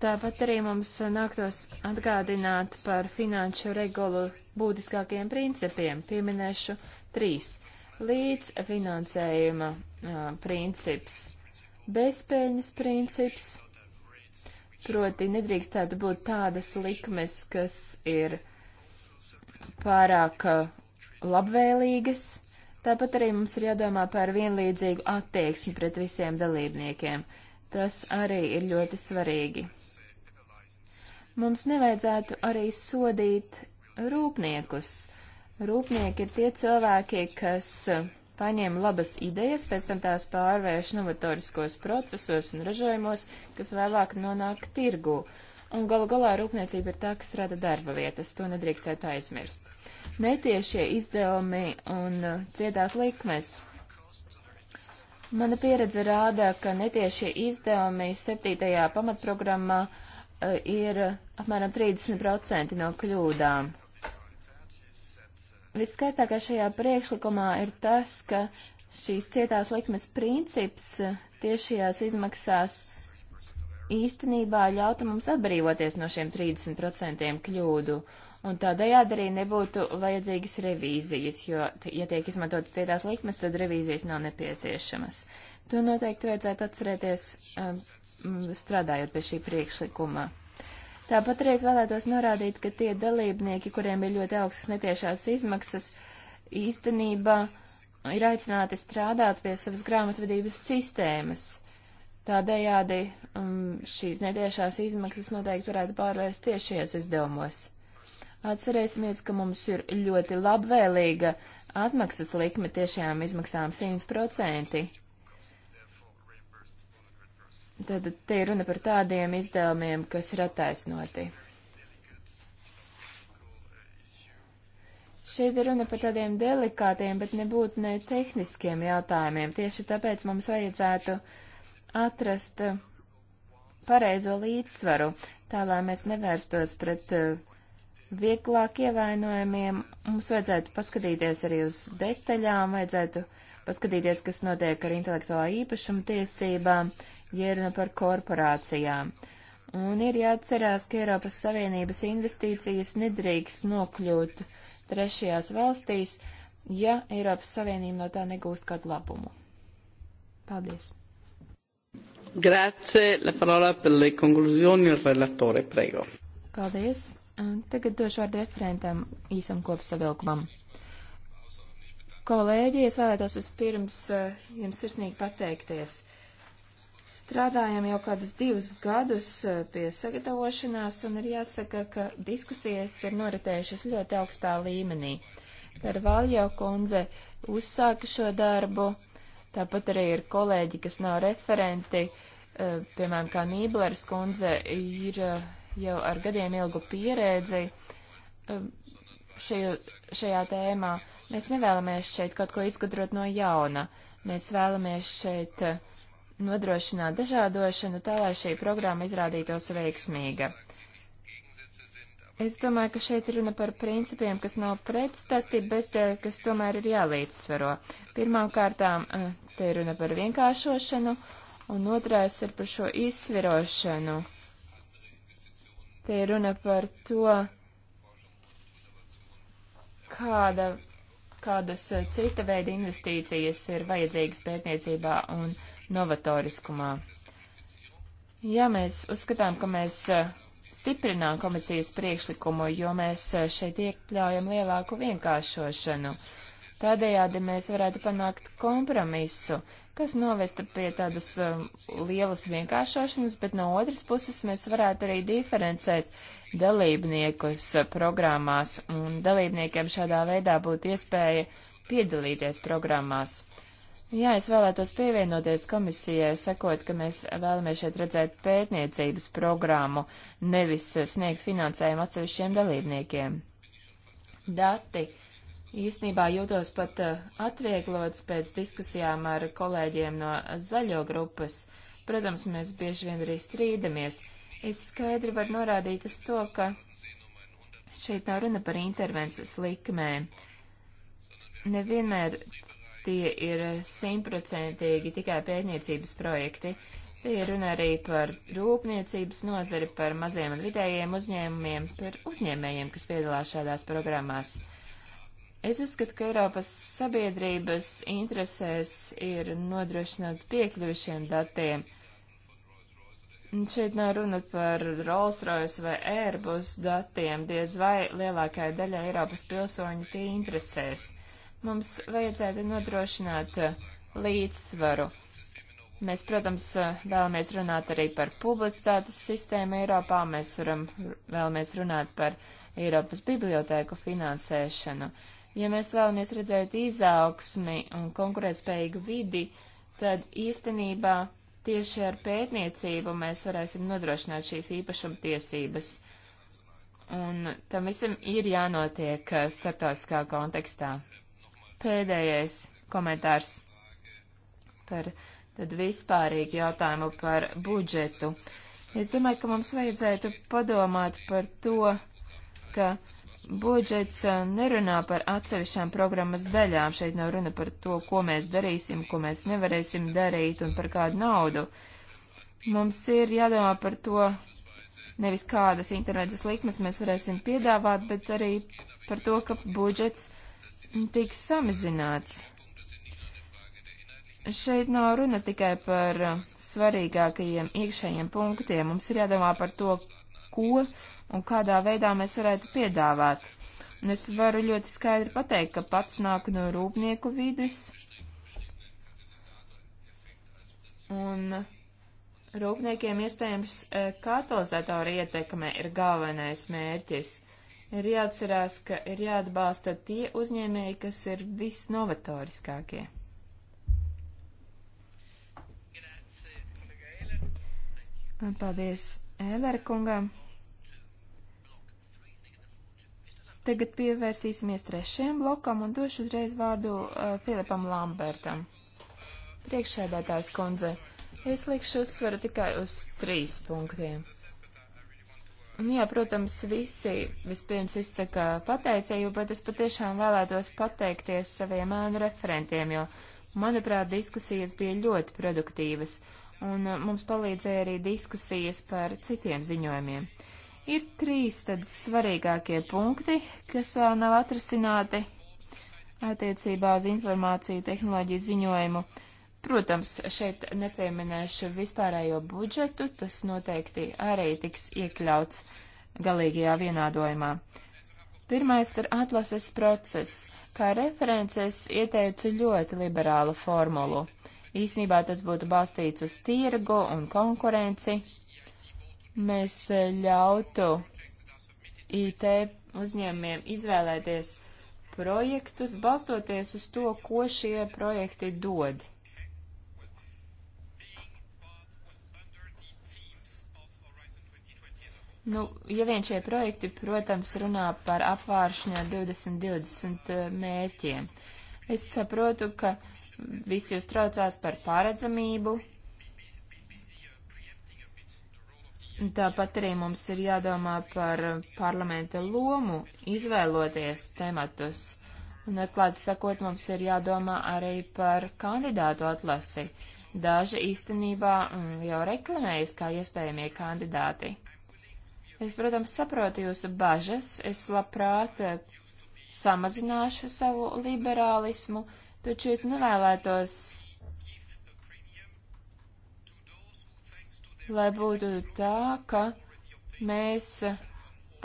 Tāpat arī mums nāktos atgādināt par finanšu regulu būtiskākiem principiem. Pieminēšu trīs. Līdz finansējuma uh, princips bezpēļņas princips, proti nedrīkstētu būt tādas likmes, kas ir pārāk uh, labvēlīgas. Tāpat arī mums ir jādomā par vienlīdzīgu attieksmi pret visiem dalībniekiem. Tas arī ir ļoti svarīgi. Mums nevajadzētu arī sodīt rūpniekus. Rūpnieki ir tie cilvēki, kas uh, paņēma labas idejas, pēc tam tās pārvērš novatoriskos procesos un ražojumos, kas vēlāk nonāk tirgū. Un galu galā rūpniecība ir tā, kas rada darba vietas, to nedrīkstētu aizmirst. Netiešie izdevumi un cietās uh, likmes. Mana pieredze rāda, ka netiešie izdevumi septītajā pamatprogrammā uh, ir apmēram 30% no kļūdām. Viskaistākais šajā priekšlikumā ir tas, ka šīs cietās likmes princips tiešajās izmaksās īstenībā ļautu mums atbrīvoties no šiem 30% kļūdu. Un tādējādi arī nebūtu vajadzīgas revīzijas, jo, ja tiek izmantotas cietās likmes, tad revīzijas nav nepieciešamas. To noteikti vajadzētu atcerēties um, strādājot pie šī priekšlikuma. Tāpat arī es vēlētos norādīt, ka tie dalībnieki, kuriem ir ļoti augstas netiešās izmaksas, īstenībā ir aicināti strādāt pie savas grāmatvedības sistēmas. Tādējādi um, šīs netiešās izmaksas noteikti varētu pārvērst tiešies izdevumos. Atcerēsimies, ka mums ir ļoti labvēlīga atmaksas likme tiešām izmaksām 100%. Tad te ir runa par tādiem izdevumiem, kas ir attaisnoti. Šeit ir runa par tādiem delikātiem, bet nebūtu ne tehniskiem jautājumiem. Tieši tāpēc mums vajadzētu atrast pareizo līdzsvaru, tā lai mēs nevērstos pret uh, vieglāk ievainojumiem. Mums vajadzētu paskatīties arī uz detaļām, vajadzētu paskatīties, kas notiek ar intelektuālā īpašuma tiesībām, ja runa par korporācijām. Un ir jāatcerās, ka Eiropas Savienības investīcijas nedrīkst nokļūt trešajās valstīs, ja Eiropas Savienība no tā negūst kādu labumu. Paldies! Grazie, la parola per le conclusioni il relatore, prego. Paldies. Un tagad došu vārdu referentam īsam kopsavilkumam. Kolēģi, es vēlētos vispirms eh, jums sirsnīgi pateikties. Uh, Strādājam jau kādus divus gadus eh, pie sagatavošanās, un ir jāsaka, ka diskusijas ir noritējušas ļoti augstā līmenī. Karvaljo kundze uzsāka šo darbu, tāpat arī ir kolēģi, kas nav referenti, eh, piemēram, kā Nībleres kundze ir eh, jau ar gadiem ilgu pieredzi šajā, šajā tēmā. Mēs nevēlamies šeit kaut ko izgudrot no jauna. Mēs vēlamies šeit uh, nodrošināt dažādošanu tā, lai šī programma izrādītos veiksmīga. Es domāju, ka šeit runa par principiem, kas nav pretstati, bet eh, kas tomēr ir jālīdzsvaro. Pirmām kārtām eh, te ir runa par vienkāršošanu, un otrais ir par šo izsvirošanu. Te ir runa par to, kāda, kādas eh, cita veida investīcijas ir vajadzīgas pētniecībā un pētniecībā novatoriskumā. Ja mēs uzskatām, ka mēs e, stiprinām komisijas priekšlikumu, jo mēs e, šeit iekļaujam lielāku vienkāršošanu, tādējādi mēs varētu panākt kompromisu, kas novestu pie tādas e, lielas vienkāršošanas, bet no otras puses mēs varētu arī diferencēt dalībniekus programmās, un dalībniekiem šādā veidā būtu iespēja piedalīties programmās. Jā, es vēlētos pievienoties komisijai, sakot, ka mēs vēlamies šeit redzēt pētniecības programmu, nevis sniegt finansējumu atsevišķiem dalībniekiem. Dati. Īsnībā jūtos pat eh, atvieglots pēc diskusijām ar kolēģiem no zaļo grupas. Protams, mēs bieži vien arī strīdamies. Es skaidri varu norādīt uz to, ka šeit nav runa par intervences likmēm. Nevienmēr tie ir simtprocentīgi tikai pētniecības projekti. Te ir runa arī par rūpniecības nozari, par maziem un vidējiem uzņēmumiem, par uzņēmējiem, kas piedalās šādās programmās. Es uzskatu, ka Eiropas sabiedrības interesēs ir nodrošināt piekļuvi šiem datiem. Šeit nav runa par Rolls-Royce vai Airbus datiem, diez vai lielākajai daļai Eiropas pilsoņu tie interesēs. Mums vajadzētu nodrošināt uh, līdzsvaru. Mēs, protams, uh, vēlamies runāt arī par publicitātes sistēmu Eiropā, mēs varam, vēlamies runāt par Eiropas bibliotēku finansēšanu. Ja mēs vēlamies redzēt izaugsmi un konkurētspējīgu vidi, tad īstenībā tieši ar pētniecību mēs varēsim nodrošināt šīs īpašumtiesības. Un tam visam ir jānotiek uh, starptautiskā kontekstā pēdējais komentārs par tad vispārīgu jautājumu par budžetu. Es domāju, ka mums vajadzētu padomāt par to, ka budžets eh, nerunā par atsevišķām programmas daļām. Šeit nav runa par to, ko mēs darīsim, ko mēs nevarēsim darīt un par kādu naudu. Mums ir jādomā par to, nevis kādas intervences likmes mēs varēsim piedāvāt, bet arī par to, ka budžets tiks samazināts. Šeit nav runa tikai par uh, svarīgākajiem iekšējiem punktiem. Mums ir jādomā par to, ko un kādā veidā mēs varētu piedāvāt. Un es varu ļoti skaidri pateikt, ka pats nāku no rūpnieku vides. Un rūpniekiem iespējams uh, katalizatora ietekme ir galvenais mērķis. Uh, Ir jāatcerās, ka ir jāatbalsta tie uzņēmēji, kas ir visnovatoriskākie. Paldies Ēlera kungam. Tagad pievērsīsimies trešajam blokam un došu uzreiz vārdu uh, Filipam Lambertam. Priekšsēdētājs kundze, es liekšu uzsvaru tikai uz trīs punktiem. Uh, Jā, protams, visi vispirms izsaka pateicību, bet es patiešām vēlētos pateikties saviem ēnu referentiem, jo, manuprāt, diskusijas bija ļoti produktīvas, un uh, mums palīdzēja arī diskusijas par citiem ziņojumiem. Ir trīs tad svarīgākie punkti, kas vēl nav atrasināti attiecībā uz informāciju tehnoloģiju ziņojumu. Uh, Protams, šeit nepieminēšu vispārējo budžetu, tas noteikti arī tiks iekļauts galīgajā vienādojumā. Pirmais ir atlases process. Kā references ieteicu ļoti liberālu formulu. Īsnībā tas būtu balstīts uz tirgu un konkurenci. Mēs eh, ļautu IT uzņēmumiem izvēlēties projektus, balstoties uz to, ko šie projekti dod. Nu, ja vien šie projekti, protams, runā par apvāršņā 2020 eh, mērķiem. Es saprotu, ka visi jūs traucās par pāredzamību. Tāpat arī mums ir jādomā par parlamenta lomu, izvēloties tematus. Un, atklāti sakot, mums ir jādomā arī par kandidātu atlasi. Daži īstenībā mm, jau reklamējas kā iespējamie kandidāti. Es, protams, saprotu jūsu bažas, es labprāt eh, samazināšu savu liberālismu, taču es nevēlētos, lai būtu tā, ka mēs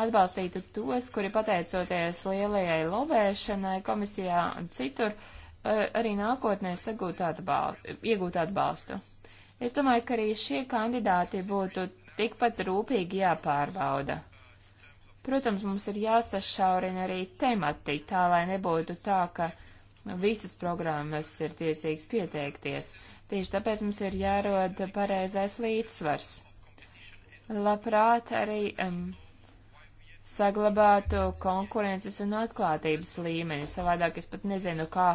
atbalstītu tos, kuri pateicoties lielajai lobēšanai komisijā un citur, ar, eh, arī nākotnē atbalstu, iegūt atbalstu. Es domāju, ka arī šie kandidāti būtu tikpat rūpīgi jāpārbauda. Protams, mums ir jāsašaurina arī temati, tā lai nebūtu tā, ka visas programmas ir tiesīgs pieteikties. Tieši tāpēc mums ir jārod pareizais līdzsvars. Labprāt arī um, saglabātu konkurences un atklātības līmeni, savādāk es pat nezinu, kā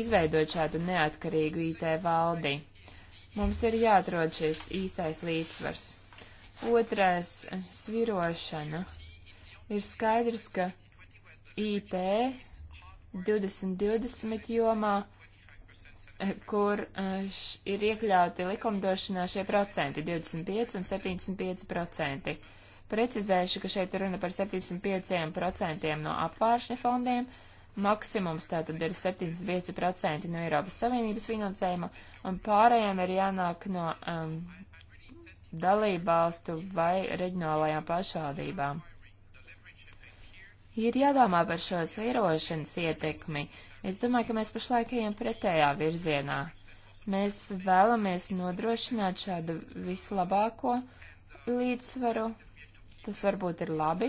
izveidot šādu neatkarīgu IT valdi. Mums ir jāatrod šis īstais līdzsvars. Otrais - svirošana. Ir skaidrs, ka IT 2020 jomā, eh, kur eh, š, ir iekļauti likumdošanā šie procenti - 25 un 75 procenti. Precizēšu, ka šeit runa par 75% no apvāršņa fondiem, maksimums tātad ir 75% no Eiropas Savienības finansējuma, un pārējiem ir jānāk no um, dalībvalstu vai reģionālajām pašvaldībām. Ir jādomā par šo svirošanas ietekmi. Es domāju, ka mēs pašlaik ejam pretējā virzienā. Mēs vēlamies nodrošināt šādu vislabāko līdzsvaru. Tas varbūt ir labi,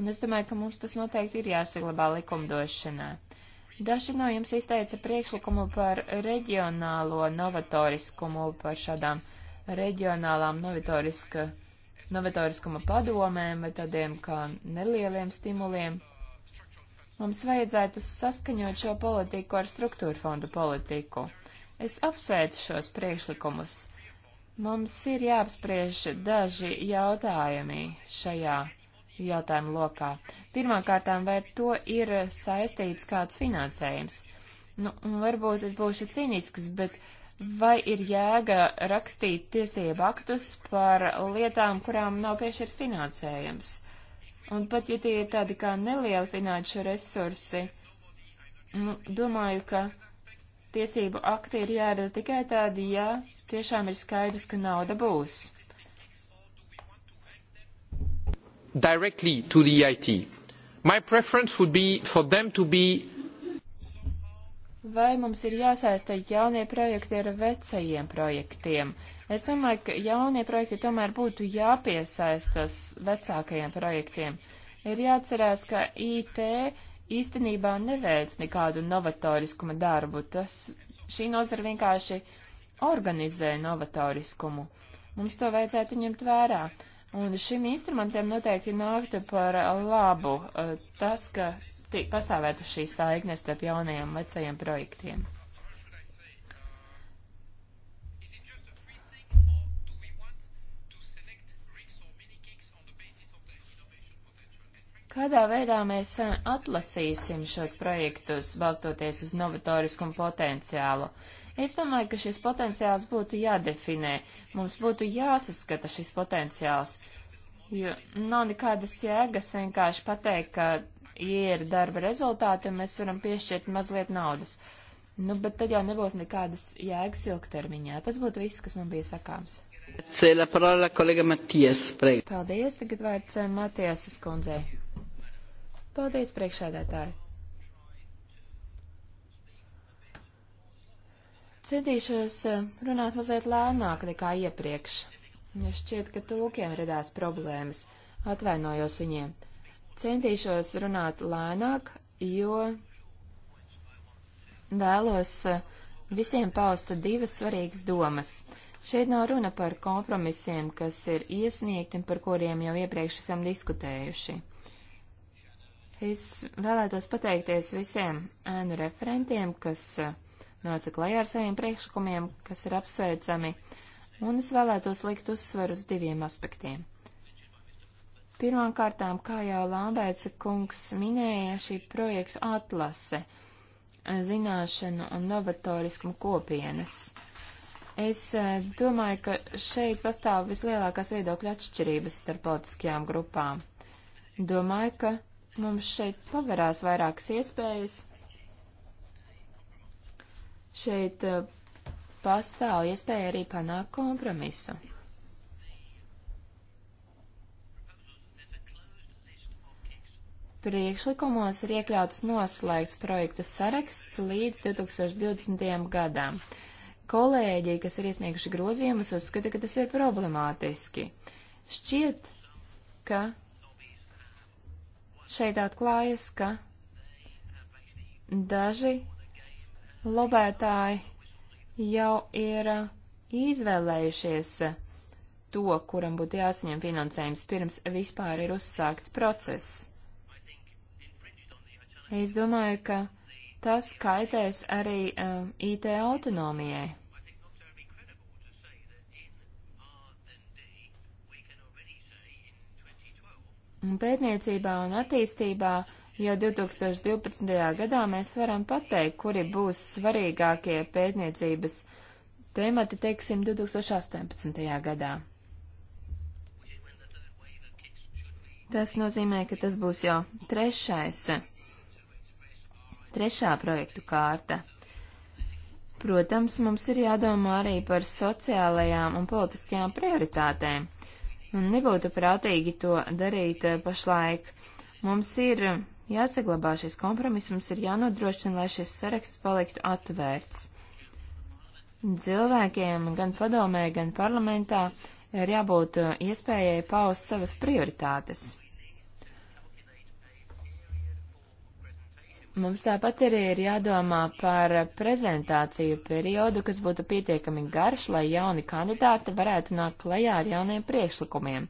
un es domāju, ka mums tas noteikti ir jāsaglabā likumdošanā. Daži no jums izteica priekšlikumu par reģionālo novatoriskumu, par šādām uh, reģionālām novatoriska, novatoriskuma padomēm vai tādiem kā nelieliem stimuliem. Mums vajadzētu saskaņot šo politiku ar struktūra fondu politiku. Es apsveicu šos priekšlikumus. Mums ir jāapspriež daži jautājumi šajā jautājumu lokā. Pirmkārtām, vai to ir saistīts kāds finansējums? Nu, varbūt es būšu cīnisks, bet uh, vai ir jēga rakstīt tiesību aktus par lietām, kurām nav piešķirts finansējums. Un pat ja tie ir tādi kā nelieli finanšu resursi, nu, domāju, ka tiesību akti ir jārada tikai tādi, ja tiešām ir skaidrs, ka nauda būs. Directly to the EIT. My preference would be for them to be vai mums ir jāsaista jaunie projekti ar vecajiem projektiem. Es domāju, ka jaunie projekti tomēr būtu jāpiesaistas vecākajiem projektiem. Ir jāatcerās, ka IT īstenībā neveic nekādu novatoriskuma darbu. Tas šī nozara vienkārši organizē novatoriskumu. Mums to vajadzētu ņemt vērā. Un šim instrumentam noteikti nāktu par labu eh, tas, ka tiek pastāvētu šī saikne starp jaunajiem un vecajiem projektiem. Kādā veidā mēs eh, atlasīsim šos projektus, balstoties uz novatoriskumu potenciālu? Es domāju, ka šis potenciāls būtu jādefinē. Mums būtu jāsaskata šis potenciāls, jo nav nekādas jēgas vienkārši pateikt, ka ja ir darba rezultāti, mēs varam piešķirt mazliet naudas. Nu, bet tad jau nebūs nekādas jēgas ilgtermiņā. Tas būtu viss, kas man bija sakāms. Paldies, tagad vārds eh, Matiesas kundzei. Paldies, priekšādētāji. Centīšos eh, runāt mazliet lēnāk nekā iepriekš. Ja šķiet, ka tūkiem radās problēmas, atvainojos viņiem. Centīšos runāt lēnāk, jo vēlos eh, visiem paust divas svarīgas domas. Šeit nav runa par kompromisiem, kas ir iesniegti un par kuriem jau iepriekš esam diskutējuši. Es vēlētos pateikties visiem ēnu referentiem, kas eh, nāca klajā ar saviem priekšlikumiem, kas ir apsveicami, un es vēlētos likt uzsveru uz diviem aspektiem. Pirmām kārtām, kā jau Lambēca kungs minēja, šī projektu atlase zināšanu un novatoriskumu kopienas. Es eh, domāju, ka šeit pastāv vislielākās viedokļa atšķirības starp politiskajām grupām. Domāju, ka mums šeit paverās vairākas iespējas. Šeit eh, pastāv iespēja arī panākt kompromisu. Priekšlikumos ir iekļauts noslēgts projektu saraksts līdz 2020. gadam. Kolēģi, kas ir iesnieguši grozījumus, uzskata, ka tas ir problemātiski. Šķiet, ka šeit atklājas, ka daži lobētāji jau ir izvēlējušies to, kuram būtu jāsaņem finansējums pirms vispār ir uzsākts process. Es domāju, ka tas kaitēs arī uh, IT autonomijai. Un pētniecībā un attīstībā jau 2012. gadā mēs varam pateikt, kuri būs svarīgākie pētniecības temati, teiksim, 2018. gadā. Tas nozīmē, ka tas būs jau trešais Trešā projektu kārta. Protams, mums ir jādomā arī par sociālajām un politiskajām prioritātēm. Un nebūtu prātīgi to darīt eh, pašlaik. Mums ir jāsaglabā šis kompromiss, mums ir jānodrošina, lai šis saraksts paliktu atvērts. Cilvēkiem gan padomē, gan parlamentā ir jābūt eh, iespējai paust savas prioritātes. Mums tāpat arī ir jādomā par prezentāciju periodu, kas būtu pietiekami garš, lai jauni kandidāti varētu nākt klajā ar jauniem priekšlikumiem.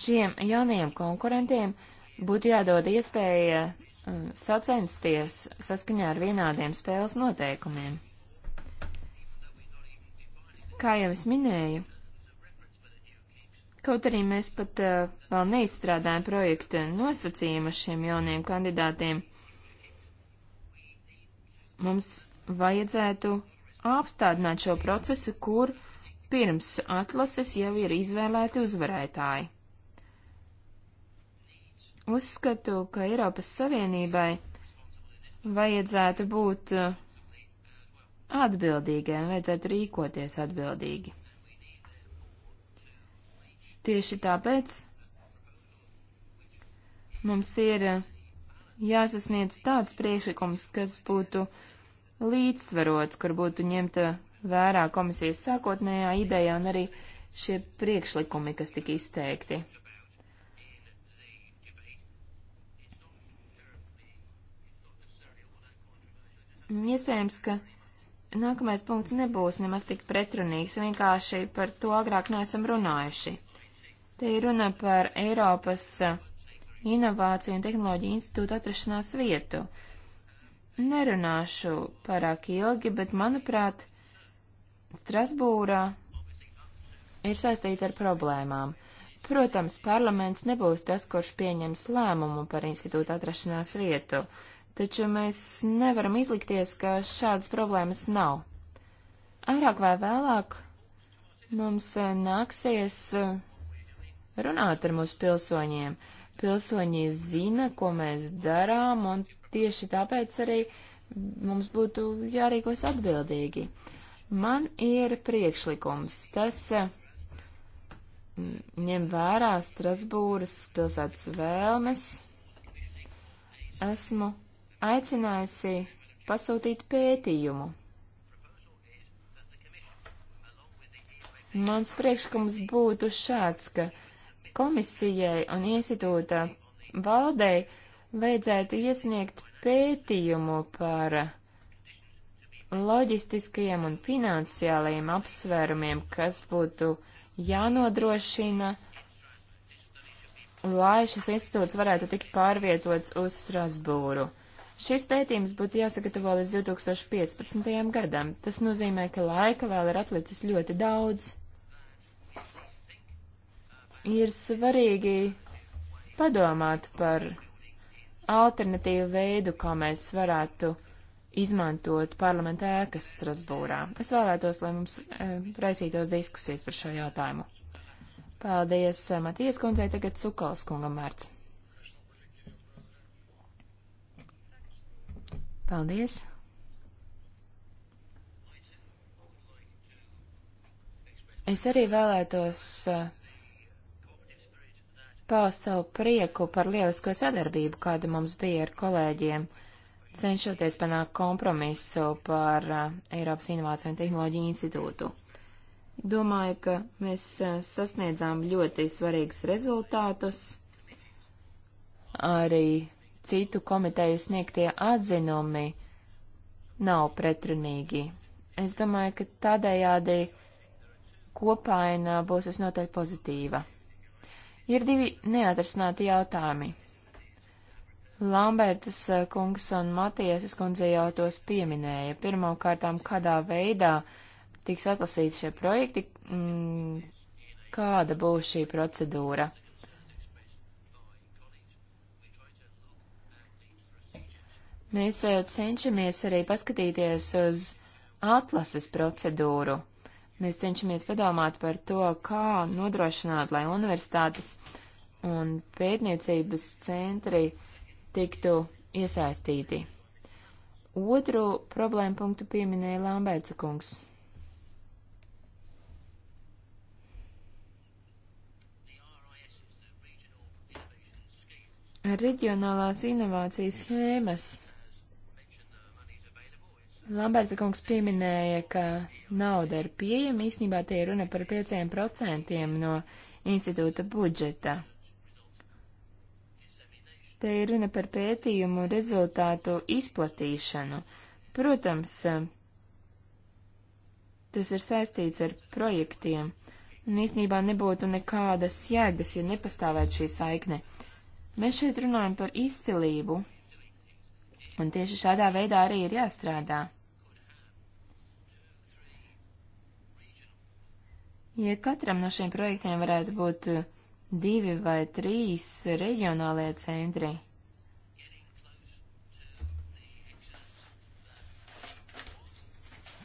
Šiem jaunajiem konkurentiem būtu jādod iespēja um, sacensties saskaņā ar vienādiem spēles noteikumiem. Kā jau es minēju, Kaut arī mēs pat uh, vēl neizstrādājam projekta nosacījumus šiem jauniem kandidātiem, Mums vajadzētu apstādināt šo procesu, kur pirms atlases jau ir izvēlēti uzvarētāji. Uzskatu, ka Eiropas Savienībai vajadzētu būt uh, atbildīgai un vajadzētu rīkoties atbildīgi. Tieši tāpēc mums ir uh, jāsasniedz tāds priekšlikums, kas būtu līdzsvarots, kur būtu ņemta vērā komisijas sākotnējā ideja un arī šie priekšlikumi, kas tika izteikti. Iespējams, ka nākamais punkts nebūs nemaz tik pretrunīgs, vienkārši par to agrāk neesam runājuši. Te ir runa par Eiropas Inovāciju un tehnoloģiju institūta atrašanās vietu. Nerunāšu pārāk ilgi, bet, manuprāt, Strasbūrā ir saistīta ar problēmām. Protams, parlaments nebūs tas, kurš pieņems lēmumu par institūta atrašanās vietu, taču mēs nevaram izlikties, ka šādas problēmas nav. Agrāk vai vēlāk mums eh, nāksies eh, runāt ar mūsu pilsoņiem pilsoņi zina, ko mēs darām, un tieši tāpēc arī mums būtu jārīkos atbildīgi. Man ir priekšlikums, tas eh, ņem vērā Strasbūras pilsētas vēlmes. Esmu aicinājusi pasūtīt pētījumu. Mans priekšlikums būtu šāds, ka komisijai un institūta valdei vajadzētu iesniegt pētījumu par loģistiskajiem un finansiālajiem apsvērumiem, kas būtu jānodrošina, lai šis institūts varētu tikt pārvietots uz Strasbūru. Šis pētījums būtu jāsagatavo līdz 2015. gadam. Tas nozīmē, ka laika vēl ir atlicis ļoti daudz. Ir svarīgi padomāt par alternatīvu veidu, kā mēs varētu izmantot parlamenta ēkas Strasbūrā. Es vēlētos, lai mums e, raisītos diskusijas par šo jautājumu. Paldies, e, Matijas kundzei, tagad Cukals kungam vērts. Paldies! Es arī vēlētos uh, paust savu prieku par lielisko sadarbību, kāda mums bija ar kolēģiem, cenšoties panākt kompromisu par uh, Eiropas Inovāciju un Tehnoloģiju institūtu. Domāju, ka mēs uh, sasniedzām ļoti svarīgus rezultātus. Arī citu komiteju sniegtie atzinumi nav pretrunīgi. Es domāju, ka tādējādi kopaina būs es noteikti pozitīva. Ir divi neatrisināti jautājumi. Lambertas eh, kungs un Matiesas kundze jau tos pieminēja. Pirmkārtām, kādā veidā tiks atlasīti šie projekti, m, mm, kāda būs šī procedūra. Mēs eh, cenšamies arī paskatīties uz atlases procedūru. Mēs cenšamies padomāt par to, kā nodrošināt, lai universitātes un pētniecības centri tiktu iesaistīti. Otru problēmu punktu pieminēja Lamberts kungs. Reģionālās inovācijas schēmas Lamberts kungs pieminēja, ka nauda ir pieejama, īsnībā tie ir runa par 5% no institūta budžeta. Te ir runa par pētījumu rezultātu izplatīšanu. Protams, tas ir saistīts ar projektiem, un īsnībā nebūtu nekādas jēgas, ja nepastāvētu šī saikne. Mēs šeit runājam par izcilību, un tieši šādā veidā arī ir jāstrādā. Ja katram no šiem projektiem varētu būt uh, divi vai trīs reģionālie centri,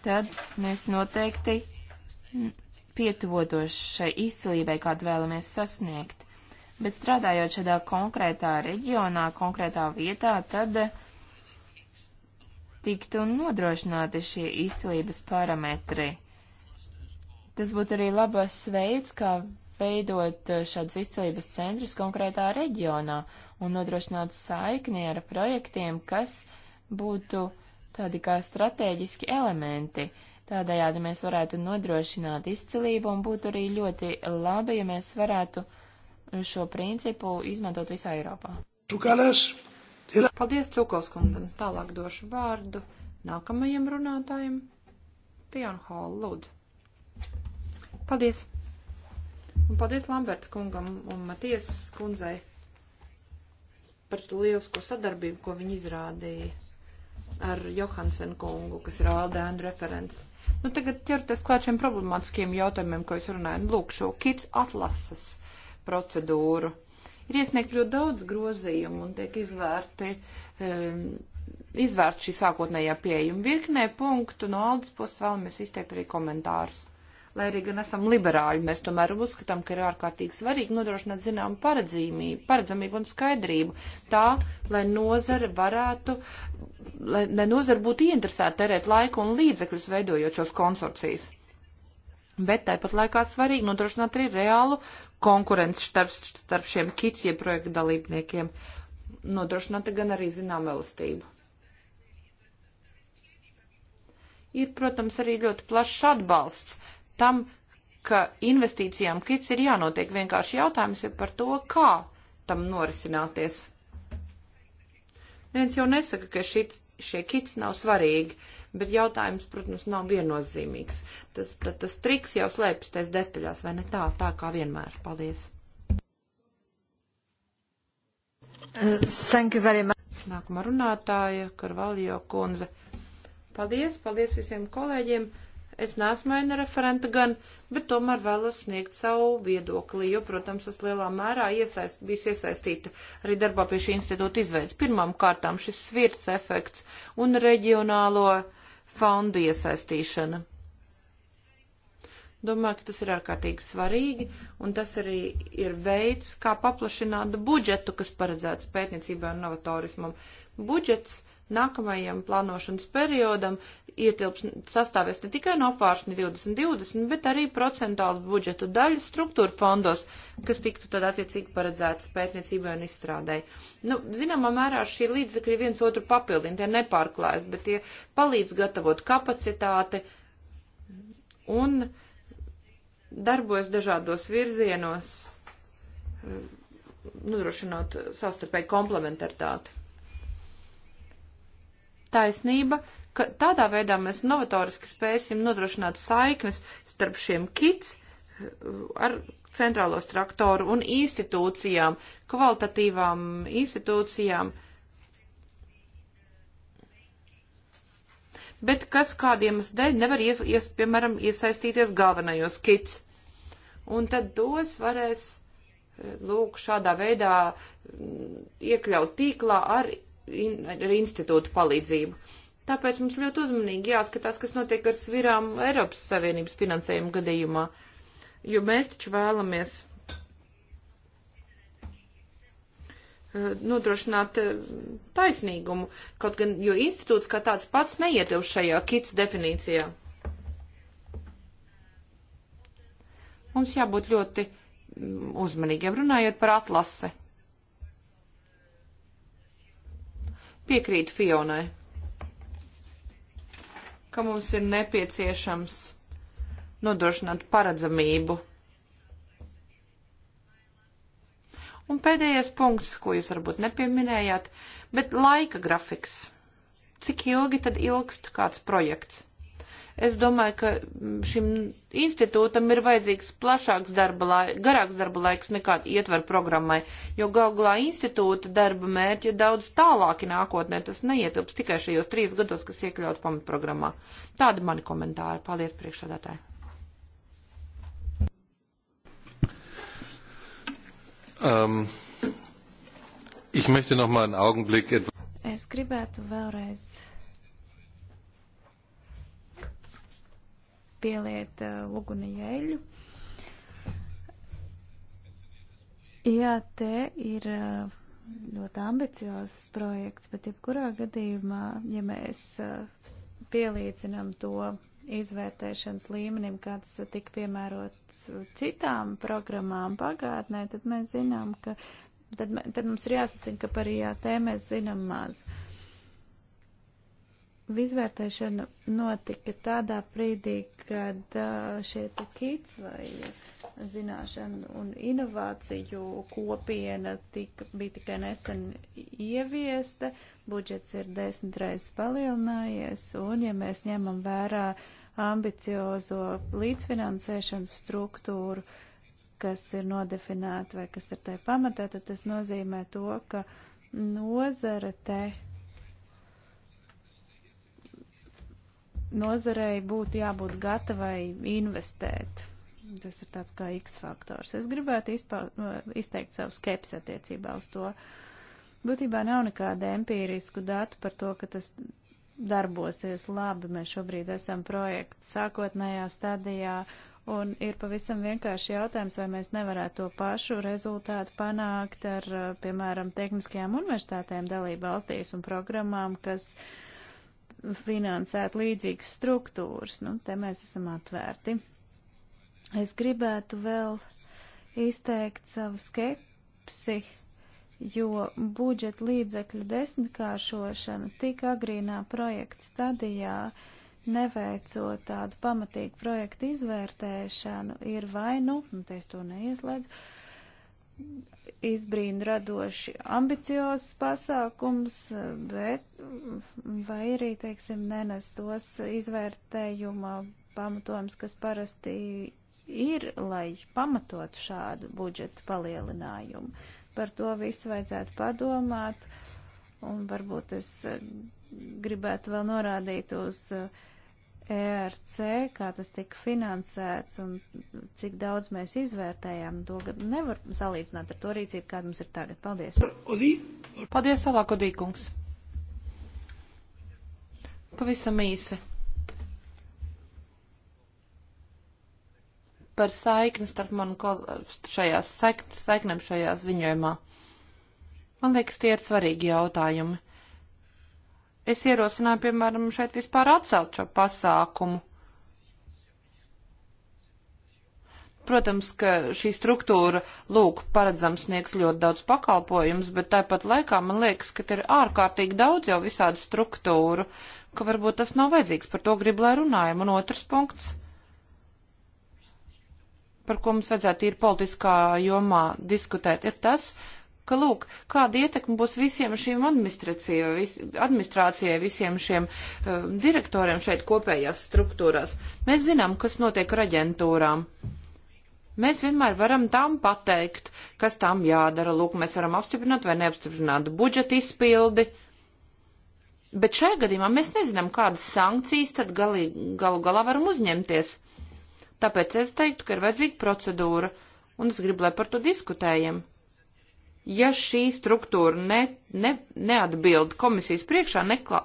tad mēs noteikti pietuvotos šai izcilībai, kādu vēlamies sasniegt. Bet strādājot šādā konkrētā reģionā, konkrētā vietā, tad uh, tiktu nodrošināti šie izcilības parametri Tas būtu arī labs veids, kā veidot eh, šādus izcēlības centrus konkrētā reģionā un nodrošināt saikni ar projektiem, kas būtu tādi kā strateģiski elementi. Tādējādi mēs varētu nodrošināt izcilību un būtu arī ļoti labi, ja mēs varētu šo principu izmantot visā Eiropā. Cukalas. Paldies, Cukals kundam. Tālāk došu vārdu nākamajam runātājam. Pion Hall, lūdzu. Paldies! Un paldies Lamberts kungam un Matiesas kundzei par lielisko sadarbību, ko viņi izrādīja ar Johansen kungu, kas ir Aldēnu referents. Nu, tagad ķerties klāt šiem problemātiskiem jautājumiem, ko es runāju. Nu, lūk, šo kits atlases procedūru. Ir iesniegt ļoti daudz grozījumu un tiek izvērti, um, izvērst šī sākotnējā pieejuma virknē punktu. No Aldas puses vēlamies izteikt arī komentārus lai arī gan esam liberāļi, mēs tomēr uzskatām, ka ir ārkārtīgi svarīgi nodrošināt zinām paredzamību un skaidrību tā, lai nozara varētu, lai, lai nozara būtu ieinteresēta terēt laiku un līdzekļus veidojot šos konsorcijas. Bet tāpat laikā svarīgi nodrošināt arī reālu konkurenci starp, starp šiem kicie projektu dalībniekiem, nodrošināt gan arī zinām elastību. Ir, protams, arī ļoti plašs atbalsts tam, ka investīcijām kits ir jānotiek. Vienkārši jautājums ir par to, kā tam norisināties. Neviens jau nesaka, ka šit, šie kits nav svarīgi, bet jautājums, protams, nav viennozīmīgs. Tas, tas, tas triks jau slēpjas tais detaļās, vai ne tā, tā kā vienmēr. Paldies. Thank you very much. Nākamā runātāja, Karvaljo kundze. Paldies, paldies visiem kolēģiem. Es neesmu aina referenta gan, bet tomēr vēlos sniegt savu viedokli, jo, protams, es lielā mērā iesaist, biju iesaistīta arī darbā pie šī institūta izveids. Pirmām kārtām šis svirts efekts un reģionālo fondu iesaistīšana. Domāju, ka tas ir ārkārtīgi svarīgi, un tas arī ir veids, kā paplašināt budžetu, kas paredzēts pētniecībai un novatorismam. Budžets nākamajam plānošanas periodam ietilps sastāvēs ne tikai no apvāršņa 2020, bet arī procentāls budžetu daļa struktūra fondos, kas tiktu tad attiecīgi paredzēts pētniecībai un izstrādēji. Nu, zināmā mērā šie līdzekļi viens otru papildina, tie nepārklājas, bet tie palīdz gatavot kapacitāti un darbojas dažādos virzienos, eh, nodrošinot savstarpēju komplementaritāti taisnība, ka tādā veidā mēs novatoriski spēsim nodrošināt saiknes starp šiem kits eh, ar centrālo traktoru un institūcijām, kvalitatīvām institūcijām, bet kas kādiem dēļ nevar, ies, ies, piemēram, iesaistīties galvenajos kits. Un tad tos varēs, eh, lūk, šādā veidā mm, iekļaut tīklā ar in, ar institūtu palīdzību. Tāpēc mums ļoti uzmanīgi jāskatās, kas notiek ar svirām Eiropas Savienības finansējumu gadījumā, jo mēs taču vēlamies eh, nodrošināt eh, taisnīgumu, kaut gan, jo institūts kā tāds pats neietilpst šajā kits definīcijā. Mums jābūt ļoti mm, uzmanīgiem runājot par atlasi. Piekrītu Fionai, ka mums ir nepieciešams nodrošināt paredzamību. Un pēdējais punkts, ko jūs varbūt nepieminējāt, bet laika grafiks. Cik ilgi tad ilgst kāds projekts? Es domāju, ka šim institūtam ir vajadzīgs plašāks darba laiks, garāks darba laiks nekā ietver programmai, jo gal galā institūta darba mērķi ir daudz tālāki nākotnē. Tas neietilps tikai šajos trīs gados, kas iekļaut pamatprogrammā. Tādi mani komentāri. Paldies priekšādātāji. Um, ich möchte noch mal einen Augenblick etwas. Es gribētu vēlreiz pieliet uh, uguni eļļu. Jā, te ir uh, ļoti ambiciozs projekts, bet jebkurā gadījumā, ja mēs uh, pielīdzinām to izvērtēšanas līmenim, kāds tika piemērots citām programmām pagātnē, tad mēs zinām, ka tad, tad mums ir jāsacina, ka par IAT mēs zinām maz. Uh, izvērtēšana notika tādā brīdī, kad šie kits vai zināšanu un inovāciju kopiena tika, bija tikai nesen ieviesta, budžets ir desmit reizes palielinājies, un ja mēs ņemam vērā ambiciozo līdzfinansēšanas struktūru, kas ir nodefinēta vai kas ir tai pamatā, tad tas nozīmē to, ka nozara te nozarei būtu jābūt gatavai investēt. Tas ir tāds kā X faktors. Es gribētu izpa, izteikt savu skepsi attiecībā uz to. Būtībā nav nekāda empīrisku datu par to, ka tas darbosies labi. Mēs šobrīd esam projekta sākotnējā stadijā, un ir pavisam vienkārši jautājums, vai mēs nevarētu to pašu rezultātu panākt ar, piemēram, tehniskajām universitātēm dalība valstīs un programmām, kas uh, finansēt līdzīgas struktūras. Nu, te mēs esam atvērti. Es gribētu vēl izteikt savu skepsi, jo budžeta līdzekļu desmitkāršošana tik agrīnā projekta stadijā, neveicot tādu pamatīgu projektu izvērtēšanu, ir vai nu, un es to neieslēdzu, uh, izbrīna radoši ambiciozs pasākums, bet vai arī, teiksim, nenes tos izvērtējuma pamatojums, kas parasti ir, lai pamatotu šādu budžeta palielinājumu. Par to visu vajadzētu padomāt, un varbūt es gribētu vēl norādīt uz uh, ERC, kā tas tika finansēts un cik daudz mēs izvērtējām, to nevar salīdzināt ar to rīcību, kāda mums ir tagad. Paldies! Paldies, Alāko Dīkungs! Pavisam īsi. Par saikni starp manu šajās saik, saiknēm šajā ziņojumā. Man liekas, tie ir svarīgi jautājumi Es ierosināju, piemēram, šeit vispār atcelt šo pasākumu. Protams, ka šī struktūra, lūk, paredzam sniegs ļoti daudz pakalpojums, bet tāpat laikā man liekas, ka ir ārkārtīgi daudz jau visādu struktūru, ka varbūt tas nav vajadzīgs, par to gribu, lai runājam. Un otrs punkts, par ko mums vajadzētu ir politiskā jomā diskutēt, ir tas, ka, lūk, kāda ietekme būs visiem šīm administrācijai, vis, administrācijai visiem šiem uh, direktoriem šeit kopējās struktūrās. Mēs zinām, kas notiek ar aģentūrām. Mēs vienmēr varam tām pateikt, kas tām jādara. Lūk, mēs varam apstiprināt vai neapstiprināt budžeta izpildi. Bet šajā gadījumā mēs nezinām, kādas sankcijas tad galī, galu galā varam uzņemties. Tāpēc es teiktu, ka ir vajadzīga procedūra, un es gribu, lai par to diskutējam ja šī struktūra ne, ne, neatbild komisijas priekšā, nekla,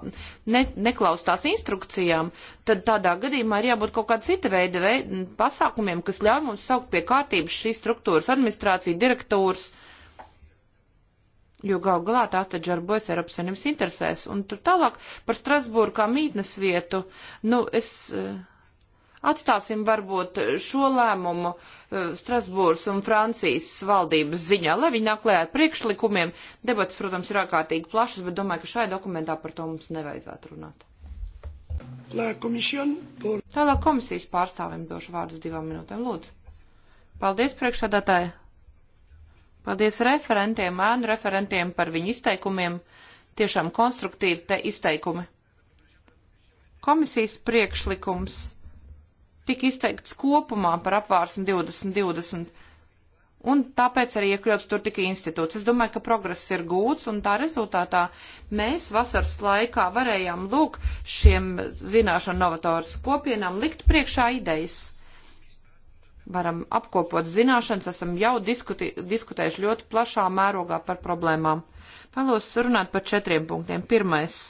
ne, neklaus tās instrukcijām, tad tādā gadījumā ir jābūt kaut kāda cita veida veid, pasākumiem, kas ļauj mums saukt pie kārtības šīs struktūras administrāciju direktūras, jo gal galā tās taču darbojas Eiropas Savienības interesēs. Un tur tālāk par Strasbūru kā mītnes vietu, nu, es. Uh, Atstāsim varbūt šo lēmumu eh, Strasbūras un Francijas valdības ziņā, lai viņi nāk lējā ar priekšlikumiem. Debats, protams, ir ārkārtīgi plašas, bet domāju, ka šai dokumentā par to mums nevajadzētu runāt. Por... Tālāk komisijas pārstāvim došu vārdus divām minūtēm. Lūdzu. Paldies, priekšsādātāji. Paldies referentiem, ēnu referentiem par viņu izteikumiem. Tiešām konstruktīvi te izteikumi. Komisijas priekšlikums tika izteikts kopumā par apvārsni 2020. Un tāpēc arī iekļauts tur tikai institūts. Es domāju, ka progress ir gūts, un tā rezultātā mēs vasaras laikā varējām lūk šiem zināšanu novatoras kopienām likt priekšā idejas. Varam apkopot zināšanas, esam jau diskuti, diskutējuši ļoti plašā mērogā par problēmām. Vēlos runāt par četriem punktiem. Pirmais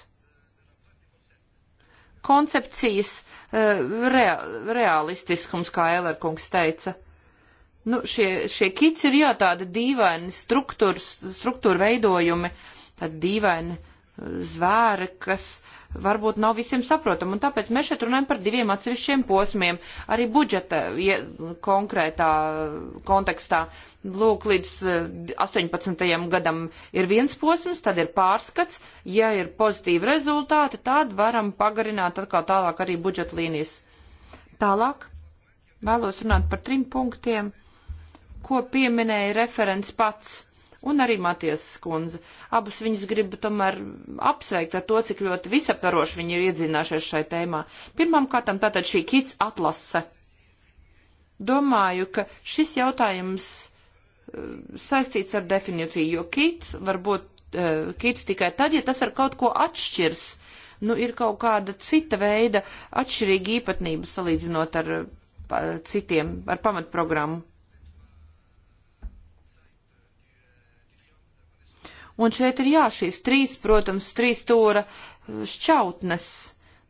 koncepcijas eh, rea, realistiskums, kā Elerkungs teica. Nu, šie, šie kits ir jā, tādi dīvaini struktūra veidojumi, tādi dīvaini eh, zvēri, kas uh, varbūt nav visiem saprotama. Un tāpēc mēs šeit runājam par diviem atsevišķiem posmiem, arī budžeta ja, konkrētā kontekstā. Lūk, līdz 18. Eh, gadam ir viens posms, tad ir pārskats. Ja ir pozitīvi rezultāti, tad varam pagarināt atkal tālāk arī budžeta līnijas. Tālāk vēlos runāt par trim punktiem, ko pieminēja referents pats un arī Matijas skundze. Abus viņus gribu tomēr apsveikt ar to, cik ļoti visaptvaroši viņi ir iedzināšies šai tēmā. Pirmām kārtām tātad šī kits atlase. Domāju, ka šis jautājums eh, saistīts ar definīciju, jo kits var būt eh, kits tikai tad, ja tas ar kaut ko atšķirs. Nu, ir kaut kāda cita veida atšķirīga īpatnība salīdzinot ar eh, citiem, ar pamatprogrammu. Un šeit ir jā, šīs trīs, protams, trīs stūra uh, šķautnes.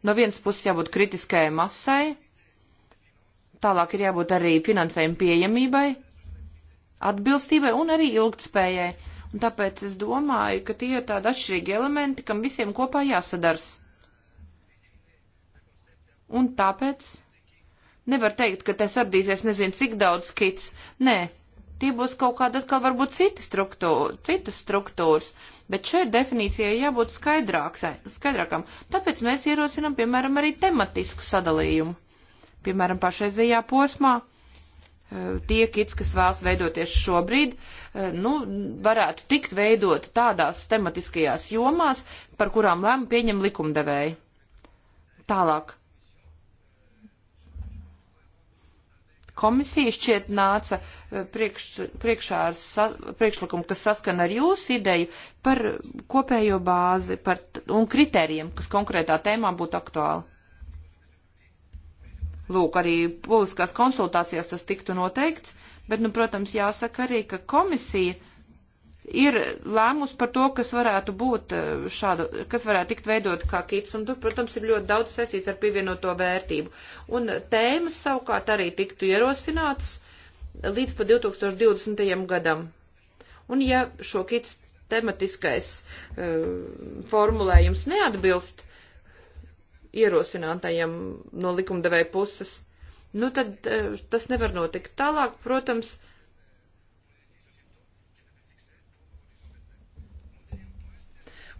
No vienas puses jābūt kritiskajai masai, tālāk ir jābūt arī finansējuma pieejamībai, atbilstībai un arī ilgtspējai. Un tāpēc es domāju, ka tie ir tādi atšķirīgi elementi, kam visiem kopā jāsadars. Un tāpēc nevar teikt, ka te sardīsies nezinu cik daudz kits. Nē, tie būs kaut kāda atkal varbūt cita struktūra, citas struktūras, bet šeit definīcijai jābūt skaidrākam. Tāpēc mēs ierosinam, piemēram, arī tematisku sadalījumu. Piemēram, pašreizējā posmā eh, tie kits, kas vēlas veidoties šobrīd, eh, nu, varētu tikt veidot tādās tematiskajās jomās, par kurām lēma pieņem likumdevēji. Tālāk Komisija šķiet nāca eh, priekš, priekšā ar sa, priekšlikumu, kas saskana ar jūsu ideju par kopējo bāzi par, un kritērijiem, kas konkrētā tēmā būtu aktuāli. Lūk, arī publiskās konsultācijās tas tiktu noteikts, bet, nu, protams, jāsaka arī, ka komisija ir lēmus par to, kas varētu būt eh, šādu, kas varētu tikt veidot kā kits, un tur, protams, ir ļoti daudz saistīts ar pievienoto vērtību. Un tēmas savukārt arī tiktu ierosinātas līdz pa 2020. gadam. Un ja šo kits tematiskais uh, formulējums neatbilst ierosinātajam no likumdevēja puses, nu tad uh, tas nevar notikt tālāk, protams, uh,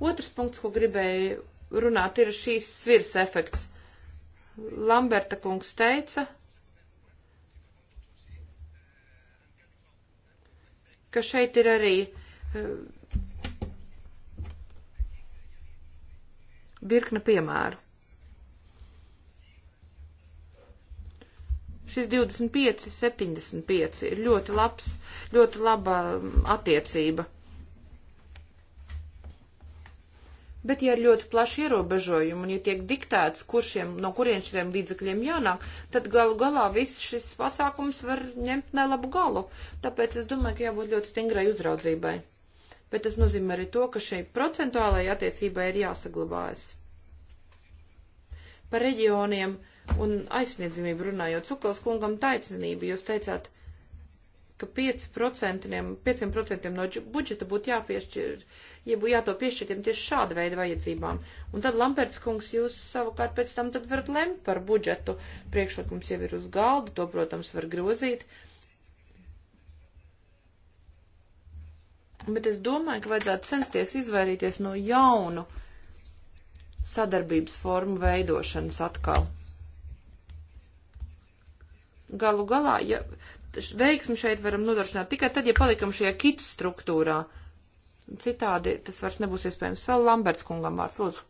Otrs punkts, ko gribēju runāt, ir šīs svirs efekts. Lamberta kungs teica, ka šeit ir arī eh, virkne piemēru. Šis 25, 75 ir ļoti labs, ļoti laba mm, attiecība Bet, ja ir ļoti plaši ierobežojumi un ja tiek diktēts, kuršiem, no kurien šiem līdzekļiem jānāk, tad galu galā viss šis pasākums var ņemt nelabu galu. Tāpēc es domāju, ka jābūt ļoti stingrai uzraudzībai. Bet tas nozīmē arī to, ka šai procentuālajai attiecībai ir jāsaglabājas. Par reģioniem un aizsniedzamību runājot, Cukals kungam taisnība, jūs teicāt, ka 5%, 5 no budžeta būtu jāpiešķir, ja būtu jāto piešķirtiem tieši šāda veida vajadzībām. Un tad Lamberts kungs, jūs savukārt pēc tam tad varat lemt par budžetu. Priekšlikums jau ir uz galda, to, protams, var grozīt. Bet es domāju, ka vajadzētu censties izvairīties no jaunu sadarbības formu veidošanas atkal galu galā, ja veiksmi šeit varam nodrošināt tikai tad, ja palikam šajā kits struktūrā. Citādi tas vairs nebūs iespējams. Vēl Lamberts kungam vārds, lūdzu.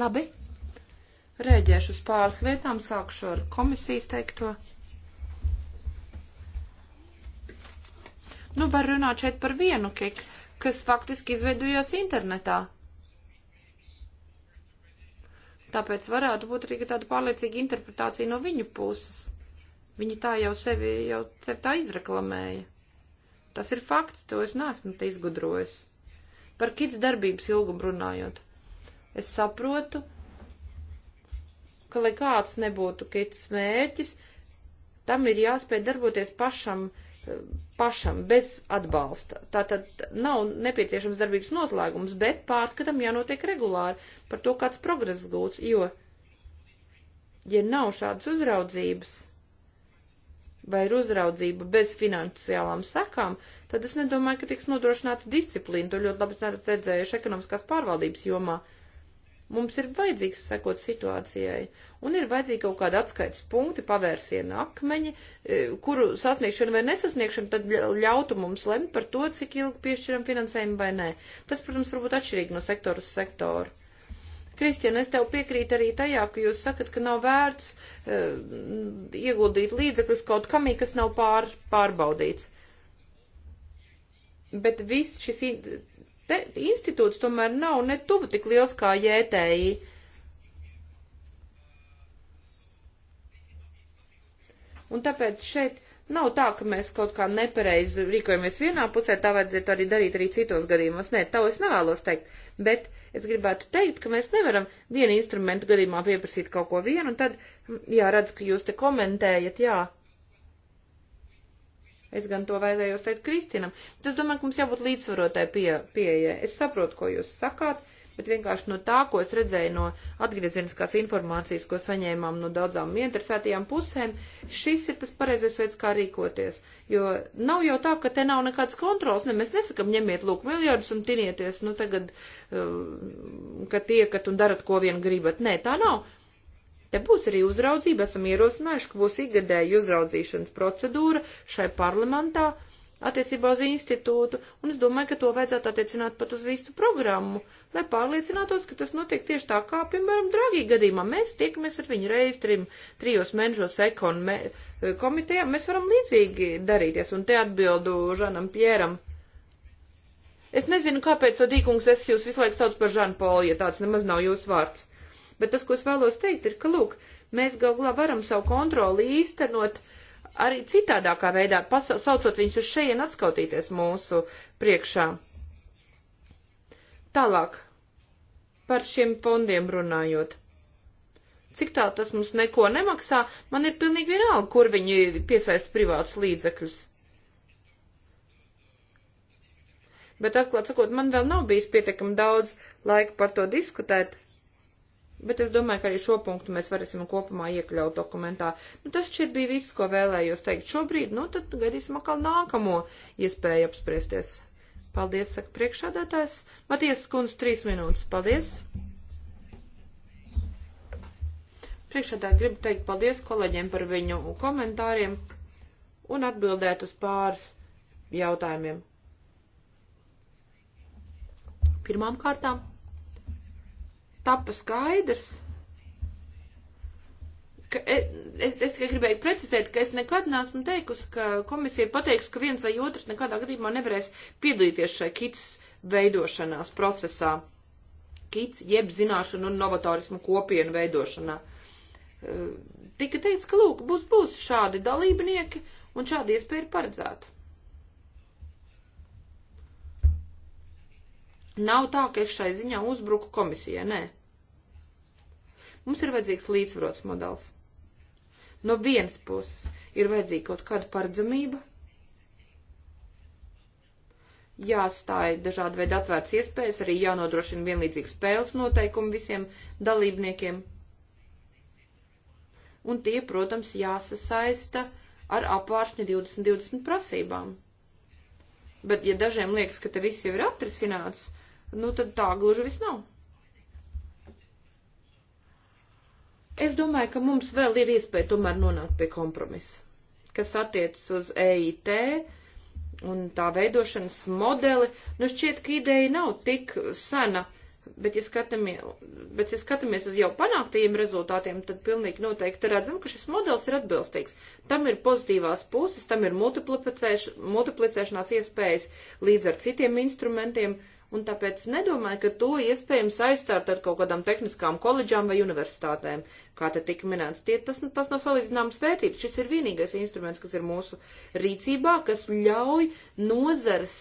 Labi. Rēģēšu uz pāris lietām, sākšu ar komisijas teikto. Nu, var runāt šeit par vienu kiku, kas faktiski izveidojās internetā. Tāpēc varētu būt arī tāda pārliecīga interpretācija no viņu puses. Viņi tā jau sevi, jau sevi tā izreklamēja. Tas ir fakts, to es neesmu te izgudrojis. Par kits darbības ilgumu runājot. Es saprotu, ka, lai kāds nebūtu kits mērķis, tam ir jāspēj darboties pašam, pašam bez atbalsta. Tātad nav nepieciešams darbības noslēgums, bet pārskatam jānotiek regulāri par to, kāds progress gūts, jo, ja nav šādas uzraudzības, vai ir uzraudzība bez finansiālām sekām, tad es nedomāju, ka tiks nodrošināta disciplīna. To ļoti labi esat redzējuši ekonomiskās pārvaldības jomā. Mums ir vajadzīgs sekot situācijai, un ir vajadzīgi kaut kādi atskaites punkti, pavērsiena akmeņi, e, kuru sasniegšana vai nesasniegšana tad ļautu mums lemt par to, cik ilgi piešķiram finansējumu vai nē. Tas, protams, varbūt atšķirīgi no sektora uz sektoru Kristian, es tev piekrītu arī tajā, ka jūs sakat, ka nav vērts uh, ieguldīt līdzekļus kaut kamī, kas nav pār, pārbaudīts. Bet viss šis in te, institūts tomēr nav ne tuvu tik liels kā JTI. Un tāpēc šeit nav tā, ka mēs kaut kā nepareizi rīkojamies vienā pusē, tā vajadzētu arī darīt arī citos gadījumos. Nē, tā es nevēlos teikt bet es gribētu teikt, ka mēs nevaram vienu instrumentu gadījumā pieprasīt kaut ko vienu, un tad, mm, jā, redz, ka jūs te komentējat, jā. Es gan to vēlējos teikt Kristinam. Es domāju, ka mums jābūt līdzsvarotai pie, pieejai. Es saprotu, ko jūs sakāt, bet vienkārši no tā, ko es redzēju no atgriezieniskās informācijas, ko saņēmām no daudzām interesētajām pusēm, šis ir tas pareizais veids, kā rīkoties. Jo nav jau tā, ka te nav nekādas kontrols, ne mēs nesakam ņemiet lūk miljardus un tinieties, nu tagad, um, ka tiekat un darat, ko vien gribat. Nē, tā nav. Te būs arī uzraudzība, esam ierosinājuši, ka būs ikgadēja uzraudzīšanas procedūra šai parlamentā, uh, attiecībā uz institūtu, un es domāju, ka to vajadzētu attiecināt pat uz visu programmu, lai pārliecinātos, ka tas notiek tieši tā kā, piemēram, Dragī gadījumā. Mēs tiekamies ar viņu reiz trim, trijos mēnešos ekon me, komitejā, mēs varam līdzīgi darīties, un te atbildu Žanam Pjēram. Es nezinu, kāpēc, Odīkungs, es jūs visu laiku sauc par Žanu Poli, ja tāds nemaz nav jūsu vārds. Bet tas, ko es vēlos teikt, ir, ka, lūk, mēs galvā varam savu kontroli īstenot, uh, arī citādākā veidā, saucot viņus uz šeien atskautīties mūsu priekšā. Tālāk par šiem fondiem runājot. Cik tā tas mums neko nemaksā, man ir pilnīgi vienalga, kur viņi piesaista privātus līdzekļus. Bet atklāt sakot, man vēl nav bijis pietiekami daudz laika par to diskutēt, Bet es domāju, ka arī šo punktu mēs varēsim kopumā iekļaut dokumentā. Nu, tas šķiet bija viss, ko vēlējos teikt šobrīd. Nu, tad gaidīsim atkal nākamo iespēju apspriesties. Paldies, saka priekšādātājs. Maties skundz trīs minūtes. Paldies. Priekšādātāji gribu teikt paldies kolēģiem par viņu komentāriem un atbildēt uz pāris jautājumiem. Pirmām kārtām tapa skaidrs, ka e, es, es tikai gribēju precizēt, ka es nekad neesmu teikusi, ka komisija ir pateikusi, ka viens vai otrs nekādā gadījumā nevarēs piedalīties šai kits veidošanās procesā. Kits jeb zināšanu un novatorismu kopienu veidošanā. E, tika teikts, ka lūk, būs, būs šādi dalībnieki un šāda iespēja ir paredzēta. Nav tā, ka es šai ziņā uzbruku komisijai, nē. Mums ir vajadzīgs līdzsvarots modelis. No vienas puses ir vajadzīga kaut kāda paredzamība, jāstāja dažādi veidi atvērts iespējas, arī jānodrošina vienlīdzīgi spēles noteikumi visiem dalībniekiem. Un tie, protams, jāsasaista ar apvāršņa 2020 prasībām. Bet, ja dažiem liekas, ka te viss jau ir atrisināts, nu tad tā gluži viss nav. Es domāju, ka mums vēl ir iespēja tomēr nonākt pie kompromisa, kas attiecas uz EIT un tā veidošanas modeli. Nu, šķiet, ka ideja nav tik sena, bet ja, skatāmies, bet, ja skatāmies uz jau panāktajiem rezultātiem, tad pilnīgi noteikti redzam, ka šis modelis ir atbilstīgs. Tam ir pozitīvās puses, tam ir multiplicēš, multiplicēšanās iespējas līdz ar citiem instrumentiem. Uh, un tāpēc nedomāju, ka to iespējams aizstāt ar kaut kādām tehniskām koledžām vai universitātēm, kā te tika minēts. Tie, tas, tas nav salīdzināms vērtības. Šis ir vienīgais instruments, kas ir mūsu rīcībā, kas ļauj nozars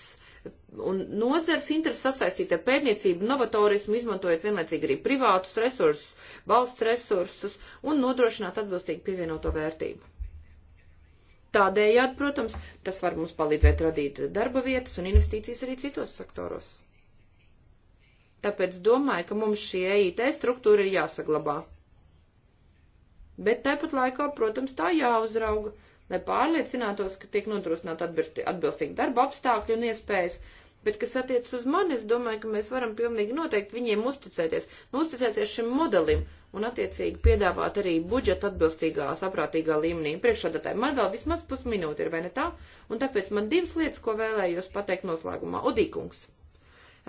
un nozars interesi sasaistīt ar pētniecību, novatorismu, izmantojot vienlaicīgi arī privātus resursus, valsts resursus un nodrošināt atbilstīgi pievienoto vērtību. Tādējādi, protams, tas var mums palīdzēt radīt darba vietas un investīcijas arī citos sektoros. Tāpēc domāju, ka mums šī EIT struktūra ir jāsaglabā. Bet tāpat laikā, protams, tā jāuzrauga, lai pārliecinātos, ka tiek nodrošināt atbilstīgi darba apstākļi un iespējas. Bet, kas attiecas uz mani, es domāju, ka mēs varam pilnīgi noteikti viņiem uzticēties, nu, uzticēties šim modelim un attiecīgi piedāvāt arī budžetu atbilstīgā, saprātīgā līmenī. Priekšādātāji, man vēl vismaz pusminūte ir, vai ne tā? Un tāpēc man divas lietas, ko vēlējos pateikt noslēgumā. Odīkungs.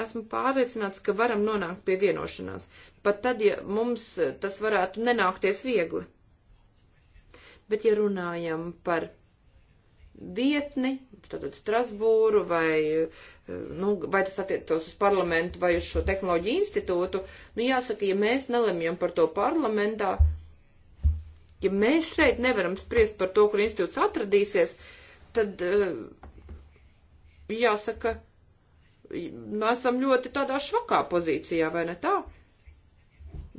Esmu pārliecināts, ka varam nonākt pie vienošanās, pat tad, ja mums eh, tas varētu nenākties viegli. Bet, ja runājam par vietni, tātad Strasbūru vai, eh, nu, vai tas attiektos uz parlamentu vai uz šo tehnoloģiju institūtu, nu, jāsaka, ja mēs nelemjam par to parlamentā, ja mēs šeit nevaram spriest par to, kur institūts atradīsies, tad eh, jāsaka, Nu, esam ļoti tādā švakā pozīcijā, vai ne tā?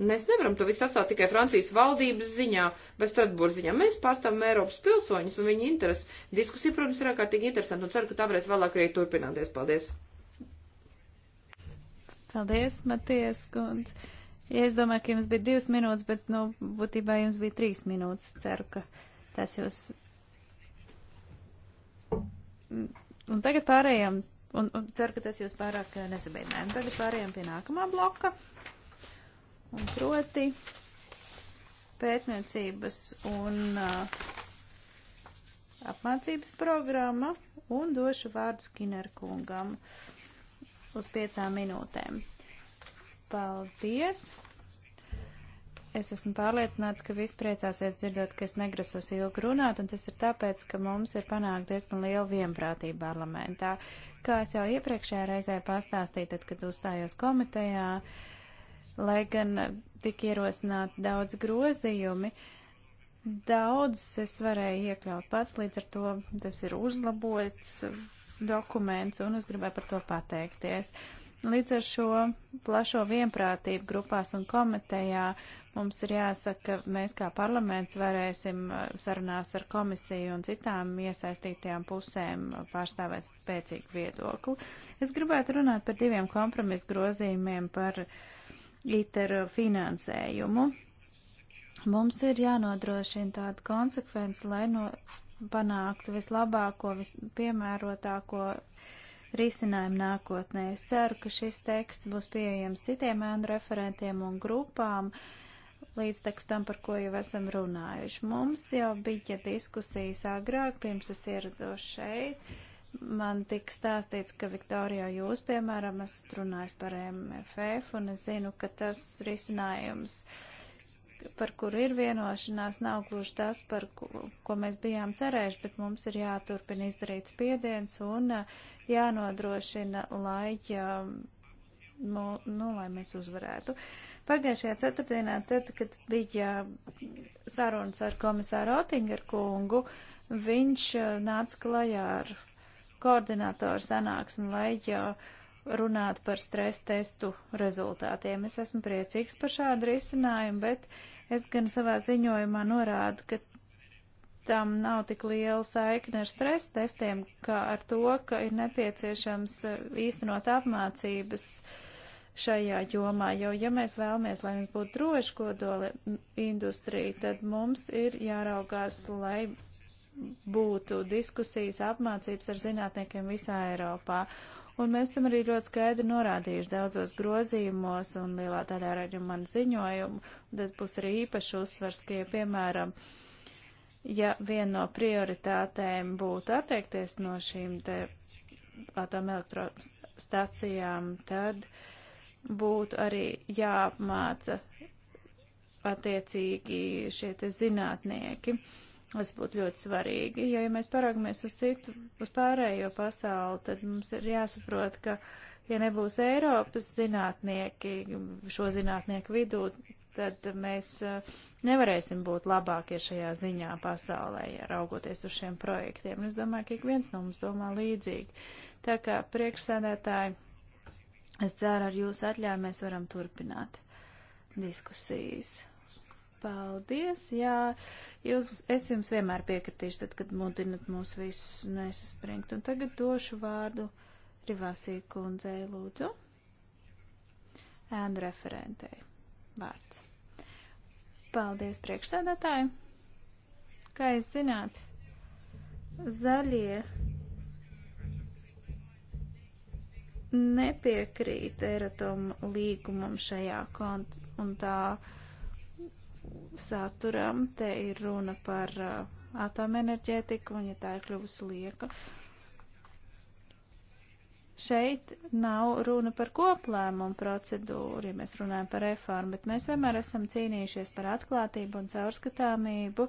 Mēs nevaram to visu atstāt tikai Francijas valdības ziņā vai Strasbūras ziņā. Mēs pārstāvam Eiropas pilsoņus un viņu intereses. Diskusija, protams, ir ārkārtīgi interesanti un ceru, ka tā varēs vēlāk arī turpināties. Paldies! Paldies, Matijas kundze! Ja es domāju, ka jums bija divas minūtes, bet, nu, būtībā jums bija trīs minūtes. Ceru, ka tas jūs. Un tagad pārējām un, un ceru, ka tas jūs pārāk eh, nesabiedinājumi. Tagad pārējām pie nākamā bloka. Un proti pētniecības un uh, apmācības programma un došu vārdu Skinnerkungam uz piecām minūtēm. Paldies! Es esmu pārliecināts, ka visi priecāsies dzirdot, ka es negrasos ilgi runāt, un tas ir tāpēc, ka mums ir panākt diezgan liela vienprātība parlamentā. Uh, Kā es jau iepriekšējā reizē pastāstīju, tad, kad uzstājos komitejā, lai gan tik ierosināti daudz grozījumi, daudz es varēju iekļaut pats, līdz ar to tas ir uzlabots dokuments, un es gribēju par to pateikties. Līdz ar šo plašo vienprātību grupās un komitejā uh, Mums ir jāsaka, ka mēs kā parlaments varēsim uh, sarunās ar komisiju un citām iesaistītajām pusēm pārstāvēt spēcīgu viedokli. Es gribētu runāt par diviem kompromisu grozījumiem par ITER finansējumu. Mums ir jānodrošina tāda konsekvence, lai no panāktu vislabāko, vispiemērotāko risinājumu nākotnē. Es ceru, ka šis teksts būs pieejams citiem ēnu referentiem un grupām, līdztekstam, par ko jau esam runājuši. Mums jau bija diskusijas agrāk, pirms es ierados šeit. Man tika stāstīts, ka Viktorijā jūs, piemēram, esat runājis par MFF, un es zinu, ka tas risinājums, par kuru ir vienošanās, nav gluži tas, par ko, ko mēs bijām cerējuši, bet mums ir jāturpina izdarīt spiediens un uh, jānodrošina, lai, um, nu, nu, lai mēs uzvarētu. Uh, Pagājušajā ceturtdienā, tad, kad bija sarunas ar komisāru Otingeru kungu, viņš uh, nāca klajā ar koordinātoru sanāksmi, lai uh, runātu par stres testu rezultātiem. Es esmu priecīgs par šādu risinājumu, bet es gan savā ziņojumā norādu, ka tam nav tik liela saikne ar stres testiem, kā ar to, ka ir nepieciešams uh, īstenot apmācības uh, šajā jomā, jo, ja mēs vēlamies, lai mums būtu droši kodoli industrija, tad mums ir jāraugās, lai būtu diskusijas, apmācības ar zinātniekiem visā Eiropā. Un mēs esam arī ļoti skaidri norādījuši daudzos grozījumos un lielā daļā arī man ziņojumu. Tas būs arī īpaši uzsvars, ka, ja, piemēram, ja viena no prioritātēm būtu atteikties no šīm te atomelektrostacijām, tad uh, būtu arī jāapmāca attiecīgi šie te zinātnieki. Tas būtu ļoti svarīgi, jo, ja mēs paraugamies uz citu, uz pārējo pasauli, tad mums ir jāsaprot, ka, ja nebūs Eiropas zinātnieki šo zinātnieku vidū, tad mēs eh, nevarēsim būt labākie šajā ziņā pasaulē, ja raugoties uz šiem projektiem. Un es domāju, ka ik viens no mums domā līdzīgi. Tā kā priekšsēdētāji Es ceru, ar jūsu atļauju mēs varam turpināt diskusijas. Paldies, jā, jūs, es jums vienmēr piekritīšu, tad, kad mudinat mūs visus nesaspringt. Un tagad došu vārdu Rivasī kundzei, lūdzu. Ēnu referentei. Vārds. Paldies, priekšsēdētāji. Kā jūs zināt, zaļie nepiekrīt Eiratom līgumam šajā kont un tā saturam. Te ir runa par uh, atomenerģētiku, un ja tā ir kļuvusi lieka, uh, Šeit nav runa par koplēmumu procedūru, ja mēs runājam par reformu, bet mēs vienmēr esam cīnījušies par atklātību un caurskatāmību,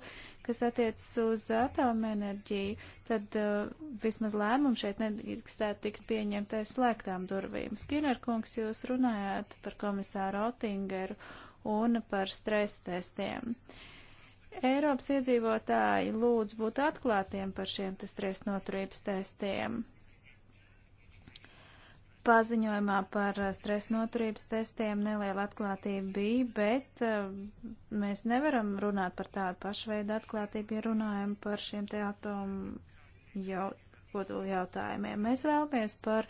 kas attiecas uz atomenerģiju, tad uh, vismaz lēmumu šeit nedrīkstētu tikt pieņemt aiz slēgtām durvīm. Skinnerkungs, jūs runājāt par komisāru Otingeru un par stresa testiem. Eiropas iedzīvotāji lūdz būt atklātiem par šiem stresa noturības testiem paziņojumā par eh, stresa noturības testiem neliela atklātība bija, bet eh, mēs nevaram runāt par tādu pašu veidu atklātību, ja runājam par šiem te atomu jau, kodolu jautājumiem. Mēs vēlamies par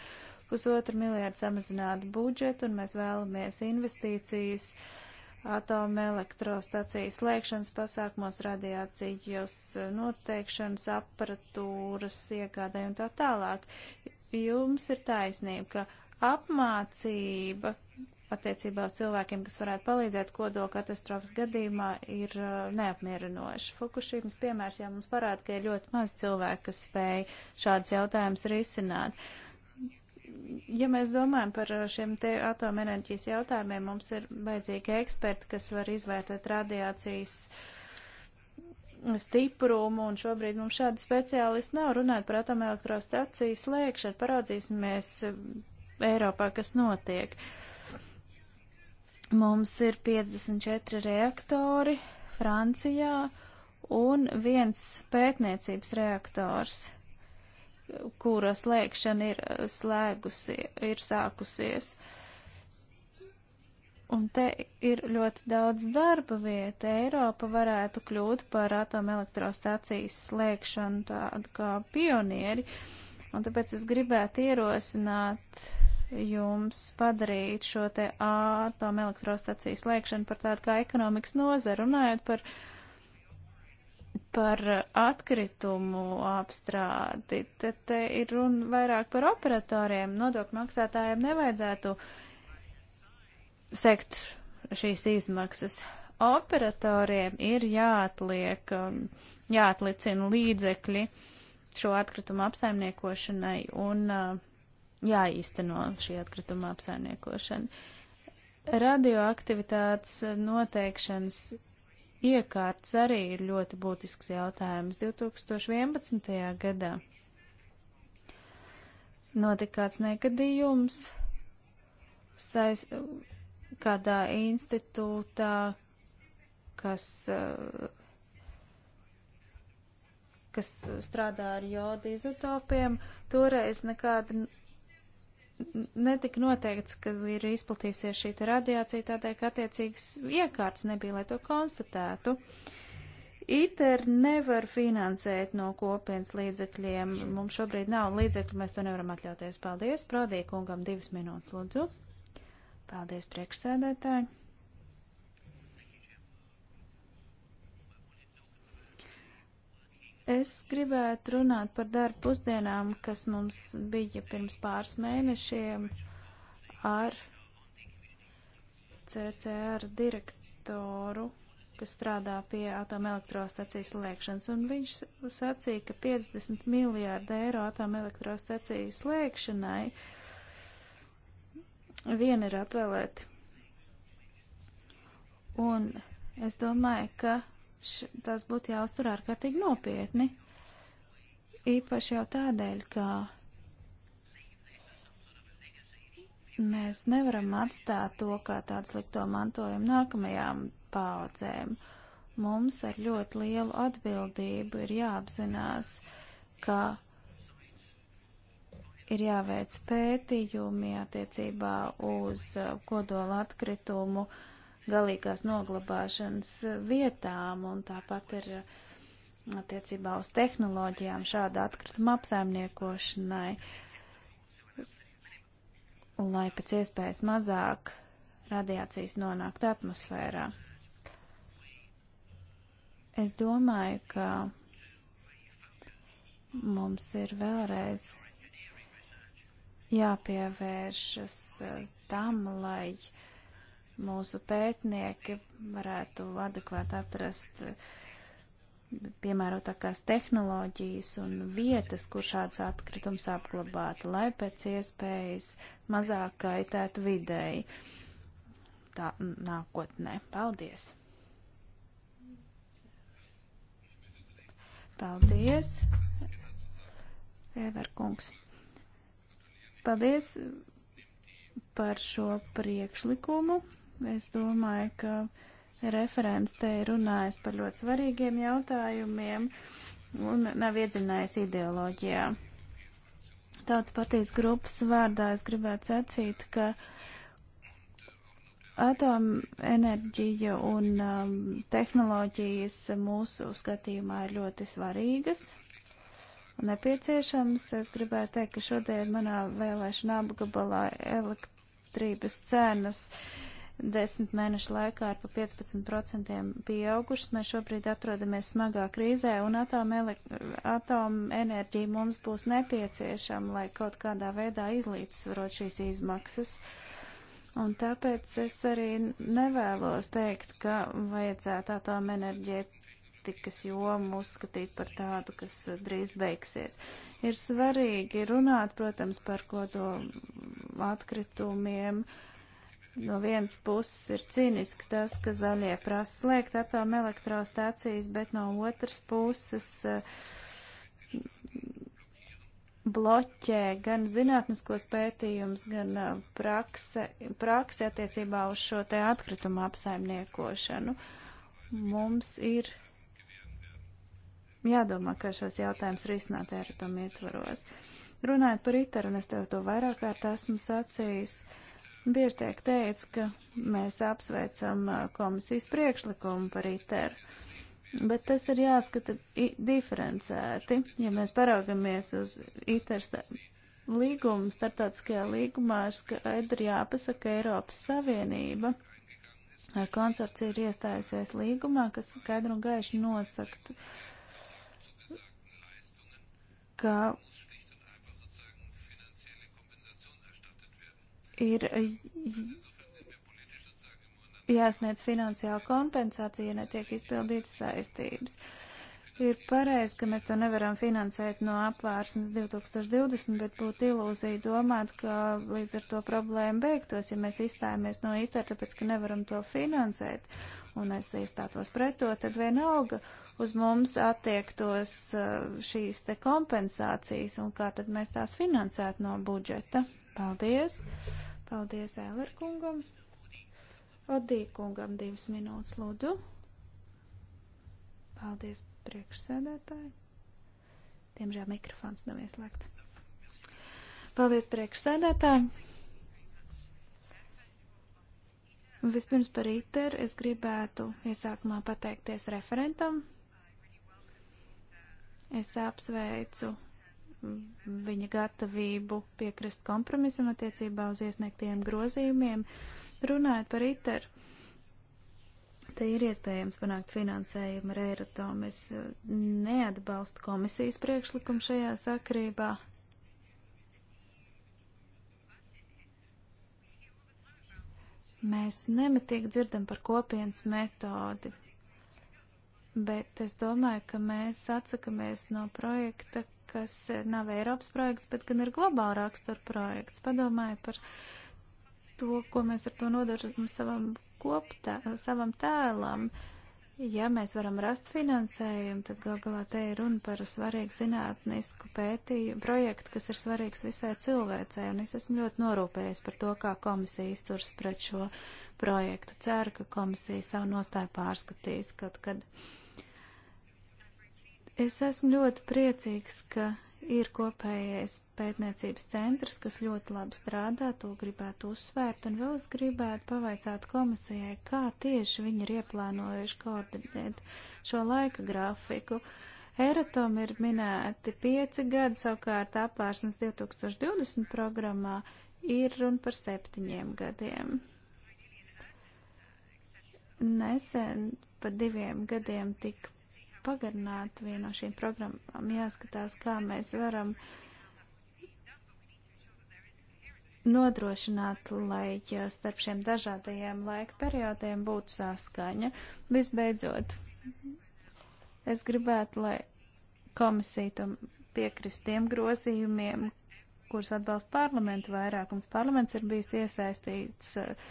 pusotru miljardu samazināt budžetu un mēs vēlamies investīcijas atomelektrostacijas slēgšanas pasākumos, radiācijas eh, noteikšanas, aparatūras iegādē un tā tālāk jums ir taisnība, ka apmācība attiecībā uz cilvēkiem, kas varētu palīdzēt kodola katastrofas gadījumā, ir uh, neapmierinoša. Fukušīmas piemērs jau mums parāda, ka ir ļoti maz cilvēku, kas spēj šādas jautājumas risināt. Ja mēs domājam par uh, šiem te atomenerģijas jautājumiem, mums ir vajadzīgi eksperti, kas var izvērtēt radiācijas uh, stiprumu, un šobrīd mums šādi speciālisti nav runāt par atomelektrostaciju slēgšanu. Parādzīsimies eh, Eiropā, kas notiek. Mums ir 54 reaktori Francijā un viens pētniecības reaktors, kura slēgšana ir eh, slēgusi, ir sākusies. Uh, Un te ir ļoti daudz darba vieta. Eiropa varētu kļūt par atomelektrostācijas slēgšanu tādu kā pionieri. Un tāpēc es gribētu ierosināt jums padarīt šo te atomelektrostācijas slēgšanu par tādu kā ekonomikas nozaru, runājot par, par atkritumu apstrādi. Tad te ir runa vairāk par operatoriem. Nodokļu maksātājiem nevajadzētu uh, sekt šīs izmaksas. Operatoriem ir jāatliek, um, jāatlicina līdzekļi šo atkritumu apsaimniekošanai un uh, jāīsteno šī atkrituma apsaimniekošana. Radioaktivitātes noteikšanas iekārts arī ir ļoti būtisks jautājums 2011. gadā. Notika kāds negadījums, sais, kādā institūtā, kas, eh, kas strādā ar jodu izotopiem, toreiz nekāda netika noteikts, ka ir izplatījusies šī radiācija, tādēļ, ka attiecīgas iekārtas nebija, lai to konstatētu. ITER nevar finansēt no kopienas līdzekļiem. Mums šobrīd nav līdzekļu, mēs to nevaram atļauties. Paldies, Prodīkungam, divas minūtes, lūdzu. Paldies, priekšsēdētāji. Es gribētu runāt par darbu pusdienām, kas mums bija pirms pāris mēnešiem ar CCR direktoru, kas strādā pie atomelektrostacijas slēgšanas, un viņš sacīja, ka 50 miljārdi eiro atomelektrostacijas slēgšanai uh, Viena ir atvēlēti. Un es domāju, ka š, tas būtu jāuztur ārkārtīgi nopietni. Īpaši jau tādēļ, ka mēs nevaram atstāt to kā tādu slikto mantojumu nākamajām paudzēm. Mums ar ļoti lielu atbildību ir jāapzinās, ka ir jāveic pētījumi attiecībā uz uh, kodola atkritumu galīgās noglabāšanas uh, vietām un tāpat ir uh, attiecībā uz tehnoloģijām šāda atkrituma apsaimniekošanai, lai pēc iespējas mazāk radiācijas nonākt atmosfērā. Es domāju, ka mums ir vēlreiz jāpievēršas eh, tam, lai mūsu pētnieki varētu adekvāti atrast eh, piemērotākās tehnoloģijas un vietas, kur šāds atkritums apglabāt, lai pēc iespējas mazāk kaitētu videi. Tā nākotnē. Paldies! Paldies, Ever kungs! Paldies par šo priekšlikumu. Es domāju, ka referents te ir runājis par ļoti svarīgiem jautājumiem un nav iedzinājis ideoloģijā. Tautas partijas grupas vārdā es gribētu sacīt, ka atomenerģija un um, tehnoloģijas mūsu skatījumā ir ļoti svarīgas nepieciešams. Es gribēju teikt, ka šodien manā vēlēšana apgabalā elektrības cenas desmit mēnešu laikā ir pa 15% pieaugušas. Mēs šobrīd atrodamies smagā krīzē, un atomenerģija mums būs nepieciešama, lai kaut kādā veidā izlīdzsvarot šīs izmaksas. Un tāpēc es arī nevēlos teikt, ka vajadzētu atomenerģiju politikas jomu uzskatīt par tādu, kas eh, drīz beigsies. Ir svarīgi runāt, protams, par kodolu atkritumiem. No vienas puses ir cīniski tas, ka zaļie prasa slēgt atomelektrostācijas, bet no otras puses eh, bloķē gan zinātniskos pētījums, gan eh, prakse, prakse attiecībā uz šo te atkritumu apsaimniekošanu. Mums ir jādomā, kā šos jautājumus risināt ērtumu ietvaros. Runājot par itaru, un es tev to vairāk kārt esmu sacījis, bieži tiek teicis, ka mēs apsveicam uh, komisijas priekšlikumu par itaru. Bet tas ir jāskata diferencēti. Ja mēs paraugamies uz ITER līgumu, starptautiskajā līgumā ir skaidri jāpasaka, ka Eiropas Savienība ar uh, konsorciju ir iestājusies līgumā, kas skaidri un gaiši nosakt ka ir jāsniedz finansiāla kompensācija, ja netiek izpildītas saistības. Ir pareizi, ka mēs to nevaram finansēt no apvārsnes 2020, bet būtu ilūzija domāt, ka līdz ar to problēma beigtos, ja mēs izstājamies no ITER, tāpēc, ka nevaram to finansēt, un es iestātos pret to, tad vienalga uz mums attiektos uh, šīs te kompensācijas un kā tad mēs tās finansētu no budžeta. Paldies! Paldies Ēlerkungam! Odīkungam divas minūtes lūdzu. Paldies priekšsēdētāji. Diemžēl mikrofons nav ieslēgts. Paldies priekšsēdētāji. Vispirms par ITER es gribētu iesākumā pateikties referentam Es apsveicu viņa gatavību piekrist kompromisam attiecībā uz iesniegtiem grozījumiem. Runājot par ITER, te ir iespējams panākt finansējumu ar Eiratomu. Es uh, neatbalstu komisijas priekšlikumu šajā sakrībā. Mēs nemitīgi dzirdam par kopienas metodi bet es domāju, ka mēs atsakamies no projekta, kas nav Eiropas projekts, bet gan ir globāla rakstura projekts. Padomāju par to, ko mēs ar to nodaram savam, koptā, savam tēlam. Ja mēs varam rast finansējumu, tad gal galā te ir runa par svarīgu zinātnisku pētījumu projektu, kas ir svarīgs visai cilvēcei, un es esmu ļoti norūpējies par to, kā komisija izturs pret šo projektu. Ceru, ka komisija savu nostāju pārskatīs kaut kad. kad Es esmu ļoti priecīgs, ka ir kopējais pētniecības centrs, kas ļoti labi strādā, to gribētu uzsvērt, un vēl es gribētu pavaicāt komisijai, kā tieši viņi ir ieplānojuši koordinēt šo laika grafiku. Eratom ir minēti pieci gadi, savukārt apvērsnes 2020 programmā ir runa par septiņiem gadiem. Nesen pa diviem gadiem tika pagarināt vienu no šīm programmām, jāskatās, kā mēs varam nodrošināt, lai ja starp šiem dažādajiem laika periodiem būtu saskaņa. Visbeidzot, es gribētu, lai komisija tam piekrist tiem grozījumiem, kurus atbalsta parlamentu vairākums. Parlaments ir bijis iesaistīts uh,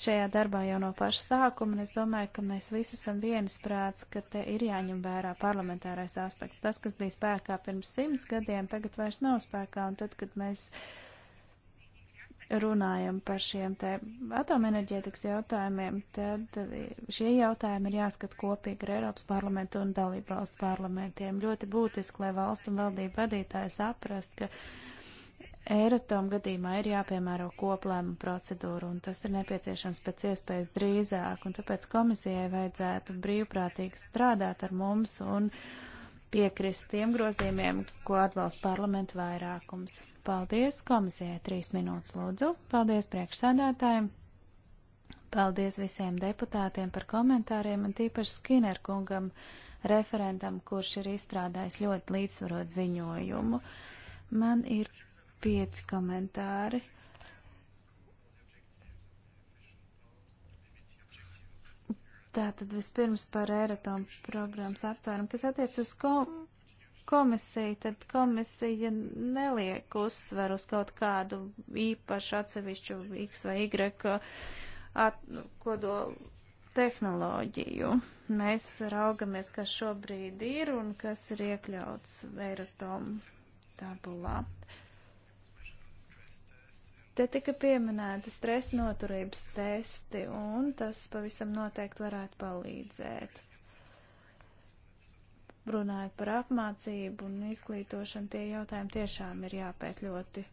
šajā darbā jau no paša sākuma, un es domāju, ka mēs visi esam viensprāts, ka te ir jāņem vērā parlamentārais aspekts. Tas, kas bija spēkā pirms simts gadiem, tagad vairs nav spēkā, un tad, kad mēs runājam par šiem te atomenerģētikas jautājumiem, tad šie jautājumi ir jāskat kopīgi ar Eiropas parlamentu un dalību valstu parlamentiem. Ļoti būtiski, lai valstu un valdību vadītāji saprast, ka Eirotam gadījumā ir jāpiemēro koplēmu procedūru, un tas ir nepieciešams pēc iespējas drīzāk, un tāpēc komisijai vajadzētu brīvprātīgi strādāt ar mums un piekrist tiem grozījumiem, ko atbalsta parlamenta vairākums. Paldies komisijai, trīs minūtes lūdzu. Paldies priekšsēdētājiem. Paldies visiem deputātiem par komentāriem un tīpaši Skinner kungam, referentam, kurš ir izstrādājis ļoti līdzsvarot ziņojumu. Man ir pieci komentāri. Tātad vispirms par Eiratom programmas aptvērumu, kas attiec uz kom komisiju, tad komisija neliek uzsveru uz kaut kādu īpašu atsevišķu X vai Y at kodolu tehnoloģiju. Mēs raugamies, kas šobrīd ir un kas ir iekļauts Eiratom tabulā. Te tika pieminēti stresa noturības testi, un tas pavisam noteikti varētu palīdzēt. Runājot par apmācību un izglītošanu, tie jautājumi tiešām ir jāpēt ļoti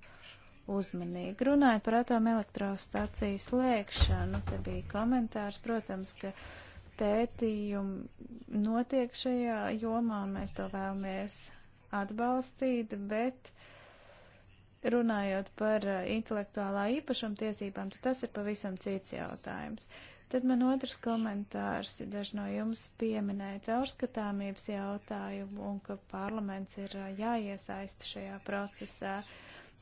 uzmanīgi. Runājot par atomelektrostaciju slēgšanu, te bija komentārs, protams, ka pētījumi notiek šajā jomā, un mēs to vēlamies atbalstīt, bet uh, Runājot par eh, intelektuālā īpašuma tiesībām, tad tas ir pavisam cits jautājums. Tad man otrs komentārs, ja daži no jums pieminēja caurskatāmības jautājumu un ka parlaments ir eh, jāiesaista šajā procesā.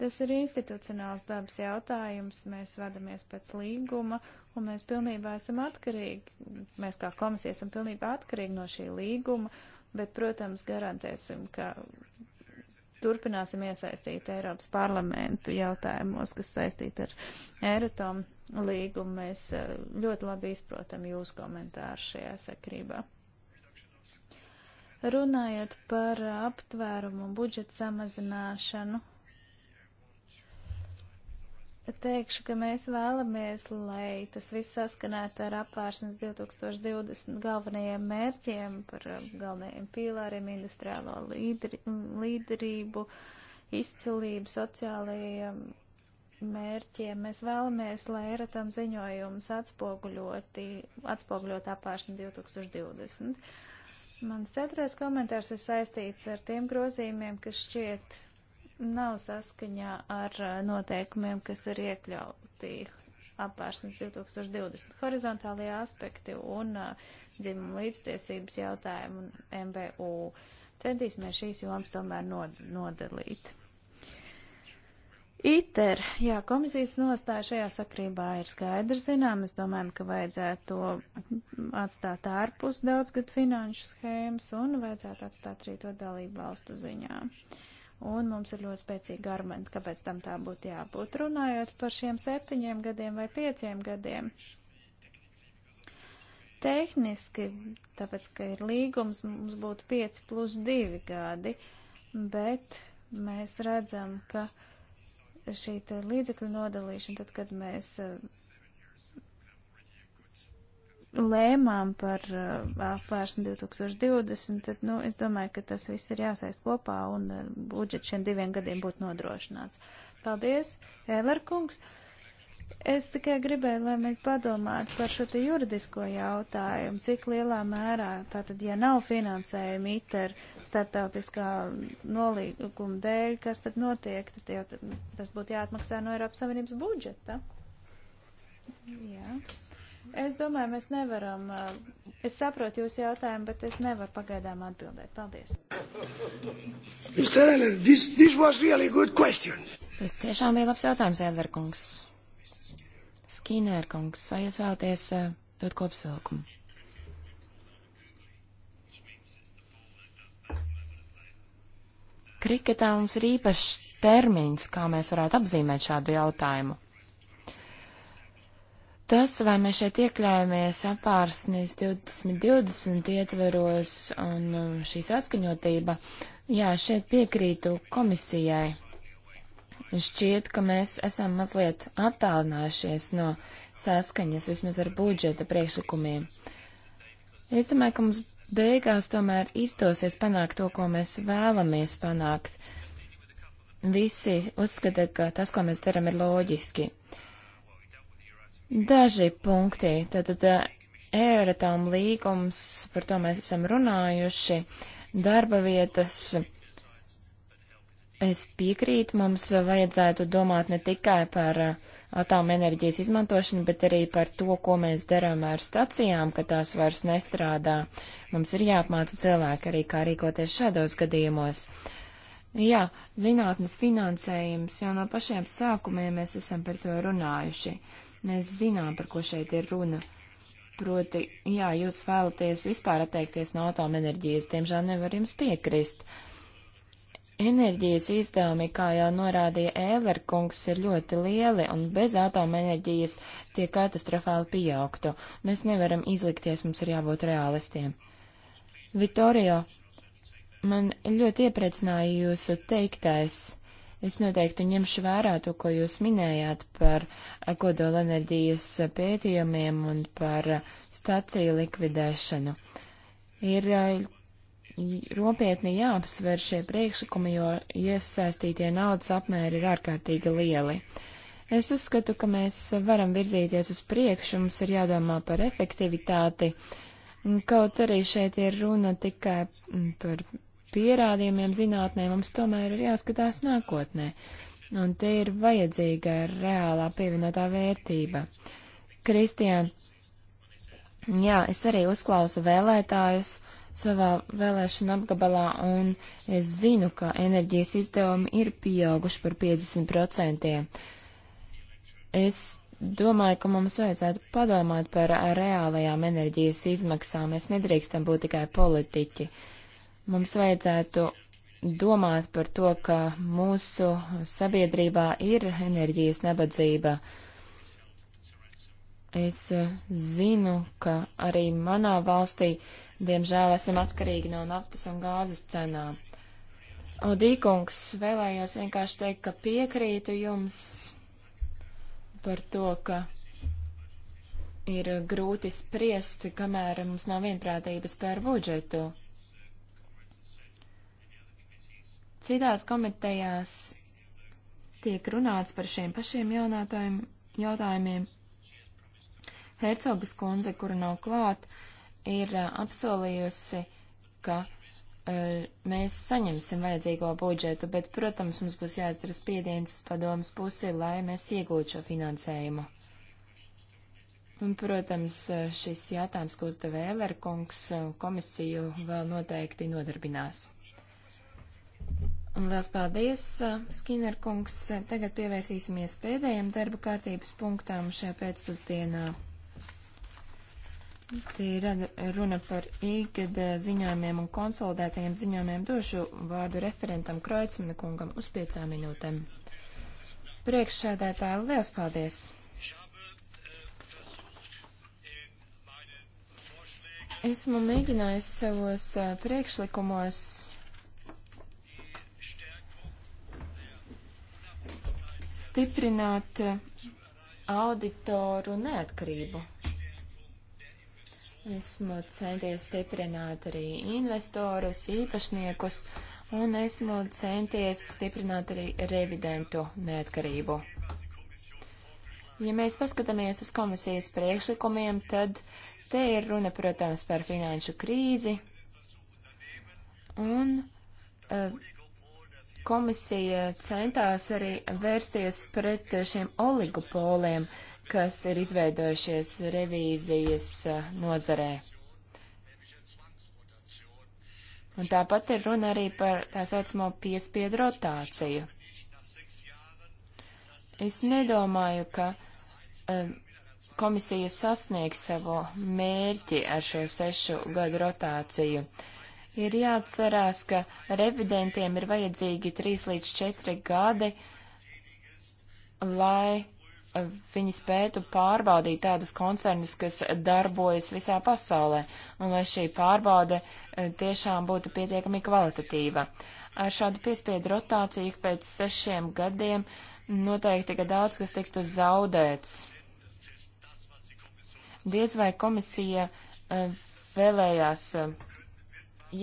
Tas ir institucionāls dabas jautājums, mēs vadamies pēc līguma un mēs pilnībā esam atkarīgi, mēs kā komisija esam pilnībā atkarīgi no šī līguma, bet, protams, garantēsim, ka turpināsim iesaistīt Eiropas parlamentu jautājumos, kas saistīti ar Eiratom līgumu. Mēs eh, ļoti labi izprotam jūsu komentāru šajā sakrībā. Runājot par aptvērumu budžeta samazināšanu, teikšu, ka mēs vēlamies, lai tas viss saskanētu ar apvārsnes 2020 galvenajiem mērķiem, par um, galvenajiem pīlāriem, industriālo līderi, līderību, izcilību, sociālajiem mērķiem. Mēs vēlamies, lai eratam ziņojums atspoguļot apvārsni 2020. Mans ceturtais komentārs ir saistīts ar tiem grozījumiem, kas šķiet nav saskaņā ar eh, noteikumiem, kas ir iekļauti apvērsnes 2020 horizontālajie aspekti un eh, dzimumu līdztiesības jautājumu un MBU. Centīsimies šīs jomas tomēr nod nodalīt. ITER, jā, komisijas nostāja šajā sakrībā ir skaidrs zinām. Mēs domājam, ka vajadzētu to atstāt ārpus daudzgad finanšu schēmas un vajadzētu atstāt arī to dalību valstu ziņā. Uh, un mums ir ļoti spēcīgi argumenti, kāpēc tam tā būtu jābūt. Runājot par šiem septiņiem gadiem vai pieciem gadiem, tehniski, tāpēc, ka ir līgums, mums būtu pieci plus divi gadi, bet mēs redzam, ka šī līdzekļu nodalīšana, tad, kad mēs lēmām par uh, apvērsni 2020, tad, nu, es domāju, ka tas viss ir jāsaist kopā un uh, budžets šiem diviem gadiem būtu nodrošināts. Paldies, Ēlerkungs! Es tikai gribēju, lai mēs padomātu par šo te juridisko jautājumu, cik lielā mērā, tātad, ja nav finansējuma ITER starptautiskā nolīguma dēļ, kas tad notiek, tad jau tas būtu jāatmaksā no Eiropas Savienības budžeta. Jā. Yeah. Es domāju, mēs nevaram, eh, es saprotu jūsu jautājumu, bet es nevaru pagaidām atbildēt. Paldies. Mr. Eller, this, this was really good question. Tas tiešām bija labs jautājums, Eller kungs. Skinner kungs, vai jūs vēlaties eh, dot kopsavilkumu? Kriketā mums ir īpašs termiņš, kā mēs varētu apzīmēt šādu jautājumu. Tas, vai mēs šeit iekļāvāmies apārsnīs 2020 ietveros un um, šī saskaņotība, jā, šeit piekrītu komisijai. Šķiet, ka mēs esam mazliet attālinājušies no saskaņas, vismaz ar budžeta priekšlikumiem. Es domāju, ka mums beigās tomēr izdosies panākt to, ko mēs vēlamies panākt. Visi uzskata, ka tas, ko mēs darām, ir loģiski. Uh, Daži punkti. Tātad Eiratām eh, līgums, par to mēs esam runājuši, darba vietas. Es piekrītu, mums vajadzētu domāt ne tikai par eh, atām enerģijas izmantošanu, bet arī par to, ko mēs darām ar stacijām, ka tās vairs nestrādā. Mums ir jāapmāca cilvēki arī, kā rīkoties šādos gadījumos. Jā, zinātnes finansējums jau no pašiem sākumiem mēs esam par to runājuši. Uh, Mēs zinām, par ko šeit ir runa. Proti, jā, jūs vēlaties vispār atteikties no atomenerģijas, diemžēl nevar jums piekrist. Enerģijas izdevumi, kā jau norādīja Ēlerkungs, ir ļoti lieli, un bez atomenerģijas tie katastrofāli pieaugtu. Mēs nevaram izlikties, mums ir jābūt realistiem. Vitorio, man ļoti iepriecināja jūsu teiktais Es noteikti ņemšu vērā to, ko jūs minējāt par kodolenerģijas pētījumiem un par staciju likvidēšanu. Ir ropietni jāapsver šie priekšlikumi, jo iesaistītie naudas apmēri ir ārkārtīgi lieli. Es uzskatu, ka mēs varam virzīties uz priekšu, mums ir jādomā par efektivitāti, kaut arī šeit ir runa tikai mm, par pierādījumiem zinātnē, mums tomēr ir jāskatās nākotnē. Un te ir vajadzīga reālā pievienotā vērtība. Kristiāna, jā, es arī uzklausu vēlētājus savā vēlēšana apgabalā, un es zinu, ka enerģijas izdevumi ir pieauguši par 50%. Es domāju, ka mums vajadzētu padomāt par reālajām enerģijas izmaksām. Mēs nedrīkstam būt tikai politiķi. Uh, Mums vajadzētu domāt par to, ka mūsu sabiedrībā ir enerģijas nabadzība. Es eh, zinu, ka arī manā valstī, diemžēl, esam atkarīgi no naftas un gāzes cenām. Odīkungs, vēlējos vienkārši teikt, ka piekrītu jums par to, ka ir grūti spriest, kamēr mums nav vienprātības par budžetu. Citās komitejās tiek runāts par šiem pašiem jautājumiem. Hercogas kundze, kura nav klāt, ir uh, apsolījusi, ka uh, mēs saņemsim vajadzīgo budžetu, bet, protams, mums būs jāizdara spiediens uz padomas pusi, lai mēs iegūtu šo finansējumu. Un, protams, uh, šis jautājums, ko uzdeva Vēlerkungs, komisiju vēl noteikti nodarbinās. Un liels paldies, eh, Skinner kungs. Tagad pievērsīsimies pēdējiem darba kārtības punktām šajā pēcpusdienā. Tie ir runa par īgada ziņojumiem un konsolidētajiem ziņojumiem. Došu vārdu referentam Kreutzmana kungam uz piecām minūtēm. Priekšsēdētāji, liels paldies! Esmu mēģinājis savos eh, priekšlikumos stiprināt eh, auditoru neatkarību. Esmu centies stiprināt arī investorus, īpašniekus, un esmu centies stiprināt arī revidentu neatkarību. Ja mēs paskatāmies uz komisijas priekšlikumiem, tad te ir runa, protams, par finanšu krīzi un uh, Komisija centās arī vērsties pret šiem oligopoliem, kas ir izveidojušies revīzijas eh, nozarē. Un tāpat ir runa arī par tā saucamo piespiedu rotāciju. Es nedomāju, ka um, komisija sasniegs savu mērķi ar šo sešu gadu rotāciju. Uh, Ir jāatcerās, ka revidentiem ir vajadzīgi 3 līdz 4 gadi, lai viņi spētu pārbaudīt tādas koncernas, kas darbojas visā pasaulē, un lai šī pārbaude e, tiešām būtu pietiekami kvalitatīva. Ar šādu piespiedu rotāciju pēc sešiem gadiem noteikti, ka daudz kas tiktu zaudēts. Diez vai komisija e, vēlējās e,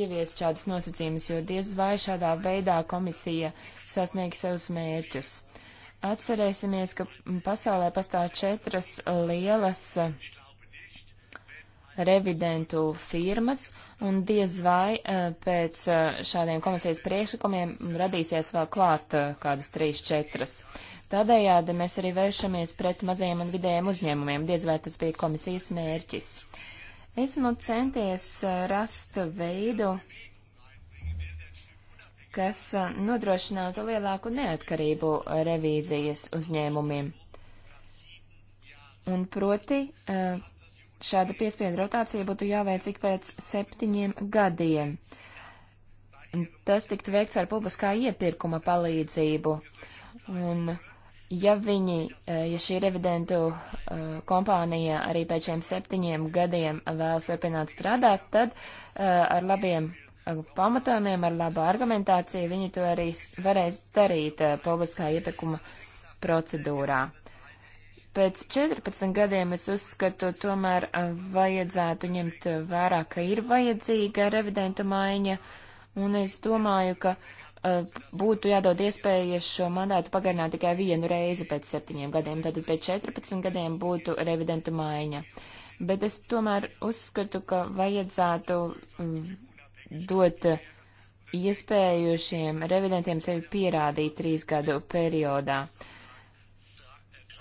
ieviest šādas nosacījumus, jo diez vai šādā veidā komisija sasniegs savus mērķus. Atcerēsimies, ka pasaulē pastāv četras lielas revidentu firmas, un diez vai eh, pēc eh, šādiem komisijas priekšlikumiem radīsies vēl klāt eh, kādas trīs, četras. Tādējādi mēs arī vēršamies pret mazajiem un vidējiem uzņēmumiem, diez vai tas bija komisijas mērķis. Esmu centies eh, rast veidu, kas eh, nodrošinātu lielāku neatkarību revīzijas uzņēmumiem. Un proti, eh, šāda piespiedu rotācija būtu jāveic ik pēc septiņiem gadiem. Tas tiktu veikts ar publiskā iepirkuma palīdzību. Un uh, Ja viņi, eh, ja šī revidentu eh, kompānija arī pēc šiem septiņiem gadiem vēlas turpināt strādāt, tad eh, ar labiem pamatojumiem, ar labu argumentāciju viņi to arī varēs darīt publiskā iepirkuma procedūrā. Pēc 14 gadiem es uzskatu, tomēr vajadzētu ņemt vērā, ka ir vajadzīga revidentu maiņa, un es domāju, ka uh, Eh, būtu jādod iespēja šo mandātu pagarināt tikai vienu reizi pēc septiņiem gadiem, tātad pēc 14 gadiem būtu revidentu maiņa. Bet es tomēr uzskatu, ka vajadzētu mm, dot iespēju šiem revidentiem sevi pierādīt trīs gadu periodā.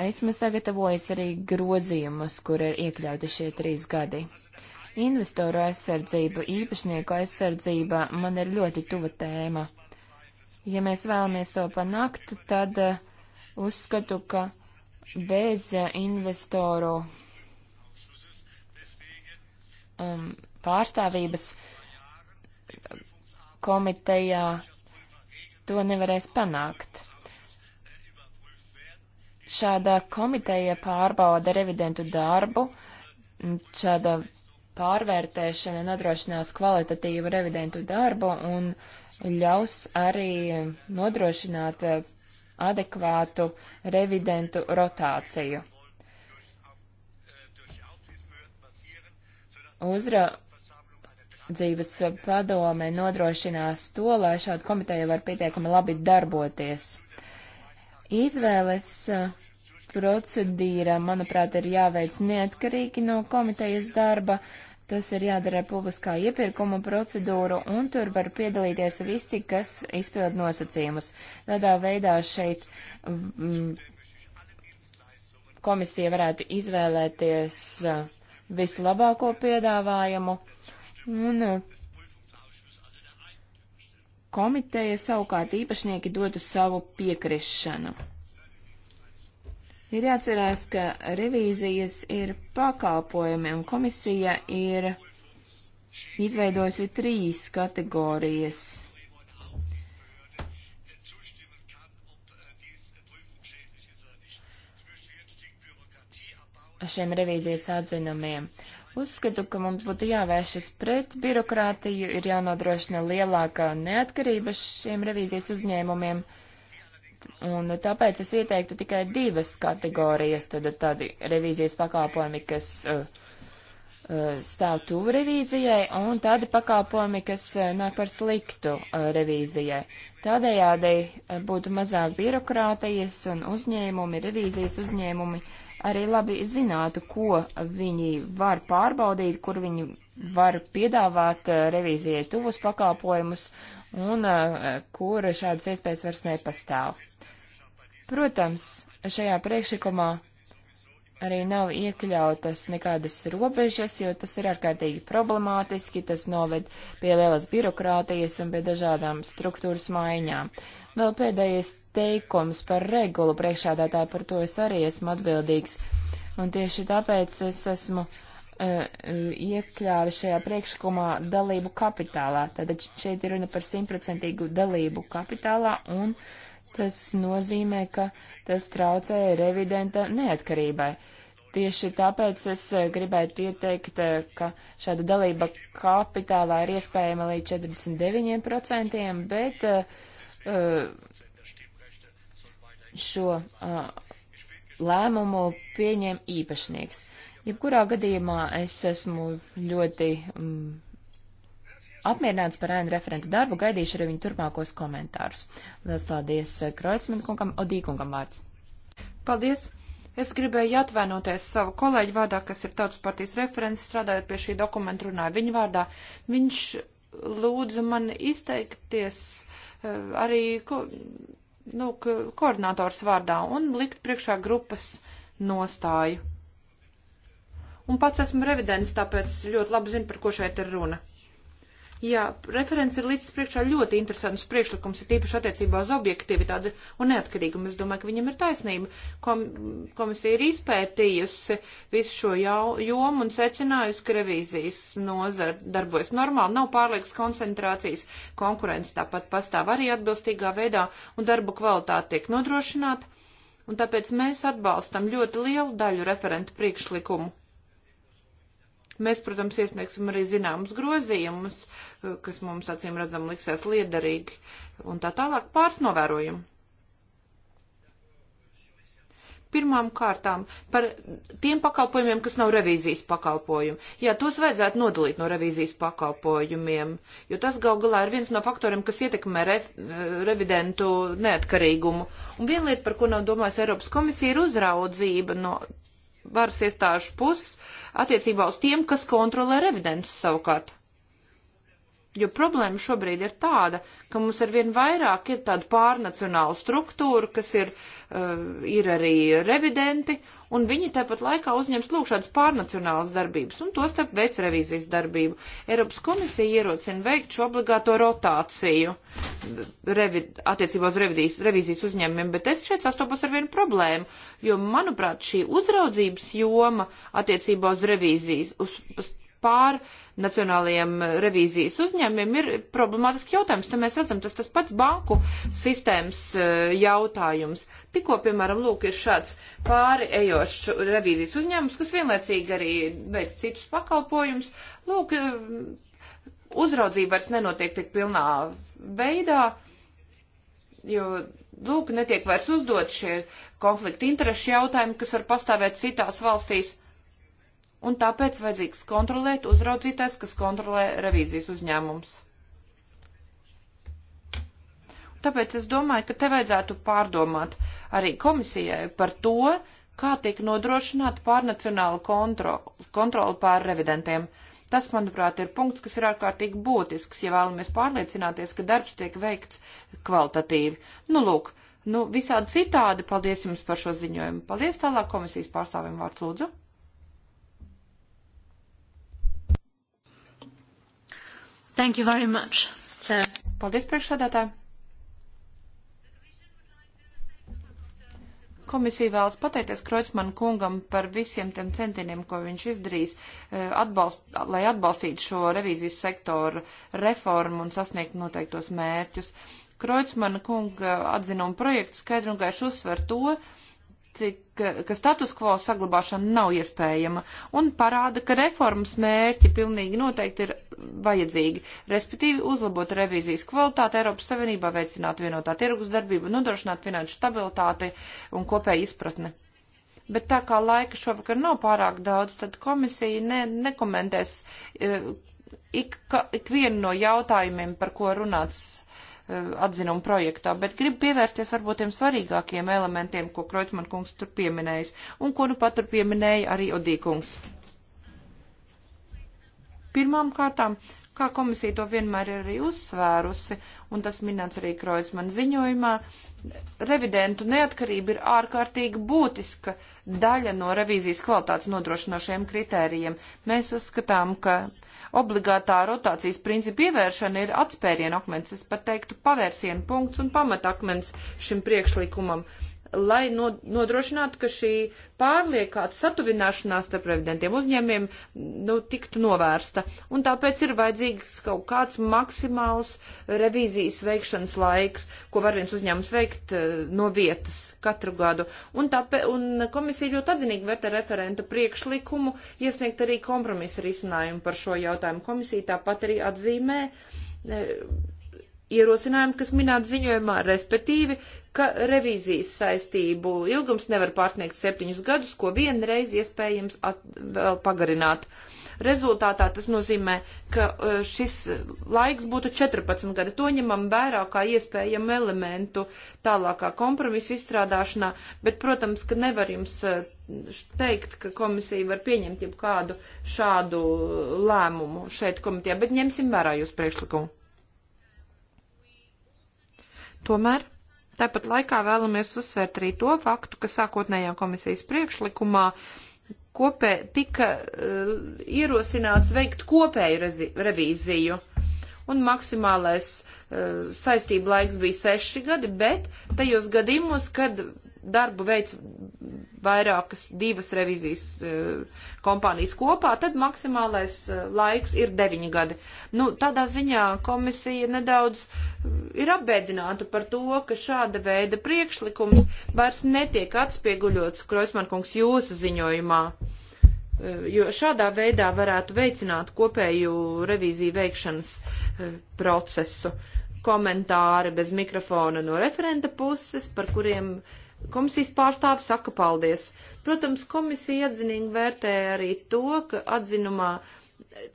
Esmu sagatavojis arī grozījumus, kur ir iekļauti šie trīs gadi. Investoru aizsardzība, īpašnieku aizsardzība man ir ļoti tuva tēma. Ja mēs vēlamies to panākt, tad eh, uzskatu, ka bez eh, investoru um, pārstāvības komitejā to nevarēs panākt. Šāda komiteja pārbauda revidentu darbu, šāda pārvērtēšana nodrošinās kvalitatīvu revidentu darbu un uh, ļaus arī nodrošināt eh, adekvātu revidentu rotāciju. Uzraudzības padome nodrošinās to, lai šāda komiteja var pietiekami labi darboties. Izvēles eh, procedīra, manuprāt, ir jāveic neatkarīgi no komitejas darba, uh, Tas ir jādara ar publiskā iepirkuma procedūru, un tur var piedalīties visi, kas izpild nosacījumus. Tādā veidā šeit mm, komisija varētu izvēlēties eh, vislabāko piedāvājumu, un eh, komiteja savukārt īpašnieki dotu savu piekrišanu. Ir jāatcerās, ka revīzijas ir pakalpojumi un komisija ir izveidojusi trīs kategorijas. šiem revīzijas atzinumiem. Uzskatu, ka mums būtu jāvēršas pret birokrātiju, ir jānodrošina lielākā neatkarība šiem revīzijas uzņēmumiem. Uh, Un tāpēc es ieteiktu tikai divas kategorijas, tad tādi revīzijas pakalpojumi, kas uh, uh, stāv tuvu revīzijai, un tādi pakalpojumi, kas uh, nāk par sliktu uh, revīzijai. Tādējādi uh, būtu mazāk birokrātijas un uzņēmumi, revīzijas uzņēmumi arī labi zinātu, ko viņi var pārbaudīt, kur viņi var piedāvāt uh, revīzijai tuvus pakalpojumus un uh, kur šādas iespējas vairs nepastāv. Protams, šajā priekšlikumā arī nav iekļautas nekādas robežas, jo tas ir ārkārtīgi problemātiski, tas noved pie lielas birokrātijas un pie dažādām struktūras maiņām. Vēl pēdējais teikums par regulu priekšādātāju, par to es arī esmu atbildīgs, un tieši tāpēc es esmu uh, e, e, iekļāvi šajā priekšlikumā dalību kapitālā. Tātad šeit ir runa par simtprocentīgu dalību kapitālā un uh, Tas nozīmē, ka tas traucēja revidenta neatkarībai. Tieši tāpēc es eh, gribētu ieteikt, eh, ka šāda dalība kapitālā ir iespējama līdz 49%, bet eh, šo lēmumu pieņem īpašnieks. Jebkurā gadījumā es esmu ļoti mm, apmierināts par ēnu referentu darbu, gaidīšu arī viņu turpmākos komentārus. Lielas paldies eh, Kreutzmann kungam, Odīkungam vārds. Paldies! Es gribēju atvainoties savu kolēģi vārdā, kas ir tautas partijas referents, strādājot pie šī dokumenta, runāju viņa vārdā. Viņš lūdza man izteikties eh, arī ko, nu, koordinators vārdā un likt priekšā grupas nostāju. Un pats esmu revidents, tāpēc ļoti labi zinu, par ko šeit ir runa. Jā, referents ir līdz priekšā ļoti interesants priekšlikums, ir tīpaši attiecībā uz objektivitāti un neatkarīgumu. Es domāju, ka viņam ir taisnība. Kom, komisija ir izpētījusi visu šo jau, jomu un secinājusi, ka revīzijas nozara darbojas normāli, nav pārliekas koncentrācijas, konkurence tāpat pastāv arī atbilstīgā veidā un darbu kvalitāte tiek nodrošināta. Un tāpēc mēs atbalstam ļoti lielu daļu referentu priekšlikumu. Mēs, protams, iesniegsim arī zināmus grozījumus, kas mums acīm redzam liksies liederīgi un tā tālāk pāris novērojumu. Pirmām kārtām par tiem pakalpojumiem, kas nav revīzijas pakalpojumi. Jā, tos vajadzētu nodalīt no revīzijas pakalpojumiem, jo tas gal galā ir viens no faktoriem, kas ietekmē ref, revidentu neatkarīgumu. Un viena lieta, par ko nav domājis Eiropas komisija, ir uzraudzība no varas iestāžu puses attiecībā uz tiem, kas kontrolē revidentus savukārt. Jo problēma šobrīd ir tāda, ka mums ar vien vairāk ir tāda pārnacionāla struktūra, kas ir, uh, ir arī revidenti, un viņi tāpat laikā uzņems lūk šādas pārnacionālas darbības, un to starp veids revīzijas darbību. Eiropas komisija ierocina veikt šo obligāto rotāciju eh, revi, attiecībā uz revizijas, revīzijas uzņēmumiem, bet es šeit sastopos ar vienu problēmu, jo, manuprāt, šī uzraudzības joma attiecībā uz revīzijas, uz pār. Uh, nacionālajiem revīzijas uzņēmumiem ir problemātiski jautājums. Te mēs redzam, tas tas pats banku sistēmas e, jautājums. Tikko, piemēram, lūk, ir šāds pāri ejošs revīzijas uzņēmums, kas vienlaicīgi arī veic citus pakalpojumus. Lūk, e, uzraudzība vairs nenotiek tik pilnā veidā, jo lūk, netiek vairs uzdot šie konflikti interešu jautājumi, kas var pastāvēt citās valstīs un tāpēc vajadzīgs kontrolēt uzraudzītājs, kas kontrolē revīzijas uzņēmums. Tāpēc es domāju, ka te vajadzētu pārdomāt arī komisijai par to, kā tiek nodrošināta pārnacionāla kontro, kontrola pār revidentiem. Tas, manuprāt, ir punkts, kas ir ārkārtīgi būtisks, ja vēlamies pārliecināties, ka darbs tiek veikts kvalitatīvi. Nu, lūk, nu, visādi citādi, paldies jums par šo ziņojumu. Paldies tālāk komisijas pārstāvim vārds lūdzu. Thank you very much, sir. Paldies, priekšsādātāji. Komisija vēlas pateikties Kreutzmanu kungam par visiem tiem centieniem, ko viņš izdarīs, eh, atbalst, lai atbalstītu šo revīzijas sektoru reformu un sasniegtu noteiktos mērķus. Kreutzmana kunga atzinuma projekta skaidri un gaiši uzsver to, cik, ka status quo saglabāšana nav iespējama un parāda, ka reformas mērķi pilnīgi noteikti ir vajadzīgi, respektīvi uzlabot revīzijas kvalitāti Eiropas Savienībā, veicināt vienotā tirgus darbību, nodrošināt finanšu stabilitāti un kopēju izpratni. Bet tā kā laika šovakar nav pārāk daudz, tad komisija ne, nekomentēs e, ik, ka, ik vienu no jautājumiem, par ko runāts e, atzinuma projektā, bet gribu pievērsties varbūt tiem svarīgākiem elementiem, ko Kroitman kungs tur pieminējis un ko nu pat tur pieminēja arī Odīkungs. kungs. Pirmām kārtām, kā komisija to vienmēr ir arī uzsvērusi, un tas minēts arī Kroicman ziņojumā, revidentu neatkarība ir ārkārtīgi būtiska daļa no revīzijas kvalitātes nodrošinošiem kritērijiem. Mēs uzskatām, ka obligātā rotācijas principa ievēršana ir atspērienu akmens, es pat teiktu pavērsienu punkts un pamatakmens šim priekšlikumam lai nodrošinātu, ka šī pārliekāta satuvināšanās starp revidentiem uzņēmiem nu, tiktu novērsta. Un tāpēc ir vajadzīgs kaut kāds maksimāls revīzijas veikšanas laiks, ko var viens uzņēmums veikt eh, no vietas katru gadu. Un, tāpēc, un komisija ļoti atzinīgi vērtē referenta priekšlikumu, iesniegt arī kompromisa risinājumu par šo jautājumu. Komisija tāpat arī atzīmē eh, ierosinājumu, kas minēt ziņojumā, respektīvi, ka revīzijas saistību ilgums nevar pārsniegt septiņus gadus, ko vienreiz iespējams at, vēl pagarināt. Rezultātā tas nozīmē, ka e, šis laiks būtu 14 gadi. To ņemam vērā kā iespējamu elementu tālākā kompromisa izstrādāšanā, bet, protams, ka nevar jums e, teikt, ka komisija var pieņemt jau kādu šādu lēmumu šeit komitejā, bet ņemsim vērā jūs priekšlikumu. Tomēr tāpat laikā vēlamies uzsvērt arī to faktu, ka sākotnējā komisijas priekšlikumā kopē, tika uh, ierosināts veikt kopēju rezi, revīziju. Un maksimālais uh, saistība laiks bija seši gadi, bet tajos gadījumos, kad darbu veids vairākas, divas revizijas uh, kompānijas kopā, tad maksimālais uh, laiks ir deviņi gadi. Nu, tādā ziņā komisija nedaudz eh, ir apbēdināta par to, ka šāda veida priekšlikums vairs netiek atspieguļots, Kroismankungs, jūsu ziņojumā, uh, jo šādā veidā varētu veicināt kopēju revīziju veikšanas procesu komentāri bez mikrofona no referenta puses, par kuriem uh, Komisijas pārstāvis saka paldies. Protams, komisija atzinīgi vērtē arī to, ka atzinumā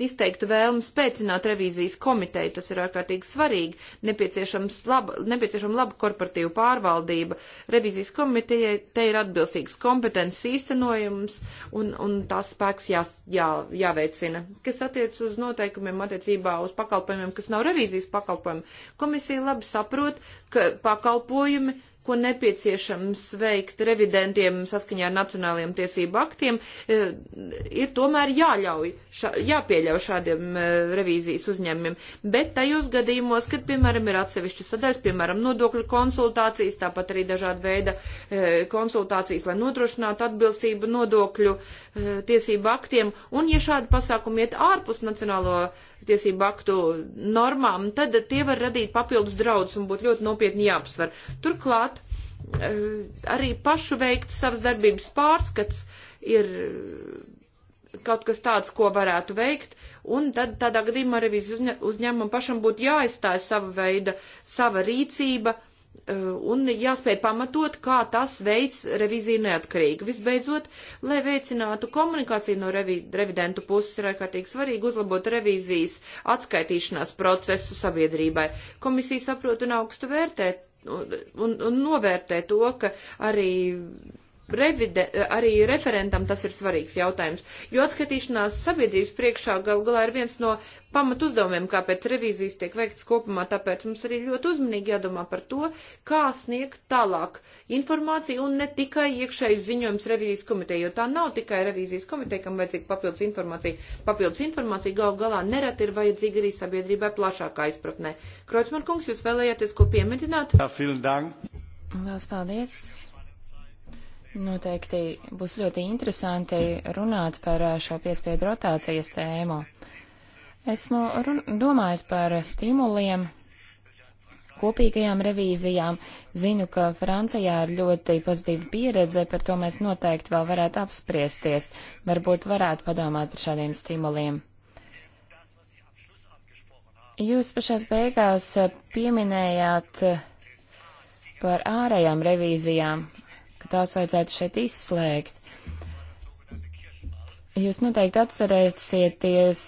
izteikta vēlme spēcināt revīzijas komiteju, tas ir ārkārtīgi svarīgi, nepieciešams laba, nepieciešama laba korporatīva pārvaldība. Revīzijas komitejai te ir atbilstīgs kompetences īstenojums un, un tās spēks jā, jā, jāveicina. Kas attiec uz noteikumiem attiecībā uz pakalpojumiem, kas nav revīzijas pakalpojumi, komisija labi saprot, ka pakalpojumi ko nepieciešams veikt revidentiem saskaņā ar nacionālajiem tiesību aktiem, eh, ir tomēr jāļauj, šā, jāpieļauj šādiem eh, revīzijas uzņēmumiem. Bet tajos gadījumos, kad, piemēram, ir atsevišķas sadaļas, piemēram, nodokļu konsultācijas, tāpat arī dažāda veida eh, konsultācijas, lai nodrošinātu atbilstību nodokļu tiesību aktiem, un ja šādi pasākumi iet ārpus nacionālo tiesību aktu normām, tad tie var radīt papildus draudus un būt ļoti nopietni jāapsver. Turklāt eh, arī pašu veikt savas darbības pārskats ir kaut kas tāds, ko varētu veikt, un tad tādā gadījumā revīzijas uzņēmumam pašam būtu jāaizstāja sava veida, sava rīcība, Eh, un jāspēj pamatot, kā tas veids reviziju neatkarīgi. Visbeidzot, lai veicinātu komunikāciju no revi revidentu puses, ir ārkārtīgi svarīgi uzlabot revīzijas atskaitīšanās procesu sabiedrībai. Komisija saprot un augstu vērtē un, un, un novērtē to, ka arī revide, arī referentam tas ir svarīgs jautājums, jo atskatīšanās sabiedrības priekšā gal galā ir viens no pamat uzdevumiem, kāpēc revīzijas tiek veikts kopumā, tāpēc mums arī ļoti uzmanīgi jādomā par to, kā sniegt tālāk informāciju un ne tikai iekšējas ziņojums revīzijas komiteja, jo tā nav tikai revīzijas komiteja, kam vajadzīga papildus informācija. Papildus informācija gal galā nereti ir vajadzīga arī sabiedrībai plašākā izpratnē. Kreutzmann kungs, jūs vēlējāties ko pieminēt? Lielas paldies! Noteikti būs ļoti interesanti runāt par eh, šo piespiedu rotācijas tēmu. Esmu run, domājis par stimuliem, kopīgajām revīzijām. Zinu, ka Francijā ir ļoti pozitīva pieredze, par to mēs noteikti vēl varētu apspriesties. Varbūt varētu padomāt par šādiem stimuliem. Jūs pašās beigās eh, pieminējāt eh, par ārējām revīzijām ka tās vajadzētu šeit izslēgt. Jūs noteikti atcerēsieties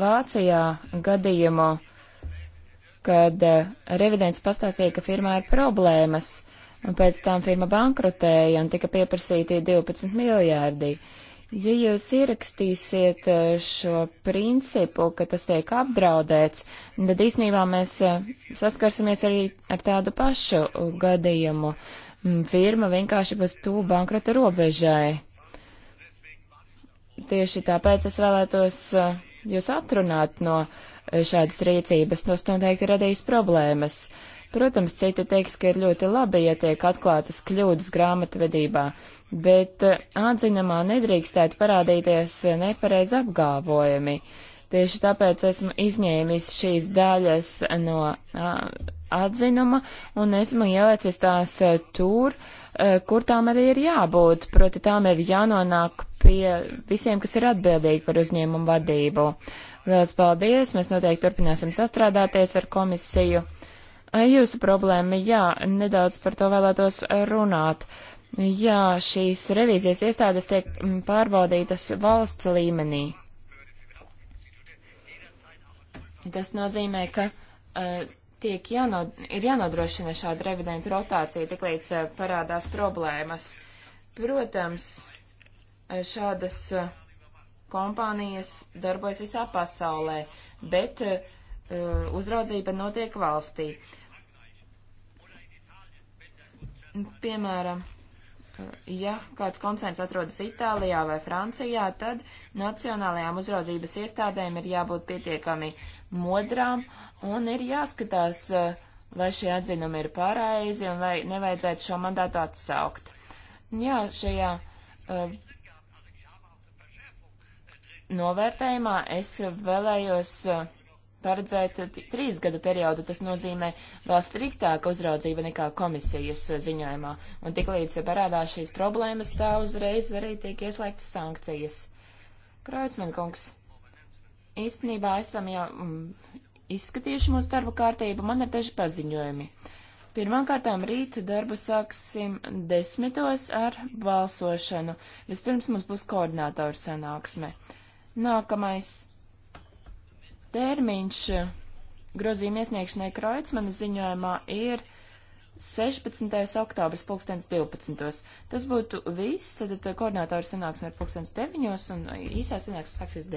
Vācijā gadījumu, kad revidents pastāstīja, ka firmā ir problēmas, un pēc tam firma bankrotēja un tika pieprasīti 12 miljārdi. Ja jūs ierakstīsiet šo principu, ka tas tiek apdraudēts, tad īstenībā mēs saskarsimies arī ar tādu pašu gadījumu. Mm, firma vienkārši būs tū bankrota robežai. Tieši tāpēc es vēlētos uh, jūs atrunāt no uh, šādas rīcības, tas noteikti radīs problēmas. Protams, citi teiks, ka ir ļoti labi, ja tiek atklātas kļūdas grāmatvedībā, bet uh, atzinamā nedrīkstētu parādīties nepareiz apgāvojumi. Tieši tāpēc esmu izņēmis šīs daļas no atzinuma, un esmu ielicis tās eh, tur, eh, kur tām arī ir jābūt. Proti, tām ir jānonāk pie visiem, kas ir atbildīgi par uzņēmumu vadību. Lielas paldies! Mēs noteikti turpināsim sastrādāties ar komisiju. Eh, jūsu problēma, jā, nedaudz par to vēlētos runāt. Jā, šīs revīzijas iestādes tiek mm, pārbaudītas valsts līmenī. Tas nozīmē, ka uh, tiek jānod, ir jānodrošina šāda revidentu rotācija, tik līdz eh, parādās problēmas. Protams, eh, šādas eh, kompānijas darbojas visā pasaulē, bet uzraudzība notiek valstī. Piemēram, ja kāds koncerns atrodas Itālijā vai Francijā, tad nacionālajām uzraudzības iestādēm ir jābūt pietiekami modrām Un ir jāskatās, eh, vai šie atzinumi ir pareizi un vai nevajadzētu šo mandātu atsaukt. Jā, šajā uh, novērtējumā es vēlējos eh, paredzēt trīs gadu periodu. Tas nozīmē vēl striktāku uzraudzību nekā komisijas ziņojumā. Un tiklīdz parādās šīs problēmas, tā uzreiz arī tiek ieslēgtas sankcijas. Kreutzmann kungs, īstenībā esam jau mm, izskatījuši mūsu darba kārtību, man ir daži paziņojumi. Pirmkārtām rīt darbu sāksim desmitos ar balsošanu. Vispirms mums būs koordinātoru sanāksme. Nākamais termiņš grozījuma iesniegšanai Kreutzmana ziņojumā ir 16. oktobris 2012. Tas būtu viss, tad koordinātoru sanāksme ir 2009 un īsā sanāksme sāksies 10.